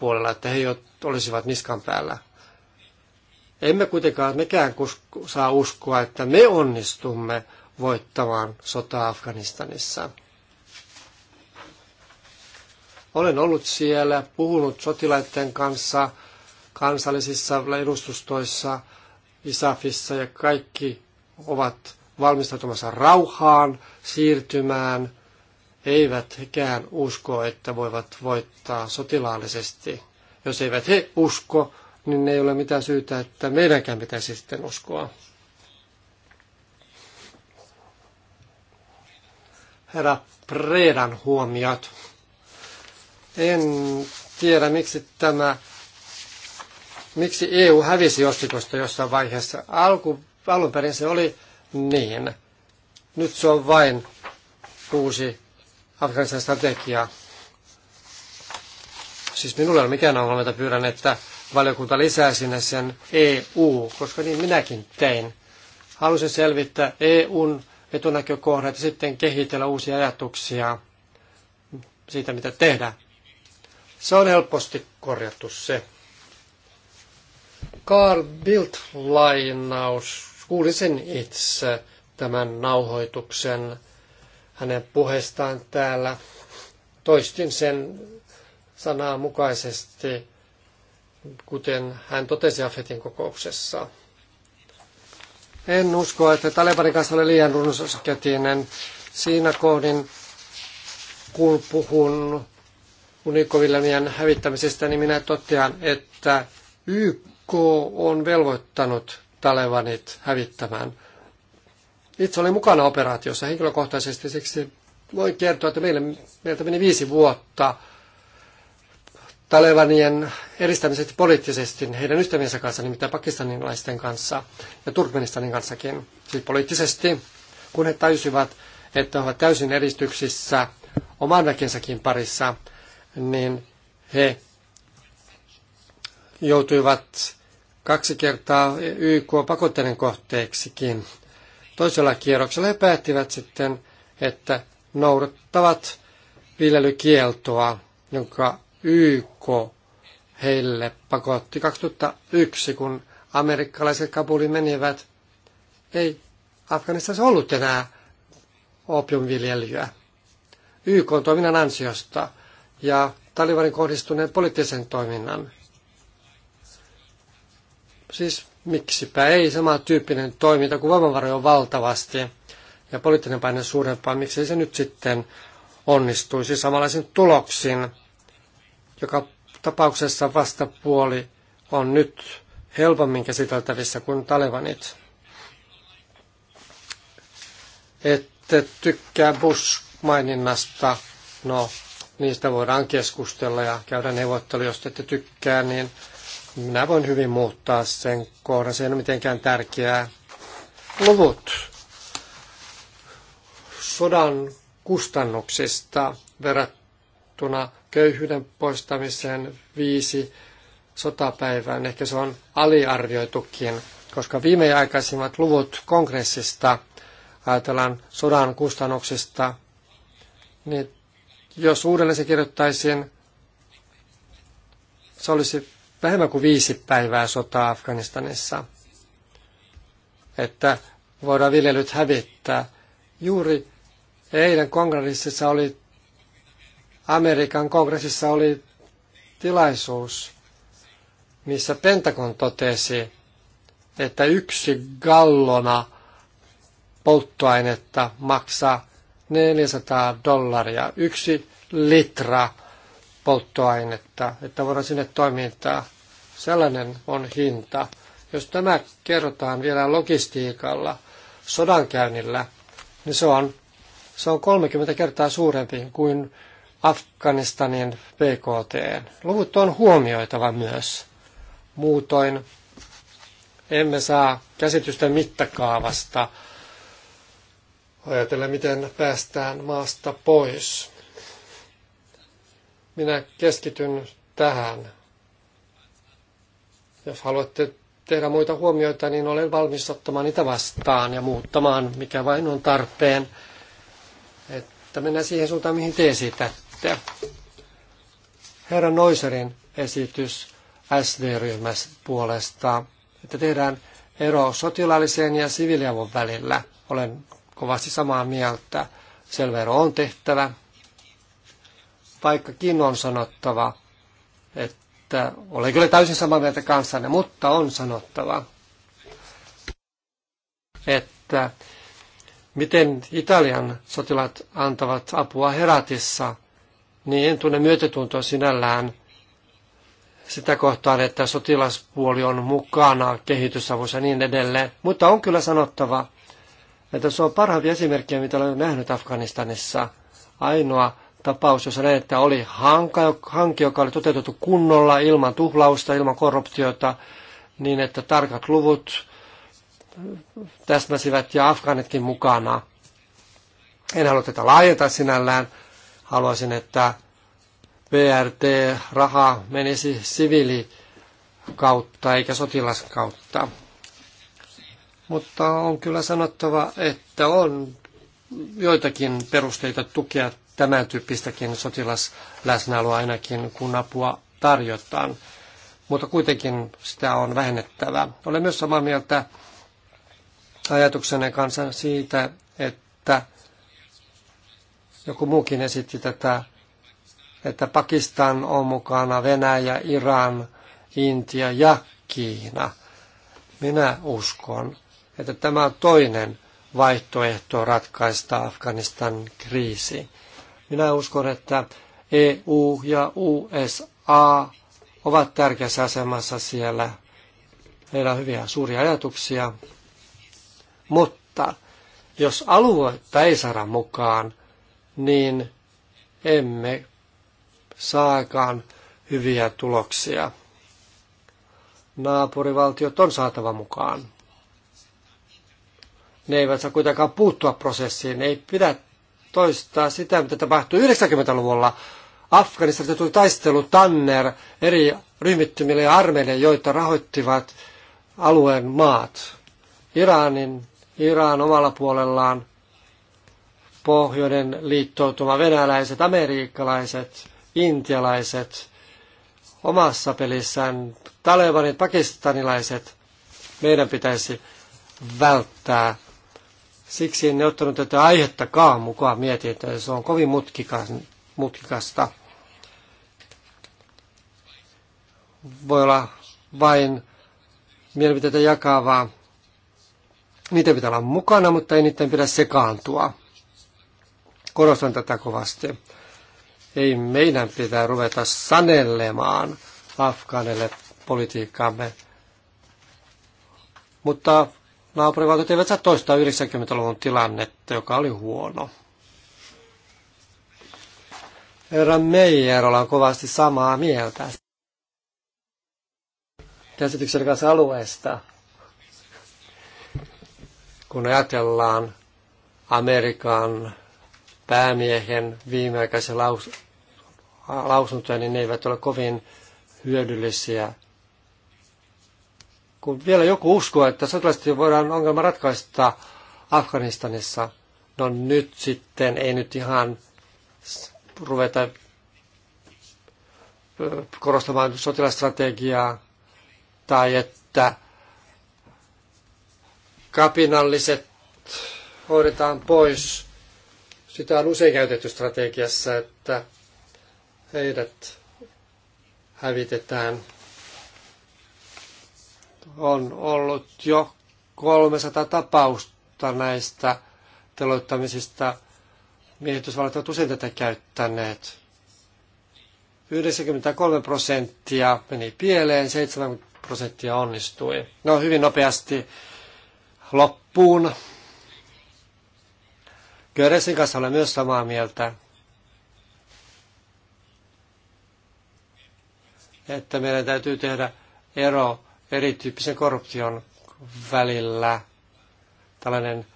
puolella, että he olisivat niskan päällä. Emme kuitenkaan mekään saa uskoa, että me onnistumme voittamaan sotaa Afganistanissa. Olen ollut siellä, puhunut sotilaiden kanssa kansallisissa edustustoissa, ISAFissa ja kaikki ovat valmistautumassa rauhaan, siirtymään eivät hekään usko, että voivat voittaa sotilaallisesti. Jos eivät he usko, niin ei ole mitään syytä, että meidänkään pitäisi sitten uskoa. Herra Predan huomiot. En tiedä, miksi tämä, miksi EU hävisi ostikosta jossain vaiheessa. Alku, alun perin se oli niin. Nyt se on vain uusi. Afganistan strategiaa. Siis minulla ei ole mitään ongelmaa, että pyydän, että valiokunta lisää sinne sen EU, koska niin minäkin tein. Halusin selvittää EUn etunäkökohdat ja sitten kehitellä uusia ajatuksia siitä, mitä tehdään. Se on helposti korjattu se. Carl Bildt-lainaus. Kuulin sen itse tämän nauhoituksen hänen puheestaan täällä. Toistin sen sanaa mukaisesti, kuten hän totesi Afetin kokouksessa. En usko, että Talebanin kanssa oli liian runsaskätinen siinä kohdin, kun puhun Unikovillemien hävittämisestä, niin minä totean, että YK on velvoittanut Talebanit hävittämään – itse olin mukana operaatiossa henkilökohtaisesti, siksi voi kertoa, että meille, meiltä meni viisi vuotta Talevanien eristämiseksi poliittisesti heidän ystäviensä kanssa, nimittäin pakistanilaisten kanssa ja Turkmenistanin kanssakin, siis poliittisesti, kun he tajusivat, että ovat täysin eristyksissä oman väkensäkin parissa, niin he joutuivat kaksi kertaa YK pakotteiden kohteeksikin toisella kierroksella he päättivät sitten, että noudattavat viljelykieltoa, jonka YK heille pakotti 2001, kun amerikkalaiset Kabulin menivät. Ei Afganistassa ollut enää opiumviljelyä. YK on toiminnan ansiosta ja Talibanin kohdistuneen poliittisen toiminnan. Siis Miksipä ei sama tyyppinen toiminta, kun voimavaroja on valtavasti ja poliittinen paine suurempaa, miksei se nyt sitten onnistuisi samanlaisen tuloksin. Joka tapauksessa vastapuoli on nyt helpommin käsiteltävissä kuin talevanit. Ette tykkää Bush-maininnasta, no niistä voidaan keskustella ja käydä neuvottelu, jos ette tykkää, niin minä voin hyvin muuttaa sen kohdan, se ei ole mitenkään tärkeää. Luvut sodan kustannuksista verrattuna köyhyyden poistamiseen viisi sotapäivään. Ehkä se on aliarvioitukin, koska viimeaikaisimmat luvut kongressista ajatellaan sodan kustannuksista, niin jos uudelleen se kirjoittaisiin, se olisi vähemmän kuin viisi päivää sotaa Afganistanissa, että voidaan viljelyt hävittää. Juuri eilen kongressissa oli, Amerikan kongressissa oli tilaisuus, missä Pentagon totesi, että yksi gallona polttoainetta maksaa 400 dollaria. Yksi litra polttoainetta, että voidaan sinne toimintaa. Sellainen on hinta. Jos tämä kerrotaan vielä logistiikalla, sodankäynnillä, niin se on, se on 30 kertaa suurempi kuin Afganistanin PKT. Luvut on huomioitava myös. Muutoin emme saa käsitystä mittakaavasta ajatella, miten päästään maasta pois. Minä keskityn tähän. Jos haluatte tehdä muita huomioita, niin olen valmis ottamaan niitä vastaan ja muuttamaan, mikä vain on tarpeen. Että mennään siihen suuntaan, mihin te esitätte. herran Noiserin esitys SD-ryhmässä puolesta, että tehdään ero sotilaallisen ja siviiliavun välillä. Olen kovasti samaa mieltä. Selvä ero on tehtävä, vaikkakin on sanottava, että olen kyllä täysin samaa mieltä kanssanne, mutta on sanottava, että miten Italian sotilaat antavat apua Heratissa, niin en tunne myötätuntoa sinällään sitä kohtaan, että sotilaspuoli on mukana kehitysavussa ja niin edelleen. Mutta on kyllä sanottava, että se on parhaimpia esimerkkejä, mitä olen nähnyt Afganistanissa. Ainoa tapaus, jossa näin, että oli hanka, hanke, joka oli toteutettu kunnolla, ilman tuhlausta, ilman korruptiota, niin että tarkat luvut täsmäsivät ja afgaanitkin mukana. En halua tätä laajentaa sinällään. Haluaisin, että brt raha menisi siviili kautta eikä sotilaskautta. Mutta on kyllä sanottava, että on joitakin perusteita tukea tämän tyyppistäkin sotilasläsnäoloa ainakin, kun apua tarjotaan. Mutta kuitenkin sitä on vähennettävä. Olen myös samaa mieltä ajatuksenne kanssa siitä, että joku muukin esitti tätä, että Pakistan on mukana Venäjä, Iran, Intia ja Kiina. Minä uskon, että tämä on toinen vaihtoehto ratkaista Afganistan kriisi. Minä uskon, että EU ja USA ovat tärkeässä asemassa siellä. Heillä on hyviä suuria ajatuksia. Mutta jos aluetta ei saada mukaan, niin emme saakaan hyviä tuloksia. Naapurivaltiot on saatava mukaan. Ne eivät saa kuitenkaan puuttua prosessiin, ne ei pidä toistaa sitä, mitä tapahtui 90-luvulla. Afganistanista tuli taistelu Tanner eri ryhmittymille ja armeille, joita rahoittivat alueen maat. Iranin, Iran omalla puolellaan, pohjoinen liittoutuma, venäläiset, amerikkalaiset, intialaiset, omassa pelissään, talebanit, pakistanilaiset. Meidän pitäisi välttää Siksi en ottanut tätä aihettakaan mukaan mietintöön. Se on kovin mutkikasta. Voi olla vain mielipiteitä jakavaa. Niitä pitää olla mukana, mutta ei niiden pidä sekaantua. Korostan tätä kovasti. Ei meidän pitää ruveta sanelemaan Afganelle politiikkaamme. Mutta naapurivaltiot eivät saa toistaa 90-luvun tilannetta, joka oli huono. Herra Meijer, ollaan kovasti samaa mieltä käsityksen kanssa alueesta. Kun ajatellaan Amerikan päämiehen viimeaikaisia laus- lausuntoja, niin ne eivät ole kovin hyödyllisiä kun vielä joku uskoo, että sotilaisesti voidaan ongelma ratkaista Afganistanissa, no nyt sitten ei nyt ihan ruveta korostamaan sotilastrategiaa tai että kapinalliset hoidetaan pois. Sitä on usein käytetty strategiassa, että heidät hävitetään on ollut jo 300 tapausta näistä teloittamisista. Miehitysvallat ovat usein tätä käyttäneet. 93 prosenttia meni pieleen, 7 prosenttia onnistui. No hyvin nopeasti loppuun. Göresin kanssa olen myös samaa mieltä, että meidän täytyy tehdä ero erityyppisen korruption välillä. Tällainen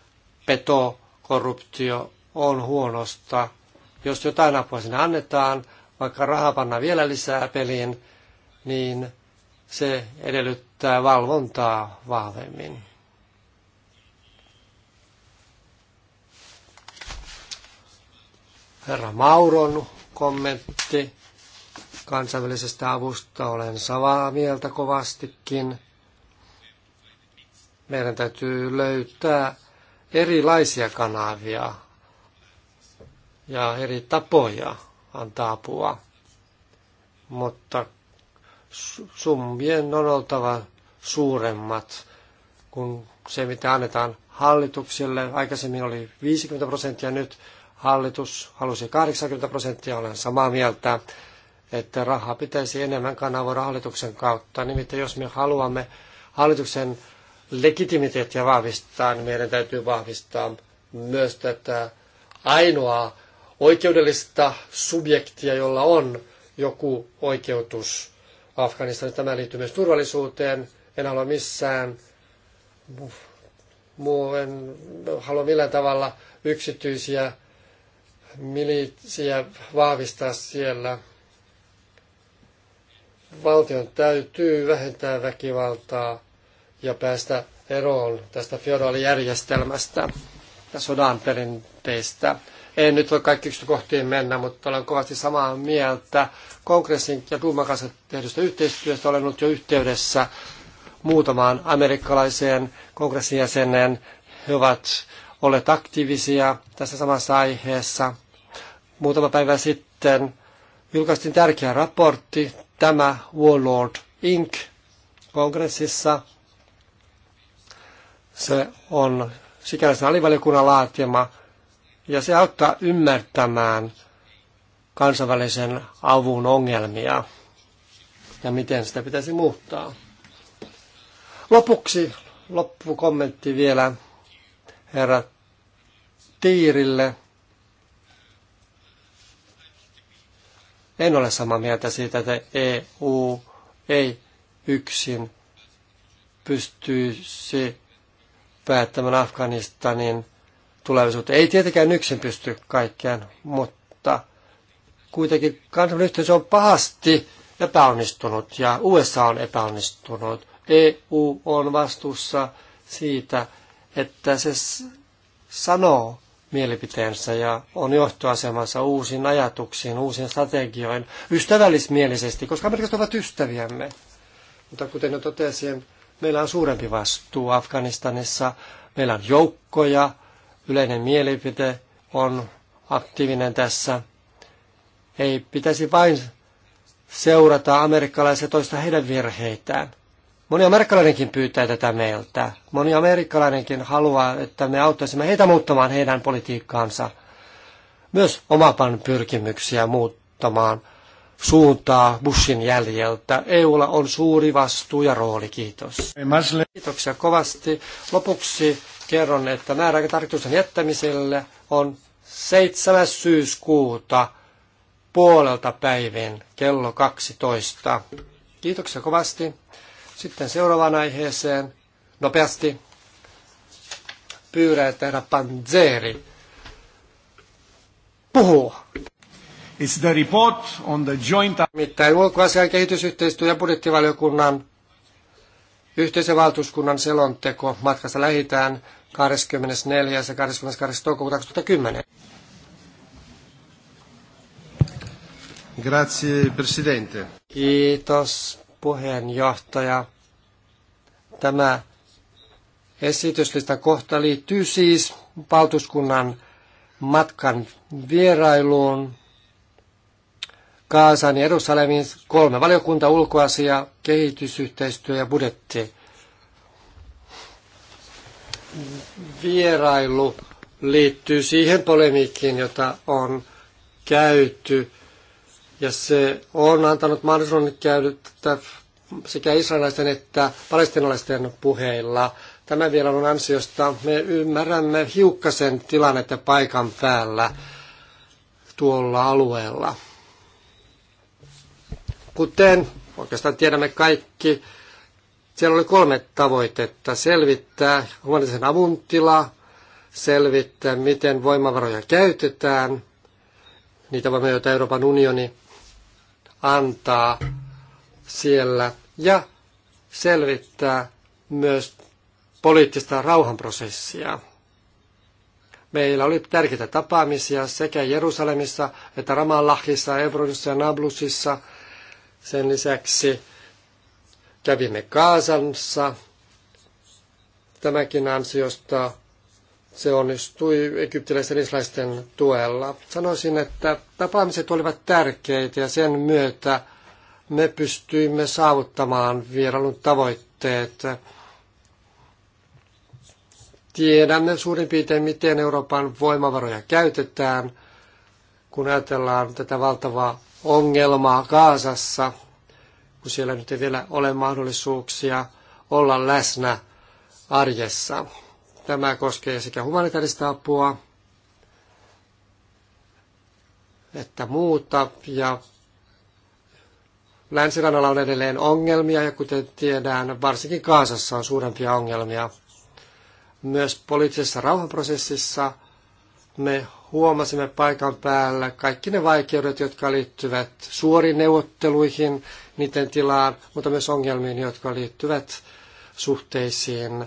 petokorruptio on huonosta. Jos jotain apua sinne annetaan, vaikka rahaa panna vielä lisää peliin, niin se edellyttää valvontaa vahvemmin. Herra Mauron kommentti kansainvälisestä avusta olen samaa mieltä kovastikin. Meidän täytyy löytää erilaisia kanavia ja eri tapoja antaa apua, mutta summien on oltava suuremmat kuin se, mitä annetaan hallitukselle. Aikaisemmin oli 50 prosenttia, nyt hallitus halusi 80 prosenttia, olen samaa mieltä että rahaa pitäisi enemmän kanavoida hallituksen kautta. Nimittäin jos me haluamme hallituksen legitimiteettiä vahvistaa, niin meidän täytyy vahvistaa myös tätä ainoaa oikeudellista subjektia, jolla on joku oikeutus Afganistanissa. Tämä liittyy myös turvallisuuteen. En halua missään, muu, en halua millään tavalla yksityisiä milisiä vahvistaa siellä valtion täytyy vähentää väkivaltaa ja päästä eroon tästä feodaalijärjestelmästä ja sodan perinteistä. En nyt voi kaikki yksityiskohtiin mennä, mutta olen kovasti samaa mieltä. Kongressin ja Duuman kanssa tehdystä yhteistyöstä olen ollut jo yhteydessä muutamaan amerikkalaiseen kongressin jäseneen. He ovat olleet aktiivisia tässä samassa aiheessa. Muutama päivä sitten julkaistiin tärkeä raportti tämä Warlord Inc. kongressissa. Se on sen alivaliokunnan laatima ja se auttaa ymmärtämään kansainvälisen avun ongelmia ja miten sitä pitäisi muuttaa. Lopuksi loppukommentti vielä herra Tiirille En ole samaa mieltä siitä, että EU ei yksin pystyisi päättämään Afganistanin tulevaisuutta. Ei tietenkään yksin pysty kaikkeen, mutta kuitenkin kansainvälinen yhteisö on pahasti epäonnistunut ja USA on epäonnistunut. EU on vastuussa siitä, että se sanoo mielipiteensä ja on johtoasemassa uusiin ajatuksiin, uusiin strategioihin, ystävällismielisesti, koska amerikkalaiset ovat ystäviämme. Mutta kuten jo totesin, meillä on suurempi vastuu Afganistanissa, meillä on joukkoja, yleinen mielipite on aktiivinen tässä. Ei pitäisi vain seurata amerikkalaisia toista heidän virheitään. Moni amerikkalainenkin pyytää tätä meiltä. Moni amerikkalainenkin haluaa, että me auttaisimme heitä muuttamaan heidän politiikkaansa. Myös omapan pyrkimyksiä muuttamaan suuntaa Bushin jäljeltä. EUlla on suuri vastuu ja rooli. Kiitos. Kiitoksia kovasti. Lopuksi kerron, että määräaikatarkoituksen jättämiselle on 7. syyskuuta puolelta päivin kello 12. Kiitoksia kovasti. Sitten seuraavaan aiheeseen nopeasti pyyrä, että herra Panzeri puhuu. It's the report on the joint... Mittain ulkoasian kehitysyhteistyö- ja budjettivaliokunnan yhteisen valtuuskunnan selonteko matkasta lähitään 24. ja 28. toukokuuta 2010. Grazie, Presidente. Kiitos, puheenjohtaja. Tämä esityslista kohta liittyy siis valtuuskunnan matkan vierailuun Kaasan ja Jerusalemin kolme valiokunta, ulkoasia, kehitysyhteistyö ja budjetti. Vierailu liittyy siihen polemiikkiin, jota on käyty ja se on antanut mahdollisuuden käydä sekä israelaisten että palestinalaisten puheilla. Tämän vielä on ansiosta. Me ymmärrämme hiukkasen tilannetta paikan päällä tuolla alueella. Kuten oikeastaan tiedämme kaikki, siellä oli kolme tavoitetta. Selvittää huoneisen avun tila, selvittää miten voimavaroja käytetään, niitä voimavaroja, joita Euroopan unioni antaa siellä ja selvittää myös poliittista rauhanprosessia. Meillä oli tärkeitä tapaamisia sekä Jerusalemissa että Ramallahissa, Ebronissa ja Nablusissa. Sen lisäksi kävimme Kaasansa tämäkin ansiosta se onnistui egyptiläisten islaisten tuella. Sanoisin, että tapaamiset olivat tärkeitä ja sen myötä me pystyimme saavuttamaan vierailun tavoitteet. Tiedämme suurin piirtein, miten Euroopan voimavaroja käytetään, kun ajatellaan tätä valtavaa ongelmaa Kaasassa, kun siellä nyt ei vielä ole mahdollisuuksia olla läsnä arjessa. Tämä koskee sekä humanitaarista apua että muuta. Ja länsirannalla on edelleen ongelmia ja kuten tiedään, varsinkin Kaasassa on suurempia ongelmia. Myös poliittisessa rauhanprosessissa me huomasimme paikan päällä kaikki ne vaikeudet, jotka liittyvät suoriin neuvotteluihin, niiden tilaan, mutta myös ongelmiin, jotka liittyvät suhteisiin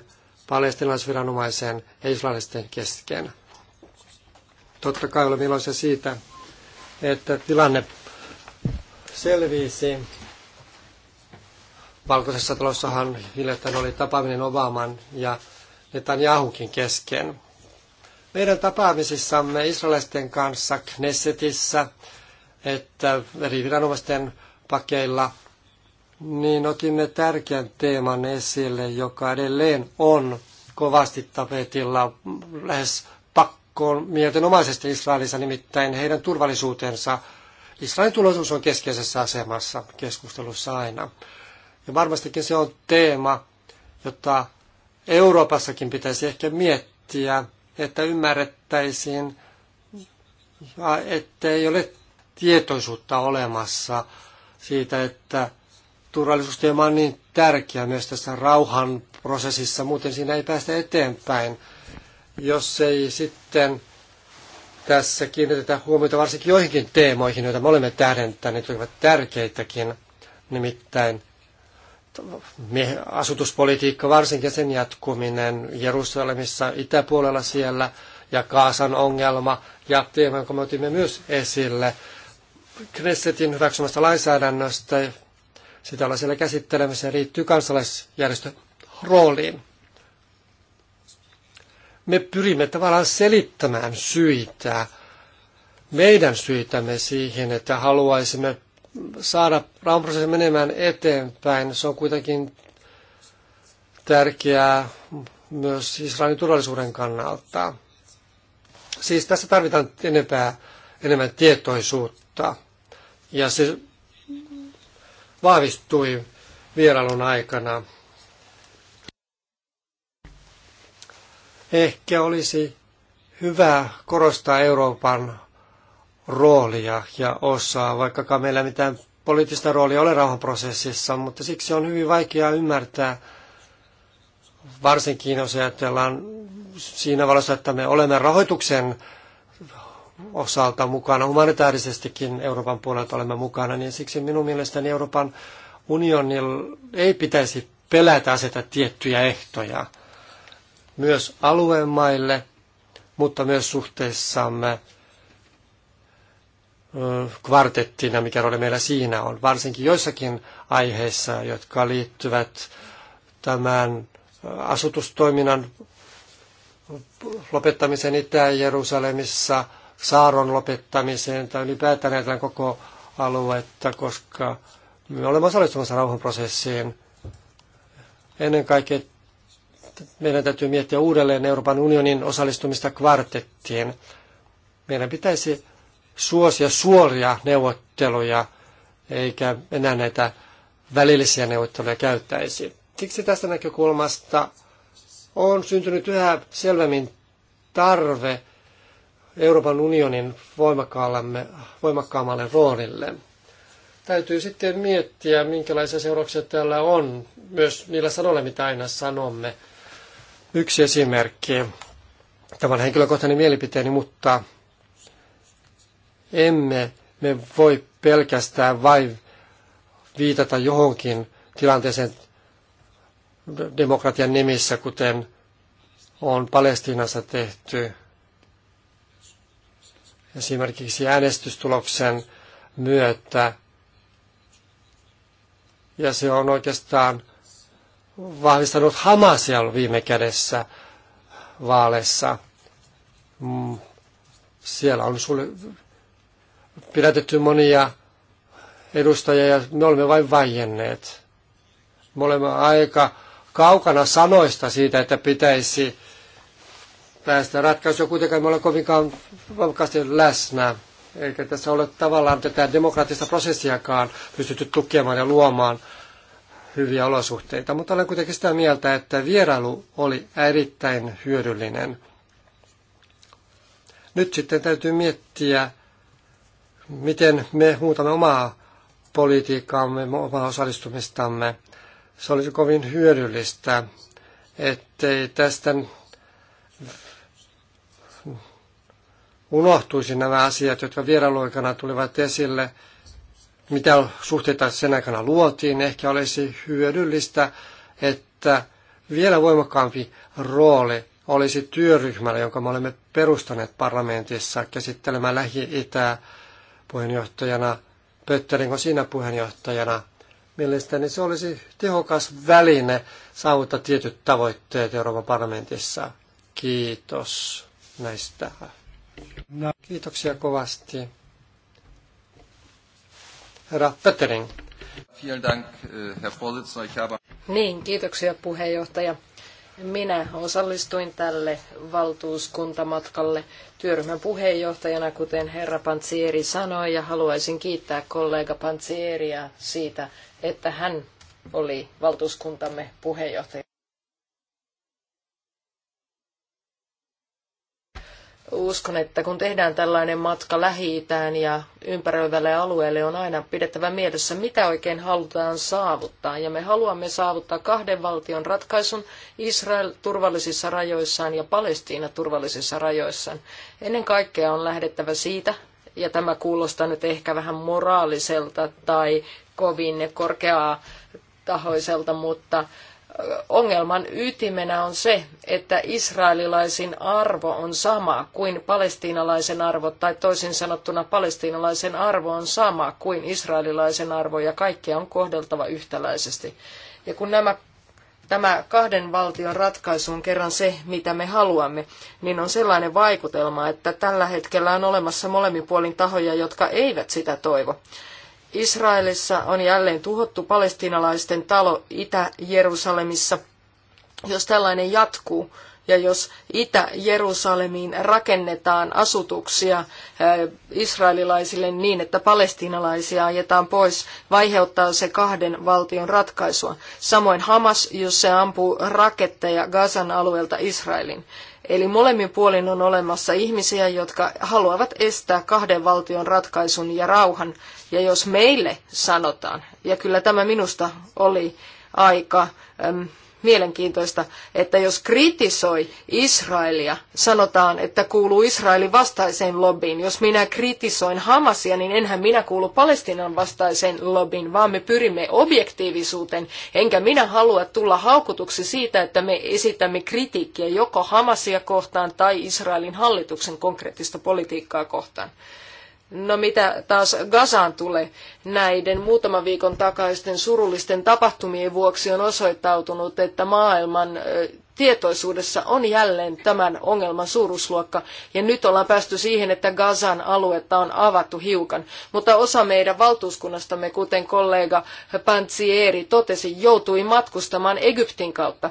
palestinaisviranomaisen ja israelisten kesken. Totta kai olemme iloisia siitä, että tilanne selviisi. Valkoisessa talossahan hiljattain oli tapaaminen Obaman ja Netanyahukin kesken. Meidän tapaamisissamme israelisten kanssa Knessetissä, että eri viranomaisten pakeilla – niin otimme tärkeän teeman esille, joka edelleen on kovasti tapetilla lähes pakkoon mieltenomaisesti Israelissa, nimittäin heidän turvallisuutensa. Israelin turvallisuus on keskeisessä asemassa keskustelussa aina. Ja varmastikin se on teema, jota Euroopassakin pitäisi ehkä miettiä, että ymmärrettäisiin, ei ole tietoisuutta olemassa siitä, että turvallisuusteema on niin tärkeä myös tässä rauhan prosessissa, muuten siinä ei päästä eteenpäin, jos ei sitten tässä kiinnitetä huomiota varsinkin joihinkin teemoihin, joita me olemme tähdentäneet, jotka ovat tärkeitäkin, nimittäin asutuspolitiikka, varsinkin sen jatkuminen Jerusalemissa, itäpuolella siellä, ja Kaasan ongelma, ja teema, jonka me otimme myös esille Knessetin hyväksymästä lainsäädännöstä, se tällaisella käsittelemiseen riittyy kansalaisjärjestön rooliin. Me pyrimme tavallaan selittämään syitä, meidän syitämme siihen, että haluaisimme saada rauhanprosessin menemään eteenpäin. Se on kuitenkin tärkeää myös Israelin turvallisuuden kannalta. Siis tässä tarvitaan enempää, enemmän tietoisuutta. Ja se vahvistui vierailun aikana. Ehkä olisi hyvä korostaa Euroopan roolia ja osaa, vaikkakaan meillä mitään poliittista roolia ole rauhanprosessissa, mutta siksi on hyvin vaikea ymmärtää, varsinkin jos ajatellaan siinä valossa, että me olemme rahoituksen osalta mukana, humanitaarisestikin Euroopan puolelta olemme mukana, niin siksi minun mielestäni Euroopan unionin ei pitäisi pelätä asetta tiettyjä ehtoja myös alueen maille, mutta myös suhteessamme kvartettina, mikä rooli meillä siinä on, varsinkin joissakin aiheissa, jotka liittyvät tämän asutustoiminnan lopettamiseen Itä-Jerusalemissa – saaron lopettamiseen tai ylipäätään ajatellaan koko aluetta, koska me olemme osallistumassa rauhanprosessiin. Ennen kaikkea meidän täytyy miettiä uudelleen Euroopan unionin osallistumista kvartettiin. Meidän pitäisi suosia suoria neuvotteluja, eikä enää näitä välillisiä neuvotteluja käyttäisi. Siksi tästä näkökulmasta on syntynyt yhä selvemmin tarve Euroopan unionin voimakkaammalle roolille. Täytyy sitten miettiä, minkälaisia seurauksia täällä on, myös niillä sanoilla, mitä aina sanomme. Yksi esimerkki, tämä on henkilökohtainen mielipiteeni, mutta emme me voi pelkästään vain viitata johonkin tilanteeseen demokratian nimissä, kuten on Palestiinassa tehty esimerkiksi äänestystuloksen myötä. Ja se on oikeastaan vahvistanut Hamasia viime kädessä vaaleissa. Mm, siellä on sulle pidätetty monia edustajia ja me olemme vain vaienneet. Me olemme aika kaukana sanoista siitä, että pitäisi päästä ratkaisuun. Kuitenkaan me ollaan kovinkaan voimakkaasti läsnä, eikä tässä ole tavallaan tätä demokraattista prosessiakaan pystytty tukemaan ja luomaan hyviä olosuhteita. Mutta olen kuitenkin sitä mieltä, että vierailu oli erittäin hyödyllinen. Nyt sitten täytyy miettiä, miten me muutamme omaa politiikkaamme, omaa osallistumistamme. Se olisi kovin hyödyllistä, ettei tästä unohtuisi nämä asiat, jotka vierailuaikana tulivat esille, mitä suhteita sen aikana luotiin. Ehkä olisi hyödyllistä, että vielä voimakkaampi rooli olisi työryhmällä, jonka me olemme perustaneet parlamentissa käsittelemään Lähi-Itää puheenjohtajana, Pötterinko siinä puheenjohtajana. Mielestäni se olisi tehokas väline saavuttaa tietyt tavoitteet Euroopan parlamentissa. Kiitos näistä No. Kiitoksia kovasti. Herra Pöttering. Äh, niin, kiitoksia puheenjohtaja. Minä osallistuin tälle valtuuskuntamatkalle työryhmän puheenjohtajana, kuten herra Pantsieri sanoi, ja haluaisin kiittää kollega Pantsieriä siitä, että hän oli valtuuskuntamme puheenjohtaja. Uskon, että kun tehdään tällainen matka lähi ja ympäröivälle alueelle, on aina pidettävä mielessä, mitä oikein halutaan saavuttaa. Ja me haluamme saavuttaa kahden valtion ratkaisun, Israel turvallisissa rajoissaan ja Palestiina turvallisissa rajoissaan. Ennen kaikkea on lähdettävä siitä, ja tämä kuulostaa nyt ehkä vähän moraaliselta tai kovin korkeaa tahoiselta, mutta ongelman ytimenä on se, että israelilaisin arvo on sama kuin palestiinalaisen arvo, tai toisin sanottuna palestiinalaisen arvo on sama kuin israelilaisen arvo, ja kaikkia on kohdeltava yhtäläisesti. Ja kun nämä, tämä kahden valtion ratkaisu on kerran se, mitä me haluamme, niin on sellainen vaikutelma, että tällä hetkellä on olemassa molemmin puolin tahoja, jotka eivät sitä toivo. Israelissa on jälleen tuhottu palestiinalaisten talo Itä-Jerusalemissa. Jos tällainen jatkuu, ja jos Itä-Jerusalemiin rakennetaan asutuksia israelilaisille niin, että palestiinalaisia ajetaan pois, vaiheuttaa se kahden valtion ratkaisua. Samoin Hamas, jos se ampuu raketteja Gazan alueelta Israelin. Eli molemmin puolin on olemassa ihmisiä, jotka haluavat estää kahden valtion ratkaisun ja rauhan. Ja jos meille sanotaan, ja kyllä tämä minusta oli aika äm, mielenkiintoista, että jos kritisoi Israelia, sanotaan, että kuuluu Israelin vastaiseen lobbiin. Jos minä kritisoin Hamasia, niin enhän minä kuulu Palestinan vastaiseen lobbiin, vaan me pyrimme objektiivisuuteen. Enkä minä halua tulla haukutuksi siitä, että me esitämme kritiikkiä joko Hamasia kohtaan tai Israelin hallituksen konkreettista politiikkaa kohtaan. No mitä taas Gazaan tulee? Näiden muutaman viikon takaisten surullisten tapahtumien vuoksi on osoittautunut, että maailman tietoisuudessa on jälleen tämän ongelman suuruusluokka. Ja nyt ollaan päästy siihen, että Gazan aluetta on avattu hiukan. Mutta osa meidän valtuuskunnastamme, kuten kollega Pantsieri totesi, joutui matkustamaan Egyptin kautta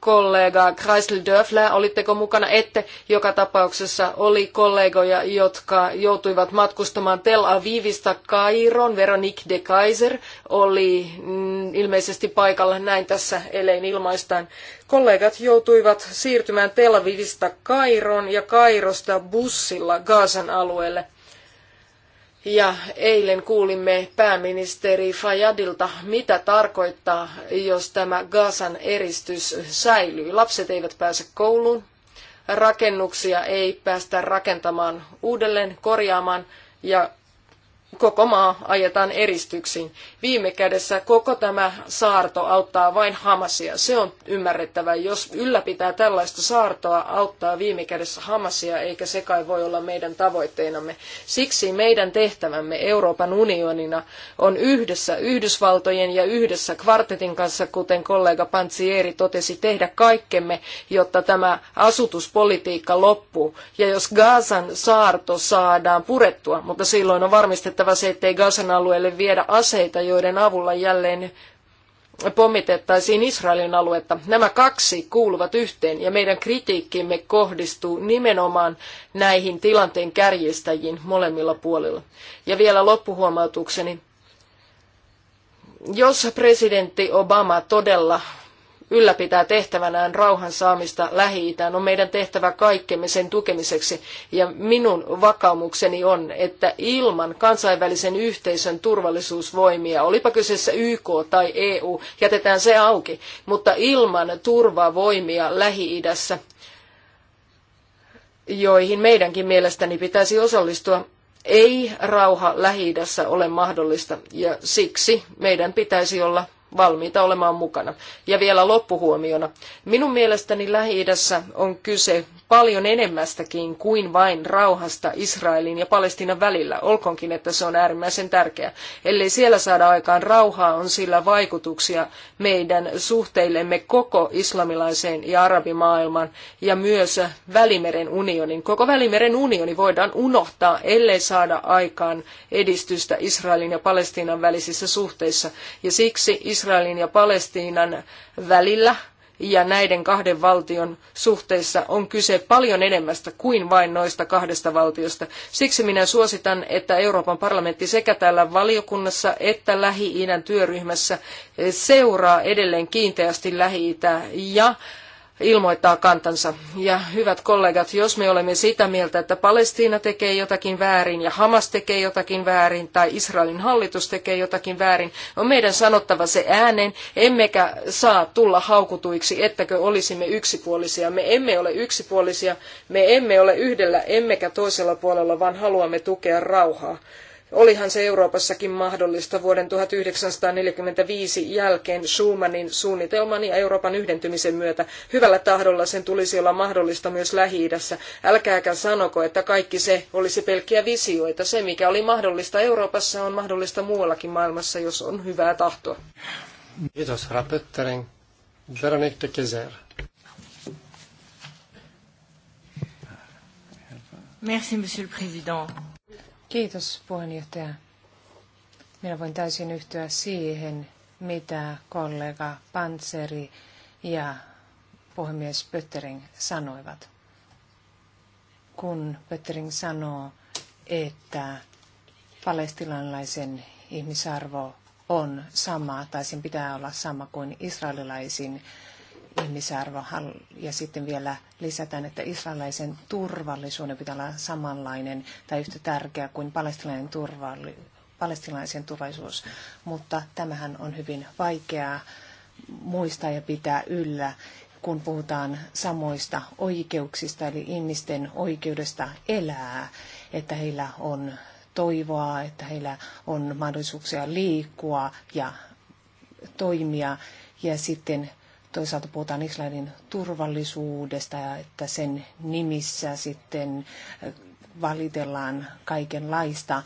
kollega Kreisel Dörfler, olitteko mukana? Ette. Joka tapauksessa oli kollegoja, jotka joutuivat matkustamaan Tel Avivista Kairon. Veronique de Kaiser oli mm, ilmeisesti paikalla, näin tässä elein ilmaistaan. Kollegat joutuivat siirtymään Tel Avivista Kairon ja Kairosta bussilla Gaasan alueelle. Ja eilen kuulimme pääministeri Fajadilta, mitä tarkoittaa, jos tämä Gazan eristys säilyy. Lapset eivät pääse kouluun, rakennuksia ei päästä rakentamaan uudelleen, korjaamaan ja koko maa ajetaan eristyksiin. Viime kädessä koko tämä saarto auttaa vain Hamasia. Se on ymmärrettävä. Jos ylläpitää tällaista saartoa, auttaa viime kädessä Hamasia, eikä se kai voi olla meidän tavoitteenamme. Siksi meidän tehtävämme Euroopan unionina on yhdessä Yhdysvaltojen ja yhdessä kvartetin kanssa, kuten kollega Pantsieri totesi, tehdä kaikkemme, jotta tämä asutuspolitiikka loppuu. Ja jos Gazan saarto saadaan purettua, mutta silloin on varmistettu, varmistettava se, ettei Gazan alueelle viedä aseita, joiden avulla jälleen pommitettaisiin Israelin aluetta. Nämä kaksi kuuluvat yhteen ja meidän kritiikkimme kohdistuu nimenomaan näihin tilanteen kärjistäjiin molemmilla puolilla. Ja vielä loppuhuomautukseni. Jos presidentti Obama todella ylläpitää tehtävänään rauhan saamista Lähi-Itään, on meidän tehtävä kaikkemme sen tukemiseksi. Ja minun vakaumukseni on, että ilman kansainvälisen yhteisön turvallisuusvoimia, olipa kyseessä YK tai EU, jätetään se auki, mutta ilman turvavoimia Lähi-Idässä, joihin meidänkin mielestäni pitäisi osallistua, ei rauha lähi ole mahdollista ja siksi meidän pitäisi olla valmiita olemaan mukana. Ja vielä loppuhuomiona. Minun mielestäni Lähi-idässä on kyse paljon enemmästäkin kuin vain rauhasta Israelin ja Palestiinan välillä, olkoonkin, että se on äärimmäisen tärkeä, Ellei siellä saada aikaan rauhaa, on sillä vaikutuksia meidän suhteillemme koko islamilaiseen ja arabimaailman ja myös Välimeren unionin. Koko Välimeren unioni voidaan unohtaa, ellei saada aikaan edistystä Israelin ja Palestiinan välisissä suhteissa. Ja siksi Israelin ja Palestiinan välillä ja näiden kahden valtion suhteissa on kyse paljon enemmästä kuin vain noista kahdesta valtiosta. Siksi minä suositan, että Euroopan parlamentti sekä täällä valiokunnassa että Lähi-idän työryhmässä seuraa edelleen kiinteästi Lähi-itää ja ilmoittaa kantansa. Ja hyvät kollegat, jos me olemme sitä mieltä, että Palestiina tekee jotakin väärin ja Hamas tekee jotakin väärin tai Israelin hallitus tekee jotakin väärin, on meidän sanottava se ääneen, emmekä saa tulla haukutuiksi, ettäkö olisimme yksipuolisia. Me emme ole yksipuolisia, me emme ole yhdellä emmekä toisella puolella, vaan haluamme tukea rauhaa. Olihan se Euroopassakin mahdollista vuoden 1945 jälkeen Schumannin suunnitelman ja Euroopan yhdentymisen myötä. Hyvällä tahdolla sen tulisi olla mahdollista myös Lähi-idässä. Älkääkä sanoko, että kaikki se olisi pelkkiä visioita. Se, mikä oli mahdollista Euroopassa, on mahdollista muuallakin maailmassa, jos on hyvää tahtoa. Kiitos, Veronique de Merci, Monsieur le Président. Kiitos puheenjohtaja. Minä voin täysin yhtyä siihen, mitä kollega Pantseri ja puhemies Pöttering sanoivat. Kun Pöttering sanoo, että palestinalaisen ihmisarvo on sama tai sen pitää olla sama kuin israelilaisin ihmisarvo. Ja sitten vielä lisätään, että israelaisen turvallisuuden pitää olla samanlainen tai yhtä tärkeä kuin palestinainen turvalli, palestinaisen turvallisuus. Mutta tämähän on hyvin vaikeaa muistaa ja pitää yllä, kun puhutaan samoista oikeuksista, eli ihmisten oikeudesta elää, että heillä on toivoa, että heillä on mahdollisuuksia liikkua ja toimia ja sitten toisaalta puhutaan Islannin turvallisuudesta ja että sen nimissä sitten äh, valitellaan kaikenlaista.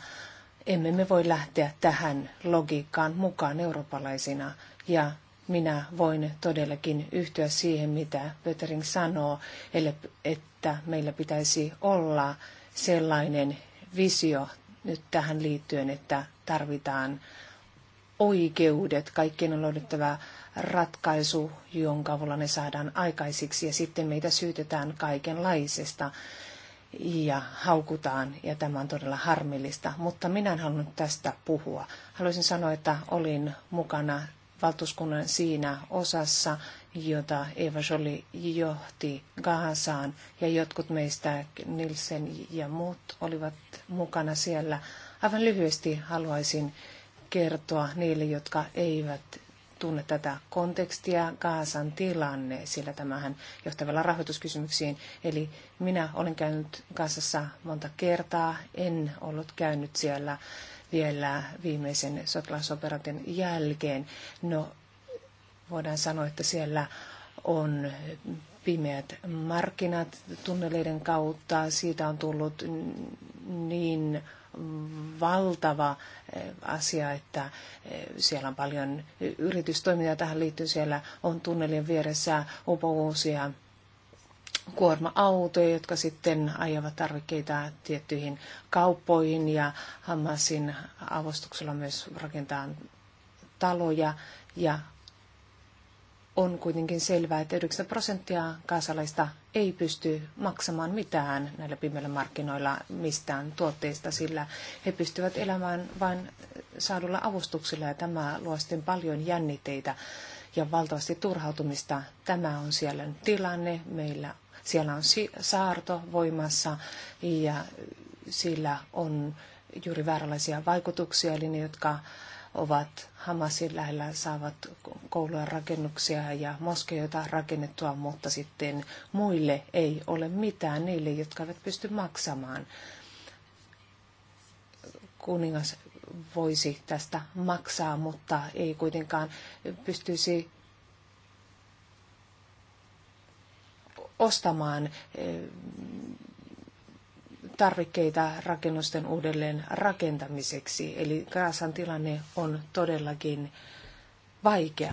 Emme me voi lähteä tähän logiikkaan mukaan eurooppalaisina ja minä voin todellakin yhtyä siihen, mitä Pötering sanoo, eli että meillä pitäisi olla sellainen visio nyt tähän liittyen, että tarvitaan oikeudet, kaikkien on löydettävä ratkaisu, jonka avulla ne saadaan aikaisiksi ja sitten meitä syytetään kaikenlaisesta ja haukutaan, ja tämä on todella harmillista. Mutta minä en halunnut tästä puhua. Haluaisin sanoa, että olin mukana valtuuskunnan siinä osassa, jota Eva Jolie johti Gahansaan ja jotkut meistä, Nilsen ja muut, olivat mukana siellä. Aivan lyhyesti haluaisin kertoa niille, jotka eivät tunne tätä kontekstia, Gaasan tilanne, sillä tämähän johtavilla rahoituskysymyksiin. Eli minä olen käynyt Gaasassa monta kertaa, en ollut käynyt siellä vielä viimeisen sotilasoperaation jälkeen. No, voidaan sanoa, että siellä on pimeät markkinat tunneleiden kautta. Siitä on tullut niin valtava eh, asia, että eh, siellä on paljon yritystoimintaa tähän liittyy. Siellä on tunnelin vieressä upouusia kuorma-autoja, jotka sitten ajavat tarvikkeita tiettyihin kauppoihin ja Hamasin avustuksella myös rakentaa taloja ja on kuitenkin selvää, että 9 prosenttia kansalaista ei pysty maksamaan mitään näillä pimeillä markkinoilla mistään tuotteista, sillä he pystyvät elämään vain saadulla avustuksilla ja tämä luo sitten paljon jänniteitä ja valtavasti turhautumista. Tämä on siellä tilanne. Meillä siellä on saarto voimassa ja sillä on juuri vääränlaisia vaikutuksia, eli ne, jotka ovat Hamasin lähellä, saavat koulujen rakennuksia ja moskeijoita rakennettua, mutta sitten muille ei ole mitään, niille, jotka eivät pysty maksamaan. Kuningas voisi tästä maksaa, mutta ei kuitenkaan pystyisi ostamaan eh, tarvikkeita rakennusten uudelleen rakentamiseksi. Eli Gaasan tilanne on todellakin vaikea.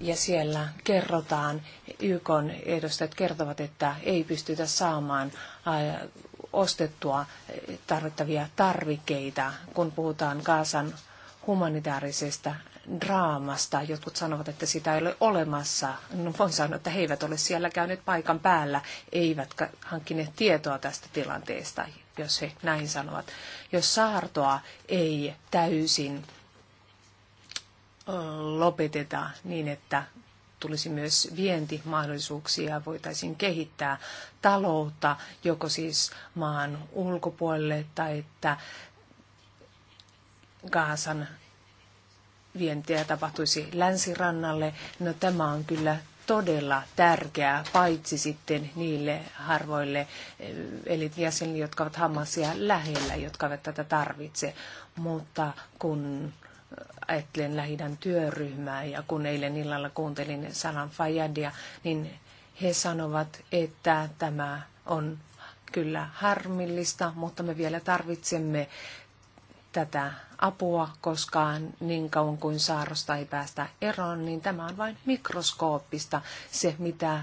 ja siellä kerrotaan, YK edustajat kertovat, että ei pystytä saamaan ostettua tarvittavia tarvikkeita, kun puhutaan Gaasan humanitaarisesta draamasta. Jotkut sanovat, että sitä ei ole olemassa. No, on sanonut, että he eivät ole siellä käyneet paikan päällä, eivätkä hankkineet tietoa tästä tilanteesta, jos he näin sanovat. Jos saartoa ei täysin lopeteta niin, että tulisi myös vientimahdollisuuksia, voitaisiin kehittää taloutta joko siis maan ulkopuolelle tai että Gaasan vientiä tapahtuisi länsirannalle. No tämä on kyllä todella tärkeää, paitsi sitten niille harvoille eh, eli jäsenille, jotka ovat hammasia lähellä, jotka eivät tätä tarvitse. Mutta kun ajattelen lähidän työryhmää ja kun eilen illalla kuuntelin Salan Fajadia, niin he sanovat, että tämä on kyllä harmillista, mutta me vielä tarvitsemme tätä apua koskaan niin kauan kuin saarosta ei päästä eroon, niin tämä on vain mikroskooppista se, mitä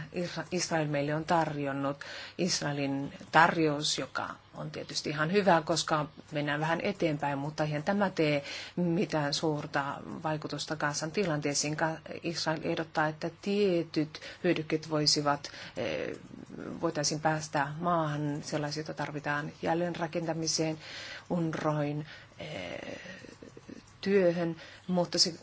Israel meille on tarjonnut. Israelin tarjous, joka on tietysti ihan hyvä, koska mennään vähän eteenpäin, mutta eihän tämä tee mitään suurta vaikutusta kansan tilanteisiin. Israel ehdottaa, että tietyt hyödykkeet voisivat, eh, voitaisiin päästä maahan, sellaisia, joita tarvitaan jälleenrakentamiseen, unroin työhön, mutta se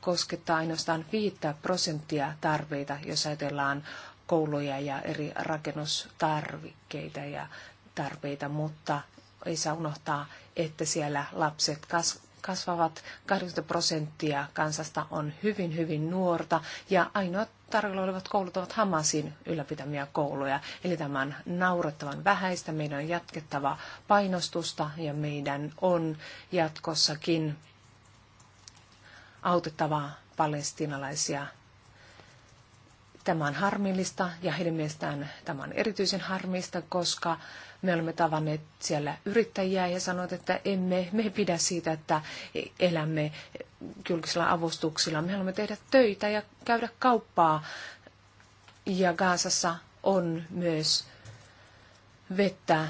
koskettaa ainoastaan 5 prosenttia tarpeita, jos ajatellaan kouluja ja eri rakennustarvikkeita ja tarpeita, mutta ei saa unohtaa, että siellä lapset kasvavat. 80 prosenttia kansasta on hyvin, hyvin nuorta ja ainoa tarjolla olevat koulut ovat Hamasin ylläpitämiä kouluja. Eli tämän naurettavan vähäistä meidän on jatkettava painostusta ja meidän on jatkossakin autettava palestinalaisia Tämä on harmillista ja heidän mielestään tämä on erityisen harmista, koska me olemme tavanneet siellä yrittäjiä ja sanoit, että emme me pidä siitä, että elämme julkisilla avustuksilla. Me haluamme tehdä töitä ja käydä kauppaa. Ja Gaasassa on myös vettä,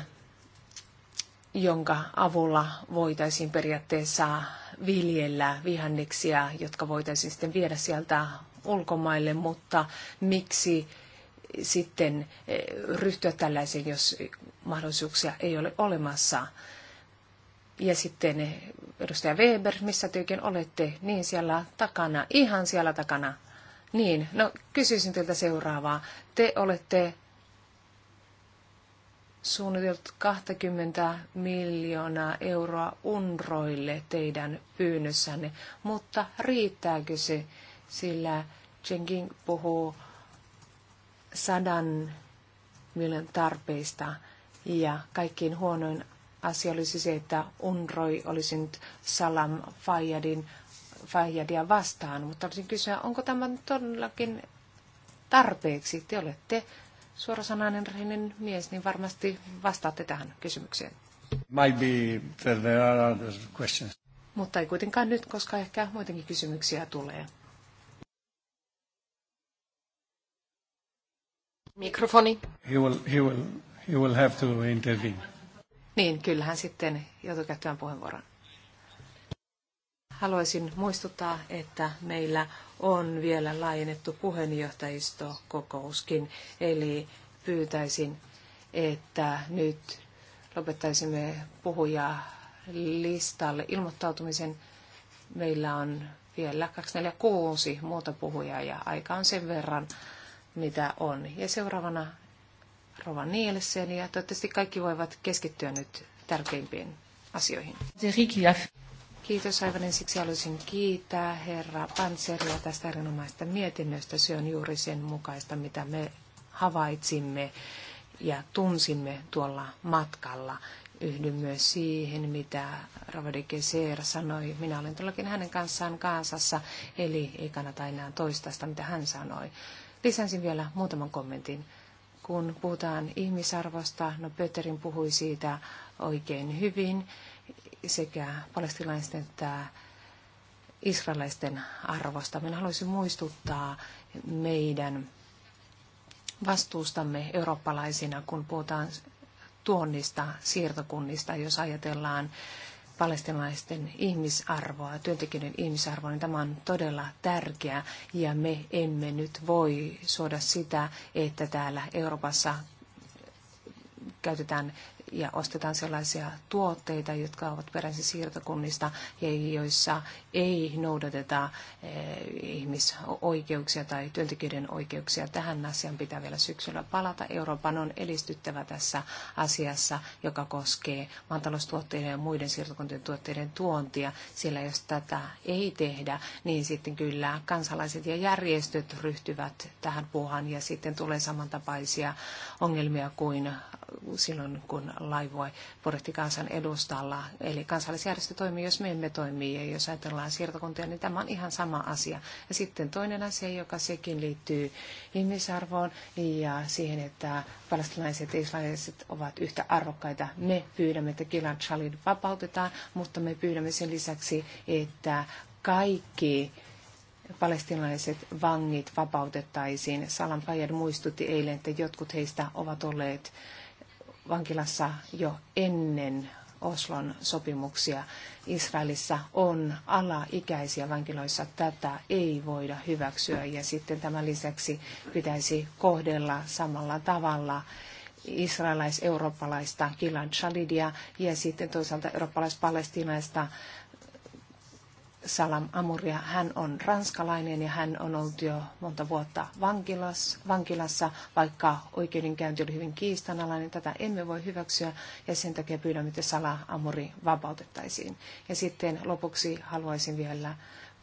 jonka avulla voitaisiin periaatteessa viljellä vihanneksia, jotka voitaisiin sitten viedä sieltä ulkomaille, mutta miksi sitten eh, ryhtyä tällaisiin, jos mahdollisuuksia ei ole olemassa. Ja sitten eh, edustaja Weber, missä tyykin olette? Niin siellä takana, ihan siellä takana. Niin, no kysyisin teiltä seuraavaa. Te olette suunniteltu 20 miljoonaa euroa unroille teidän pyynnössänne, mutta riittääkö se? sillä Chenging puhuu sadan miljoonan tarpeista ja kaikkein huonoin asia olisi se, että Unroi olisi nyt Salam Fayadin, Fayadia vastaan, mutta olisin kysyä, onko tämä todellakin tarpeeksi? Te olette suorasanainen rehellinen mies, niin varmasti vastaatte tähän kysymykseen. Might be that there are other questions. Mutta ei kuitenkaan nyt, koska ehkä muitakin kysymyksiä tulee. Mikrofoni. He will, he will, he will have to intervene. Niin, kyllähän sitten joutuu käyttämään puheenvuoron. Haluaisin muistuttaa, että meillä on vielä laajennettu puheenjohtajistokokouskin, eli pyytäisin, että nyt lopettaisimme puhuja listalle ilmoittautumisen. Meillä on vielä 246 muuta puhujaa ja aika on sen verran mitä on. Ja seuraavana Rova Nielsen ja toivottavasti kaikki voivat keskittyä nyt tärkeimpiin asioihin. Kiitos aivan ensiksi haluaisin kiittää herra Panseria tästä erinomaista mietinnöstä. Se on juuri sen mukaista, mitä me havaitsimme ja tunsimme tuolla matkalla. Yhdyn myös siihen, mitä Ravadi Keser sanoi. Minä olen todellakin hänen kanssaan Kaasassa, eli ei kannata enää toistaa sitä, mitä hän sanoi. Lisäisin vielä muutaman kommentin. Kun puhutaan ihmisarvosta, no Pöterin puhui siitä oikein hyvin, sekä palestinaisten että israelaisten arvosta. Minä haluaisin muistuttaa meidän vastuustamme eurooppalaisina, kun puhutaan tuonnista siirtokunnista, jos ajatellaan palestinaisten ihmisarvoa, työntekijöiden ihmisarvoa, niin tämä on todella tärkeää. Ja me emme nyt voi suoda sitä, että täällä Euroopassa käytetään ja ostetaan sellaisia tuotteita, jotka ovat peräisin siirtokunnista ja joissa ei noudateta eh, ihmisoikeuksia tai työntekijöiden oikeuksia. Tähän asiaan pitää vielä syksyllä palata. Euroopan on edistyttävä tässä asiassa, joka koskee maataloustuotteiden ja muiden siirtokuntien tuotteiden tuontia, sillä jos tätä ei tehdä, niin sitten kyllä kansalaiset ja järjestöt ryhtyvät tähän puuhaan ja sitten tulee samantapaisia ongelmia kuin silloin, kun laivoi purjehti kansan edustalla. Eli kansallisjärjestö toimii, jos me emme toimii, ja jos ajatellaan siirtokuntia, niin tämä on ihan sama asia. Ja sitten toinen asia, joka sekin liittyy ihmisarvoon ja siihen, että palestinaiset ja israelilaiset ovat yhtä arvokkaita. Me pyydämme, että Gilad Shalit vapautetaan, mutta me pyydämme sen lisäksi, että kaikki palestinaiset vangit vapautettaisiin. Salam Fayyad muistutti eilen, että jotkut heistä ovat olleet vankilassa jo ennen Oslon sopimuksia. Israelissa on alaikäisiä vankiloissa. Tätä ei voida hyväksyä ja sitten tämän lisäksi pitäisi kohdella samalla tavalla israelais-eurooppalaista Gilad Shalidia ja sitten toisaalta eurooppalais-palestinaista Salam Amuria. Hän on ranskalainen ja hän on ollut jo monta vuotta vankilassa, vankilassa, vaikka oikeudenkäynti oli hyvin kiistanalainen. Tätä emme voi hyväksyä ja sen takia pyydämme, että Salam Amuri vapautettaisiin. Ja sitten lopuksi haluaisin vielä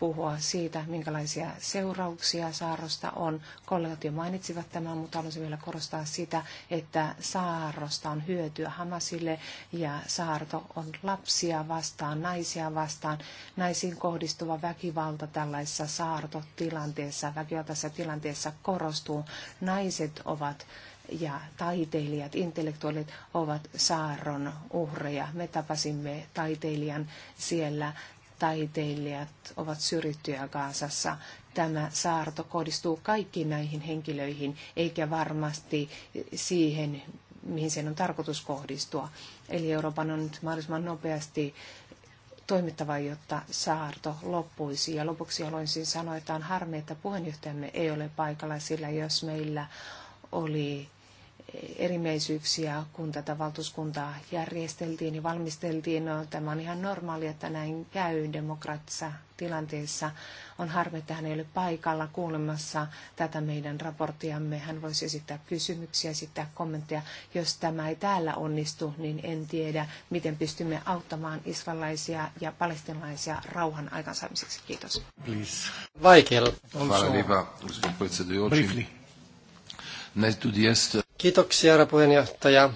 puhua siitä, minkälaisia seurauksia saarrosta on. Kollegat jo mainitsivat tämän, mutta haluaisin vielä korostaa sitä, että saarrosta on hyötyä Hamasille ja saarto on lapsia vastaan, naisia vastaan. Naisiin kohdistuva väkivalta tällaisessa saartotilanteessa, väkivaltaisessa tilanteessa korostuu. Naiset ovat ja taiteilijat, intellektuaalit ovat saaron uhreja. Me tapasimme taiteilijan siellä taiteilijat ovat syrjittyjä Kaasassa. Tämä saarto kohdistuu kaikkiin näihin henkilöihin, eikä varmasti siihen, mihin sen on tarkoitus kohdistua. Eli Euroopan on nyt mahdollisimman nopeasti toimittava, jotta saarto loppuisi. Ja lopuksi haluaisin sanoa, että on harmi, että puheenjohtajamme ei ole paikalla, sillä jos meillä oli erimeisyyksiä, kun tätä valtuuskuntaa järjesteltiin ja valmisteltiin. No, tämä on ihan normaali, että näin käy demokraattisessa tilanteessa. On harmi, että hän ei ole paikalla kuulemassa tätä meidän raporttiamme. Hän voisi esittää kysymyksiä, esittää kommentteja. Jos tämä ei täällä onnistu, niin en tiedä, miten pystymme auttamaan israelaisia ja palestinalaisia rauhan aikaansaamiseksi. Kiitos. Please. Vaikea. Hvala lijepa, gospodin Kiitoksia, herra puheenjohtaja.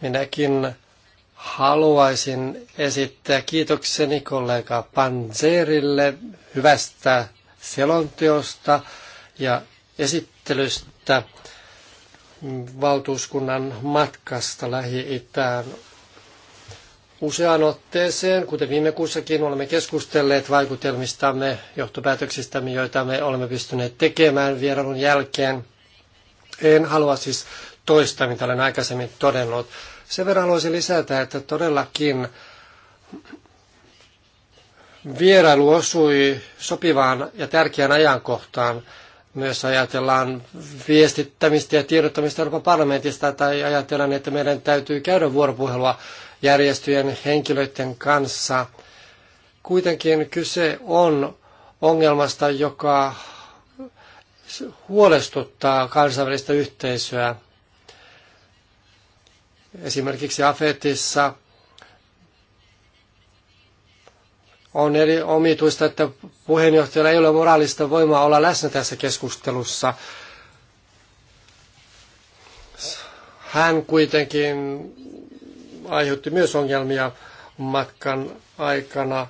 Minäkin haluaisin esittää kiitokseni kollega Panzerille hyvästä selonteosta ja esittelystä valtuuskunnan matkasta Lähi-Itään. Useaan otteeseen, kuten viime kuussakin, olemme keskustelleet vaikutelmistamme, johtopäätöksistämme, joita me olemme pystyneet tekemään vierailun jälkeen – en halua siis toista, mitä olen aikaisemmin todennut. Sen verran haluaisin lisätä, että todellakin vierailu osui sopivaan ja tärkeään ajankohtaan. Myös ajatellaan viestittämistä ja tiedottamista Euroopan parlamentista tai ajatellaan, että meidän täytyy käydä vuoropuhelua järjestöjen henkilöiden kanssa. Kuitenkin kyse on ongelmasta, joka huolestuttaa kansainvälistä yhteisöä. Esimerkiksi Afetissa on eri omituista, että puheenjohtajalla ei ole moraalista voimaa olla läsnä tässä keskustelussa. Hän kuitenkin aiheutti myös ongelmia matkan aikana.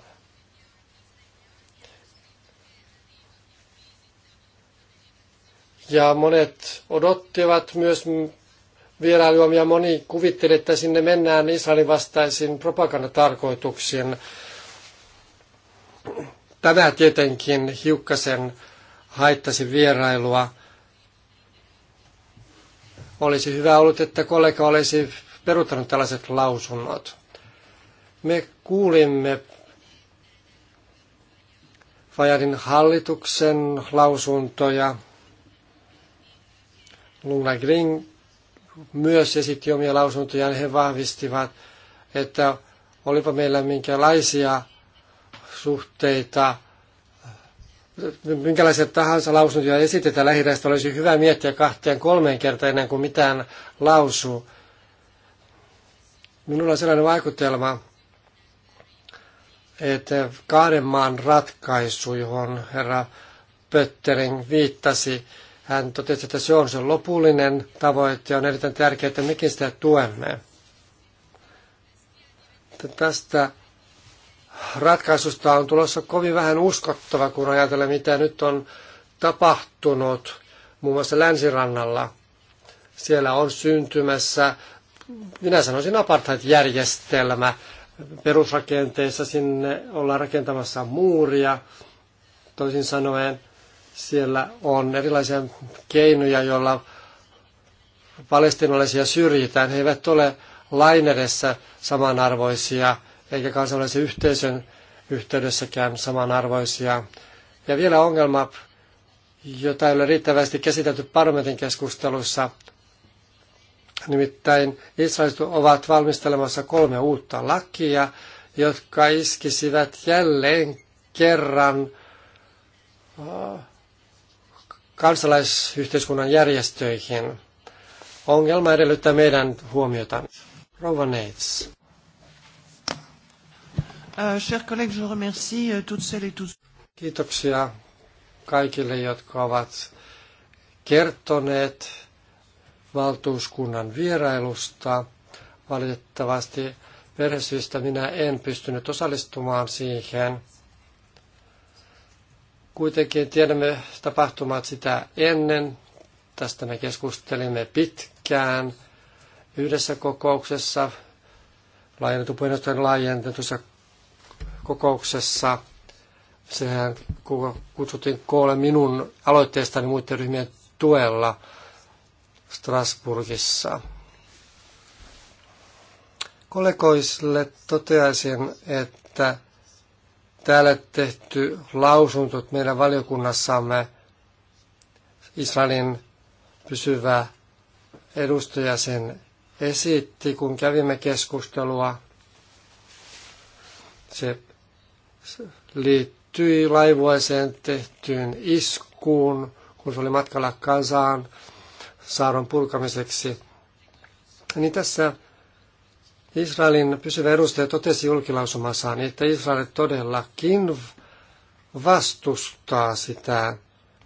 Ja monet odottivat myös vierailua ja moni kuvitteli, että sinne mennään Israelin vastaisiin propagandatarkoituksiin. Tämä tietenkin hiukkasen haittasi vierailua. Olisi hyvä ollut, että kollega olisi peruuttanut tällaiset lausunnot. Me kuulimme Fajadin hallituksen lausuntoja Luna Green myös esitti omia lausuntojaan, he vahvistivat, että olipa meillä minkälaisia suhteita, minkälaisia tahansa lausuntoja esitetään lähiräistä, olisi hyvä miettiä kahteen kolmeen kertaan ennen kuin mitään lausuu. Minulla on sellainen vaikutelma, että kahden maan ratkaisu, johon herra Pöttering viittasi, hän totesi, että se on se lopullinen tavoite ja on erittäin tärkeää, että mekin sitä tuemme. Tästä ratkaisusta on tulossa kovin vähän uskottava, kun ajatellaan, mitä nyt on tapahtunut muun muassa länsirannalla. Siellä on syntymässä, minä sanoisin apartheid-järjestelmä, perusrakenteissa sinne ollaan rakentamassa muuria, toisin sanoen siellä on erilaisia keinoja, joilla palestinalaisia syrjitään. He eivät ole lain edessä samanarvoisia, eikä kansainvälisen yhteisön yhteydessäkään samanarvoisia. Ja vielä ongelma, jota ei ole riittävästi käsitelty parlamentin keskustelussa, nimittäin israelit ovat valmistelemassa kolme uutta lakia, jotka iskisivät jälleen kerran äh, kansalaisyhteiskunnan järjestöihin. Ongelma edellyttää meidän huomiota. Rouva Neitz. Äh, euh, Kiitoksia kaikille, jotka ovat kertoneet valtuuskunnan vierailusta. Valitettavasti perhesyistä minä en pystynyt osallistumaan siihen – Kuitenkin tiedämme tapahtumat sitä ennen. Tästä me keskustelimme pitkään yhdessä kokouksessa, laajennettu puheenjohtajan laajentetussa kokouksessa. Sehän kutsuttiin koolle minun aloitteestani muiden ryhmien tuella Strasburgissa. Kollegoisille toteaisin, että täällä tehty lausunto meidän valiokunnassamme Israelin pysyvä edustaja sen esitti, kun kävimme keskustelua. Se liittyi laivueeseen tehtyyn iskuun, kun se oli matkalla Kansaan saaron purkamiseksi. Niin tässä Israelin pysyvä edustaja totesi julkilausumassaan, että Israel todellakin vastustaa sitä,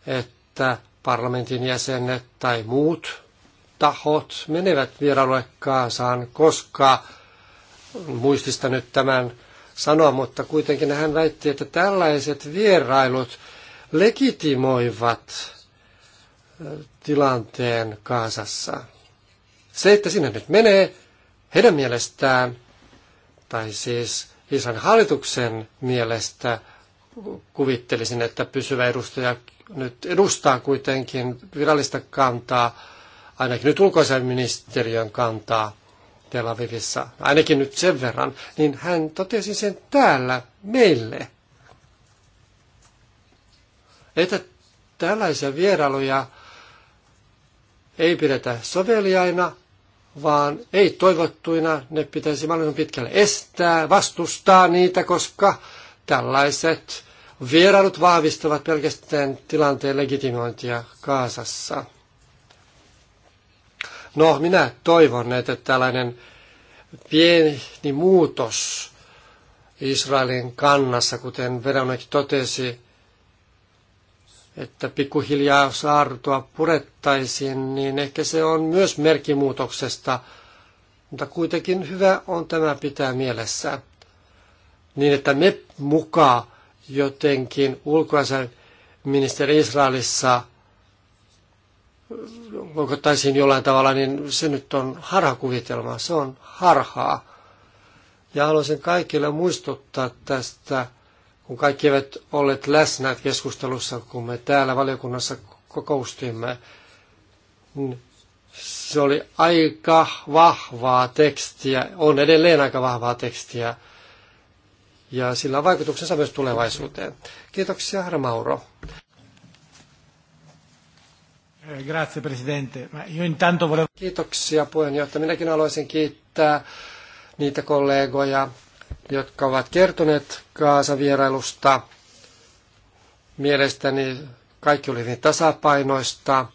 että parlamentin jäsenet tai muut tahot menevät vierailulle Kaasaan, koska muistista nyt tämän sanoa, mutta kuitenkin hän väitti, että tällaiset vierailut legitimoivat äh, tilanteen Kaasassa. Se, että sinne nyt menee, heidän mielestään, tai siis Israelin hallituksen mielestä, kuvittelisin, että pysyvä edustaja nyt edustaa kuitenkin virallista kantaa, ainakin nyt ministeriön kantaa Tel Avivissa, ainakin nyt sen verran, niin hän totesi sen täällä meille. Että tällaisia vierailuja ei pidetä soveliaina vaan ei toivottuina ne pitäisi mahdollisimman pitkälle estää, vastustaa niitä, koska tällaiset vierailut vahvistavat pelkästään tilanteen legitimointia Kaasassa. No, minä toivon, että tällainen pieni muutos Israelin kannassa, kuten Veronik totesi, että pikkuhiljaa saartoa purettaisiin, niin ehkä se on myös merkimuutoksesta, mutta kuitenkin hyvä on tämä pitää mielessä. Niin, että me mukaan jotenkin ulkoisen ministeri Israelissa loukottaisiin jollain tavalla, niin se nyt on harhakuvitelma, se on harhaa. Ja haluaisin kaikille muistuttaa tästä kun kaikki eivät olleet läsnä keskustelussa, kun me täällä valiokunnassa kokoustimme, niin se oli aika vahvaa tekstiä, on edelleen aika vahvaa tekstiä, ja sillä on vaikutuksensa myös tulevaisuuteen. Kiitoksia, herra Mauro. Eh, grazie, Presidente. Io intanto volevo... Kiitoksia, puheenjohtaja. Minäkin haluaisin kiittää niitä kollegoja, jotka ovat kertoneet Kaasavierailusta. Mielestäni kaikki oli niin tasapainoista,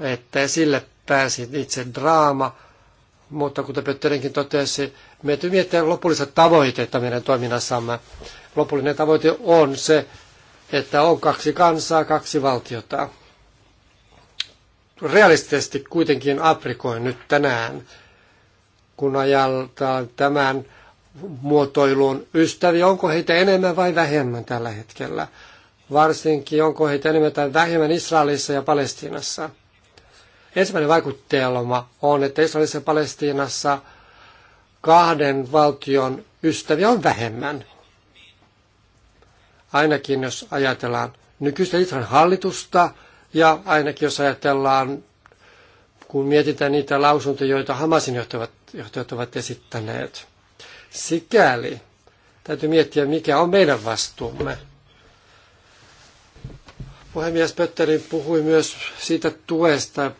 että sille pääsi itse draama, mutta kuten Pötterinkin totesi, me täytyy miettiä lopullista tavoitetta meidän toiminnassamme. Lopullinen tavoite on se, että on kaksi kansaa, kaksi valtiota. Realistisesti kuitenkin aprikoin nyt tänään, kun ajaltaan tämän muotoiluun ystäviä, onko heitä enemmän vai vähemmän tällä hetkellä. Varsinkin onko heitä enemmän tai vähemmän Israelissa ja Palestiinassa. Ensimmäinen vaikutteelma on, että Israelissa ja Palestiinassa kahden valtion ystäviä on vähemmän. Ainakin jos ajatellaan nykyistä Israelin hallitusta ja ainakin jos ajatellaan, kun mietitään niitä lausuntoja, joita Hamasin johtajat ovat esittäneet – Sikäli täytyy miettiä, mikä on meidän vastuumme. Puhemies Pötteri puhui myös siitä tuesta,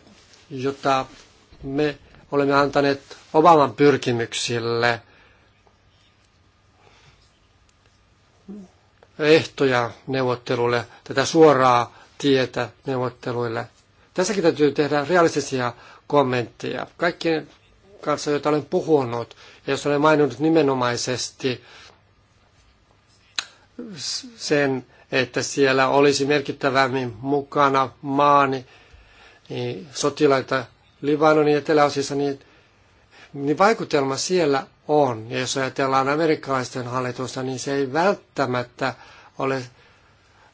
jota me olemme antaneet Obaman pyrkimyksille. ehtoja neuvotteluille, tätä suoraa tietä neuvotteluille. Tässäkin täytyy tehdä realistisia kommentteja. Kaikkien kanssa, joita olen puhunut, jos olen maininnut nimenomaisesti sen, että siellä olisi merkittävämmin mukana maani niin sotilaita Libanonin eteläosissa, niin, niin vaikutelma siellä on. Ja jos ajatellaan amerikkalaisten hallitusta, niin se ei välttämättä ole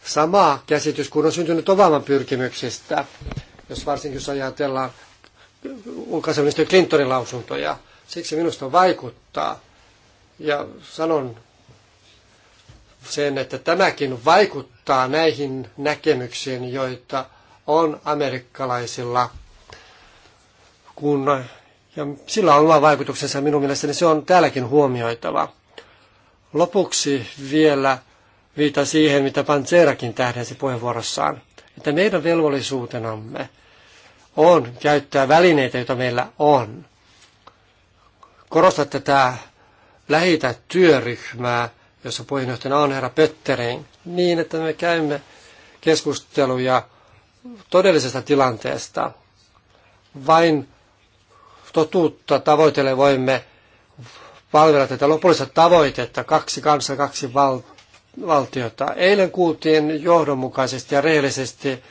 sama käsitys kuin on syntynyt Obaman pyrkimyksistä, jos varsinkin jos ajatellaan ulkoasiaministeri Clintonin lausuntoja. Siksi minusta vaikuttaa. Ja sanon sen, että tämäkin vaikuttaa näihin näkemyksiin, joita on amerikkalaisilla kun, ja sillä on oma vaikutuksensa minun mielestäni, se on täälläkin huomioitava. Lopuksi vielä viita siihen, mitä Panzerakin tähdensi puheenvuorossaan, että meidän velvollisuutenamme on käyttää välineitä, joita meillä on – korostaa tätä läheitä työryhmää, jossa puheenjohtajana on herra Pötterin, niin että me käymme keskusteluja todellisesta tilanteesta. Vain totuutta tavoitelle voimme palvella tätä lopullista tavoitetta, kaksi kansa, kaksi val- valtiota. Eilen kuultiin johdonmukaisesti ja rehellisesti,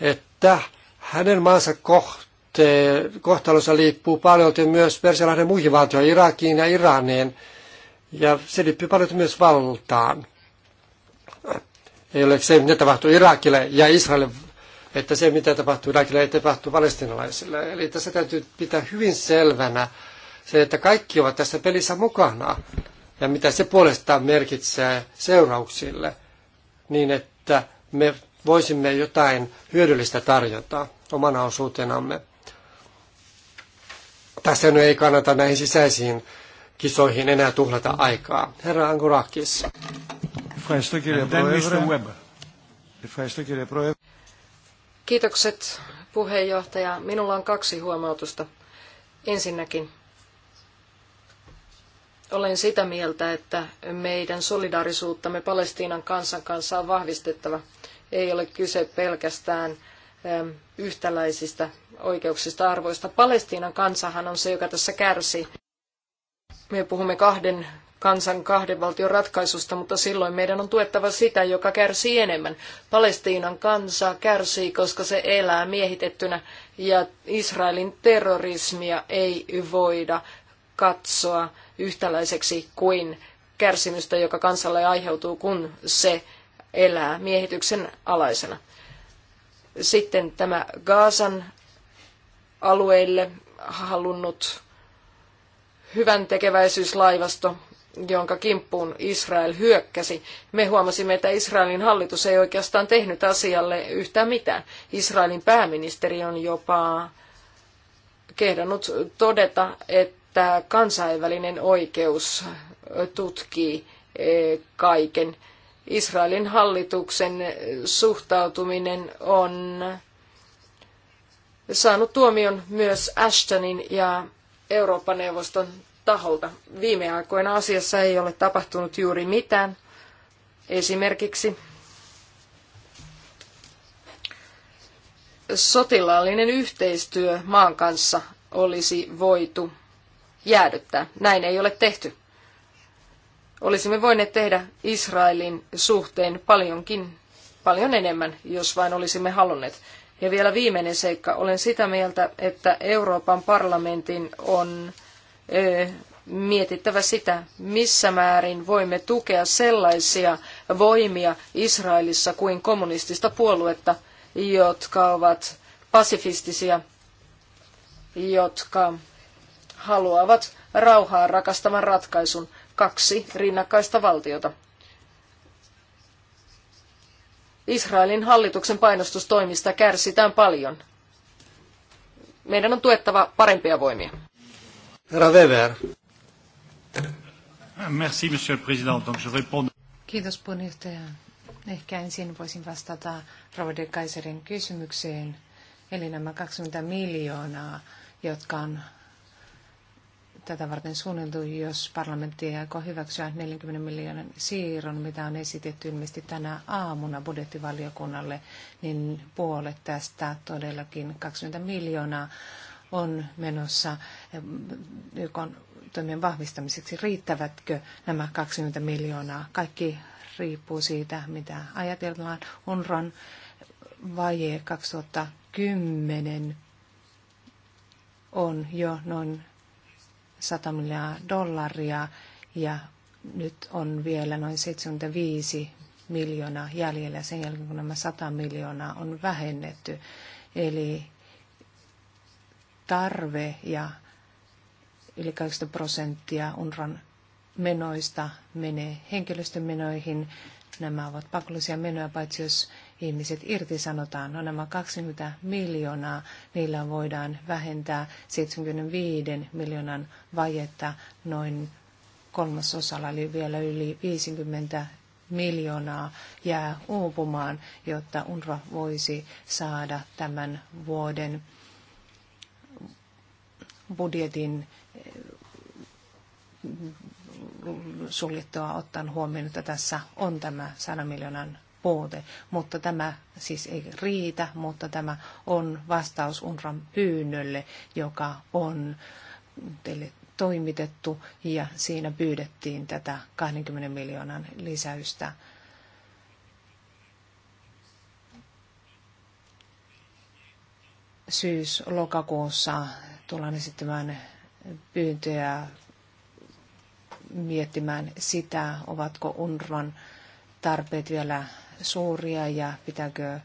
että hänen maansa kohta kohtalossa kohtalonsa liippuu paljon myös Persialahden muihin valtioihin, Irakiin ja Iraniin, ja se liippuu paljon myös valtaan. Ei ole se, mitä tapahtuu Irakille ja Israelille, että se, mitä tapahtuu Irakille, ei tapahtu palestinalaisille. Eli tässä täytyy pitää hyvin selvänä se, että kaikki ovat tässä pelissä mukana, ja mitä se puolestaan merkitsee seurauksille, niin että me voisimme jotain hyödyllistä tarjota omana osuutenamme. Tässä ei kannata näihin sisäisiin kisoihin enää tuhlata aikaa. Herra Angurakis. Kiitokset puheenjohtaja. Minulla on kaksi huomautusta. Ensinnäkin olen sitä mieltä, että meidän solidarisuuttamme Palestiinan kansan kanssa on vahvistettava. Ei ole kyse pelkästään Ähm, yhtäläisistä oikeuksista arvoista. Palestiinan kansahan on se, joka tässä kärsi. Me puhumme kahden kansan kahden valtion ratkaisusta, mutta silloin meidän on tuettava sitä, joka kärsii enemmän. Palestiinan kansa kärsii, koska se elää miehitettynä ja Israelin terrorismia ei voida katsoa yhtäläiseksi kuin kärsimystä, joka kansalle aiheutuu, kun se elää miehityksen alaisena. Sitten tämä Gaasan alueille halunnut hyvän tekeväisyyslaivasto, jonka kimppuun Israel hyökkäsi. Me huomasimme, että Israelin hallitus ei oikeastaan tehnyt asialle yhtään mitään. Israelin pääministeri on jopa kehdannut todeta, että kansainvälinen oikeus tutkii eh, kaiken Israelin hallituksen suhtautuminen on saanut tuomion myös Ashtonin ja Euroopan neuvoston taholta. Viime aikoina asiassa ei ole tapahtunut juuri mitään. Esimerkiksi sotilaallinen yhteistyö maan kanssa olisi voitu jäädyttää. Näin ei ole tehty. Olisimme voineet tehdä Israelin suhteen paljonkin, paljon enemmän, jos vain olisimme halunneet. Ja vielä viimeinen seikka. Olen sitä mieltä, että Euroopan parlamentin on ö, mietittävä sitä, missä määrin voimme tukea sellaisia voimia Israelissa kuin kommunistista puoluetta, jotka ovat pasifistisia, jotka haluavat rauhaa rakastavan ratkaisun – kaksi rinnakkaista valtiota. Israelin hallituksen painostustoimista kärsitään paljon. Meidän on tuettava parempia voimia. Herra Weber. Merci, monsieur le président. Donc je réponds... Kiitos puheenjohtaja. Ehkä ensin voisin vastata Robert Kaiserin kysymykseen. Eli nämä 20 miljoonaa, jotka on tätä varten suunniteltu, jos parlamentti ei aiko hyväksyä 40 miljoonan siirron, mitä on esitetty ilmeisesti tänä aamuna budjettivaliokunnalle, niin puolet tästä todellakin 20 miljoonaa on menossa eh, YK toimien vahvistamiseksi. Riittävätkö nämä 20 miljoonaa? Kaikki riippuu siitä, mitä ajatellaan. UNRON vaje 2010 on jo noin 100 miljoonaa dollaria ja nyt on vielä noin 75 miljoonaa jäljellä sen jälkeen, kun nämä 100 miljoonaa on vähennetty. Eli tarve ja yli 80 prosenttia UNRAN menoista menee henkilöstömenoihin. Nämä ovat pakollisia menoja, paitsi jos ihmiset irtisanotaan. No nämä 20 miljoonaa, niillä voidaan vähentää 75 miljoonan vajetta noin kolmasosalla, eli vielä yli 50 miljoonaa jää uupumaan, jotta UNRWA voisi saada tämän vuoden budjetin eh, suljettua ottaen huomioon, että tässä on tämä 100 miljoonan puute. Mutta tämä siis ei riitä, mutta tämä on vastaus UNRAN pyynnölle, joka on teille toimitettu ja siinä pyydettiin tätä 20 miljoonan lisäystä. Syys-lokakuussa tullaan esittämään pyyntöjä miettimään sitä, ovatko UNRWAn tarpeet vielä suuria ja pitääkö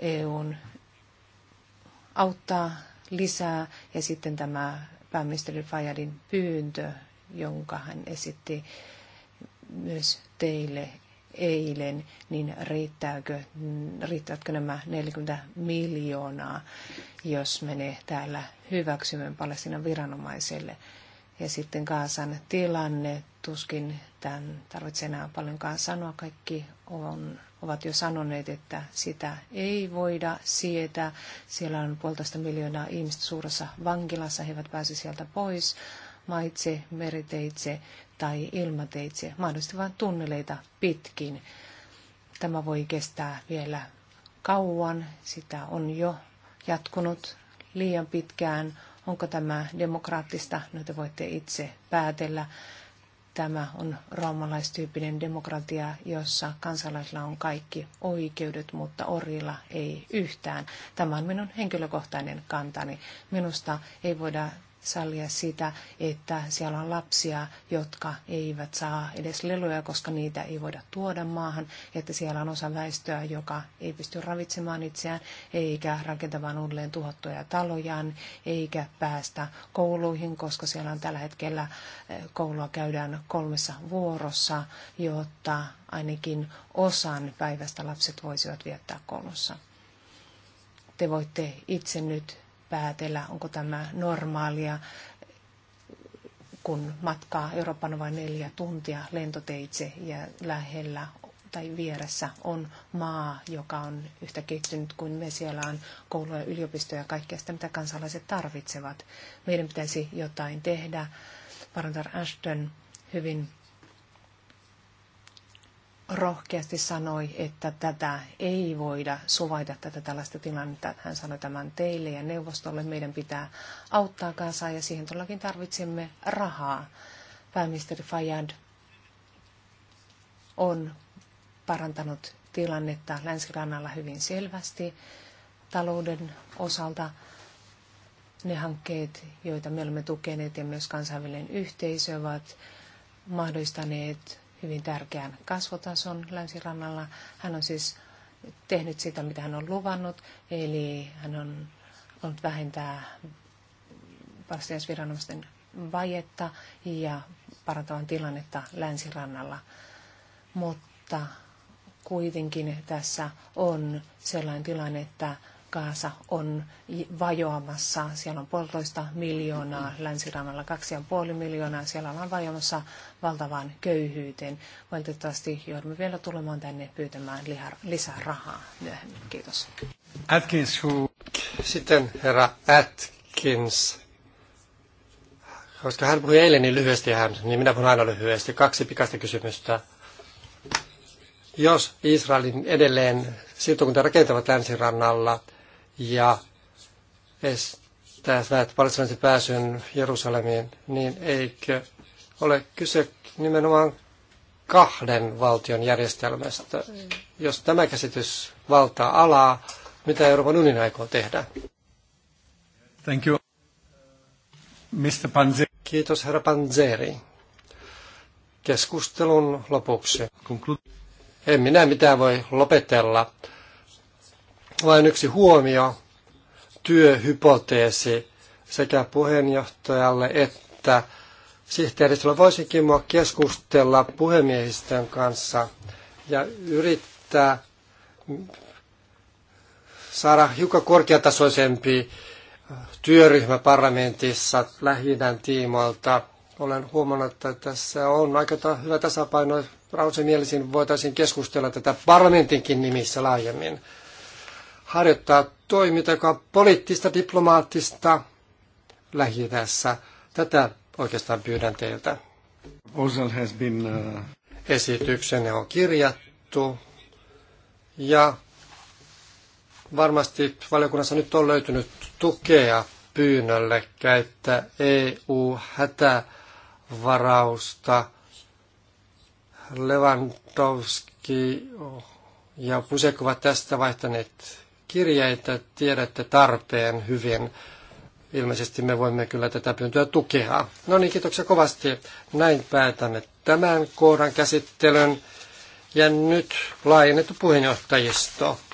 EUn auttaa lisää. Ja sitten tämä pääministeri Fajadin pyyntö, jonka hän esitti myös teille eilen, niin riittääkö, riittävätkö nämä 40 miljoonaa, jos menee täällä hyväksymään Palestinan viranomaiselle? Ja sitten Kaasan tilanne, tuskin tämän tarvitsee enää paljonkaan sanoa. Kaikki on, ovat jo sanoneet, että sitä ei voida sietää. Siellä on puolitoista miljoonaa ihmistä suuressa vankilassa, he eivät pääse sieltä pois maitse, meriteitse tai ilmateitse, mahdollisesti vain tunneleita pitkin. Tämä voi kestää vielä kauan, sitä on jo jatkunut liian pitkään Onko tämä demokraattista? No te voitte itse päätellä. Tämä on roomalaistyyppinen demokratia, jossa kansalaisilla on kaikki oikeudet, mutta orilla ei yhtään. Tämä on minun henkilökohtainen kantani. Minusta ei voida sallia sitä, että siellä on lapsia, jotka eivät saa edes leluja, koska niitä ei voida tuoda maahan, että siellä on osa väestöä, joka ei pysty ravitsemaan itseään, eikä rakentamaan uudelleen tuhottuja talojaan, eikä päästä kouluihin, koska siellä on tällä hetkellä eh, koulua käydään kolmessa vuorossa, jotta ainakin osan päivästä lapset voisivat viettää koulussa. Te voitte itse nyt päätellä, onko tämä normaalia, kun matkaa Euroopan vain neljä tuntia lentoteitse ja lähellä tai vieressä on maa, joka on yhtä kehittynyt kuin me. Siellä on kouluja, yliopistoja ja kaikkea sitä, mitä kansalaiset tarvitsevat. Meidän pitäisi jotain tehdä. Parantar Ashton hyvin rohkeasti sanoi, että tätä ei voida suvaita, tätä tällaista tilannetta. Hän sanoi tämän teille ja neuvostolle. Meidän pitää auttaa kansaa ja siihen todellakin tarvitsemme rahaa. Pääministeri Fayad on parantanut tilannetta länsirannalla hyvin selvästi talouden osalta. Ne hankkeet, joita me olemme tukeneet ja myös kansainvälinen yhteisö ovat mahdollistaneet hyvin tärkeän kasvotason länsirannalla. Hän on siis tehnyt sitä, mitä hän on luvannut, eli hän on ollut vähentää vastaisviranomaisten vajetta ja parantavan tilannetta länsirannalla. Mutta kuitenkin tässä on sellainen tilanne, että paikkaansa on vajoamassa. Siellä on puolitoista miljoonaa, länsirannalla kaksi ja puoli miljoonaa. Siellä ollaan vajoamassa valtavaan köyhyyteen. Valitettavasti joudumme vielä tulemaan tänne pyytämään lisää rahaa myöhemmin. Kiitos. Atkins, who... Sitten herra Atkins. Koska hän puhui eilen niin lyhyesti, hän, niin minä puhun aina lyhyesti. Kaksi pikaista kysymystä jos Israelin edelleen siirtokunta rakentavat länsirannalla, ja estävät palestinaisen pääsyn Jerusalemiin, niin eikö ole kyse nimenomaan kahden valtion järjestelmästä? Jos tämä käsitys valtaa alaa, mitä Euroopan unioni aikoo tehdä? Thank you. Mr. Panzeri. Kiitos herra Panzeri. Keskustelun lopuksi. Conclu- En minä mitään voi lopetella. Vain yksi huomio, työhypoteesi sekä puheenjohtajalle että sihteeristöllä voisinkin mua keskustella puhemiehistön kanssa ja yrittää saada hiukan korkeatasoisempi työryhmä parlamentissa lähinnän tiimoilta. Olen huomannut, että tässä on aika hyvä tasapaino. Rausemielisin voitaisiin keskustella tätä parlamentinkin nimissä laajemmin harjoittaa toimintaa, joka on poliittista, diplomaattista lähi Tätä oikeastaan pyydän teiltä. Osel has been, uh... Esityksenne on kirjattu ja varmasti valiokunnassa nyt on löytynyt tukea pyynnölle käyttää EU-hätävarausta. Lewandowski ja Pusek ovat tästä vaihtaneet kirjeitä tiedätte tarpeen hyvin. Ilmeisesti me voimme kyllä tätä pyyntöä tukea. No niin, kiitoksia kovasti. Näin päätämme tämän kohdan käsittelyn. Ja nyt laajennettu puheenjohtajisto.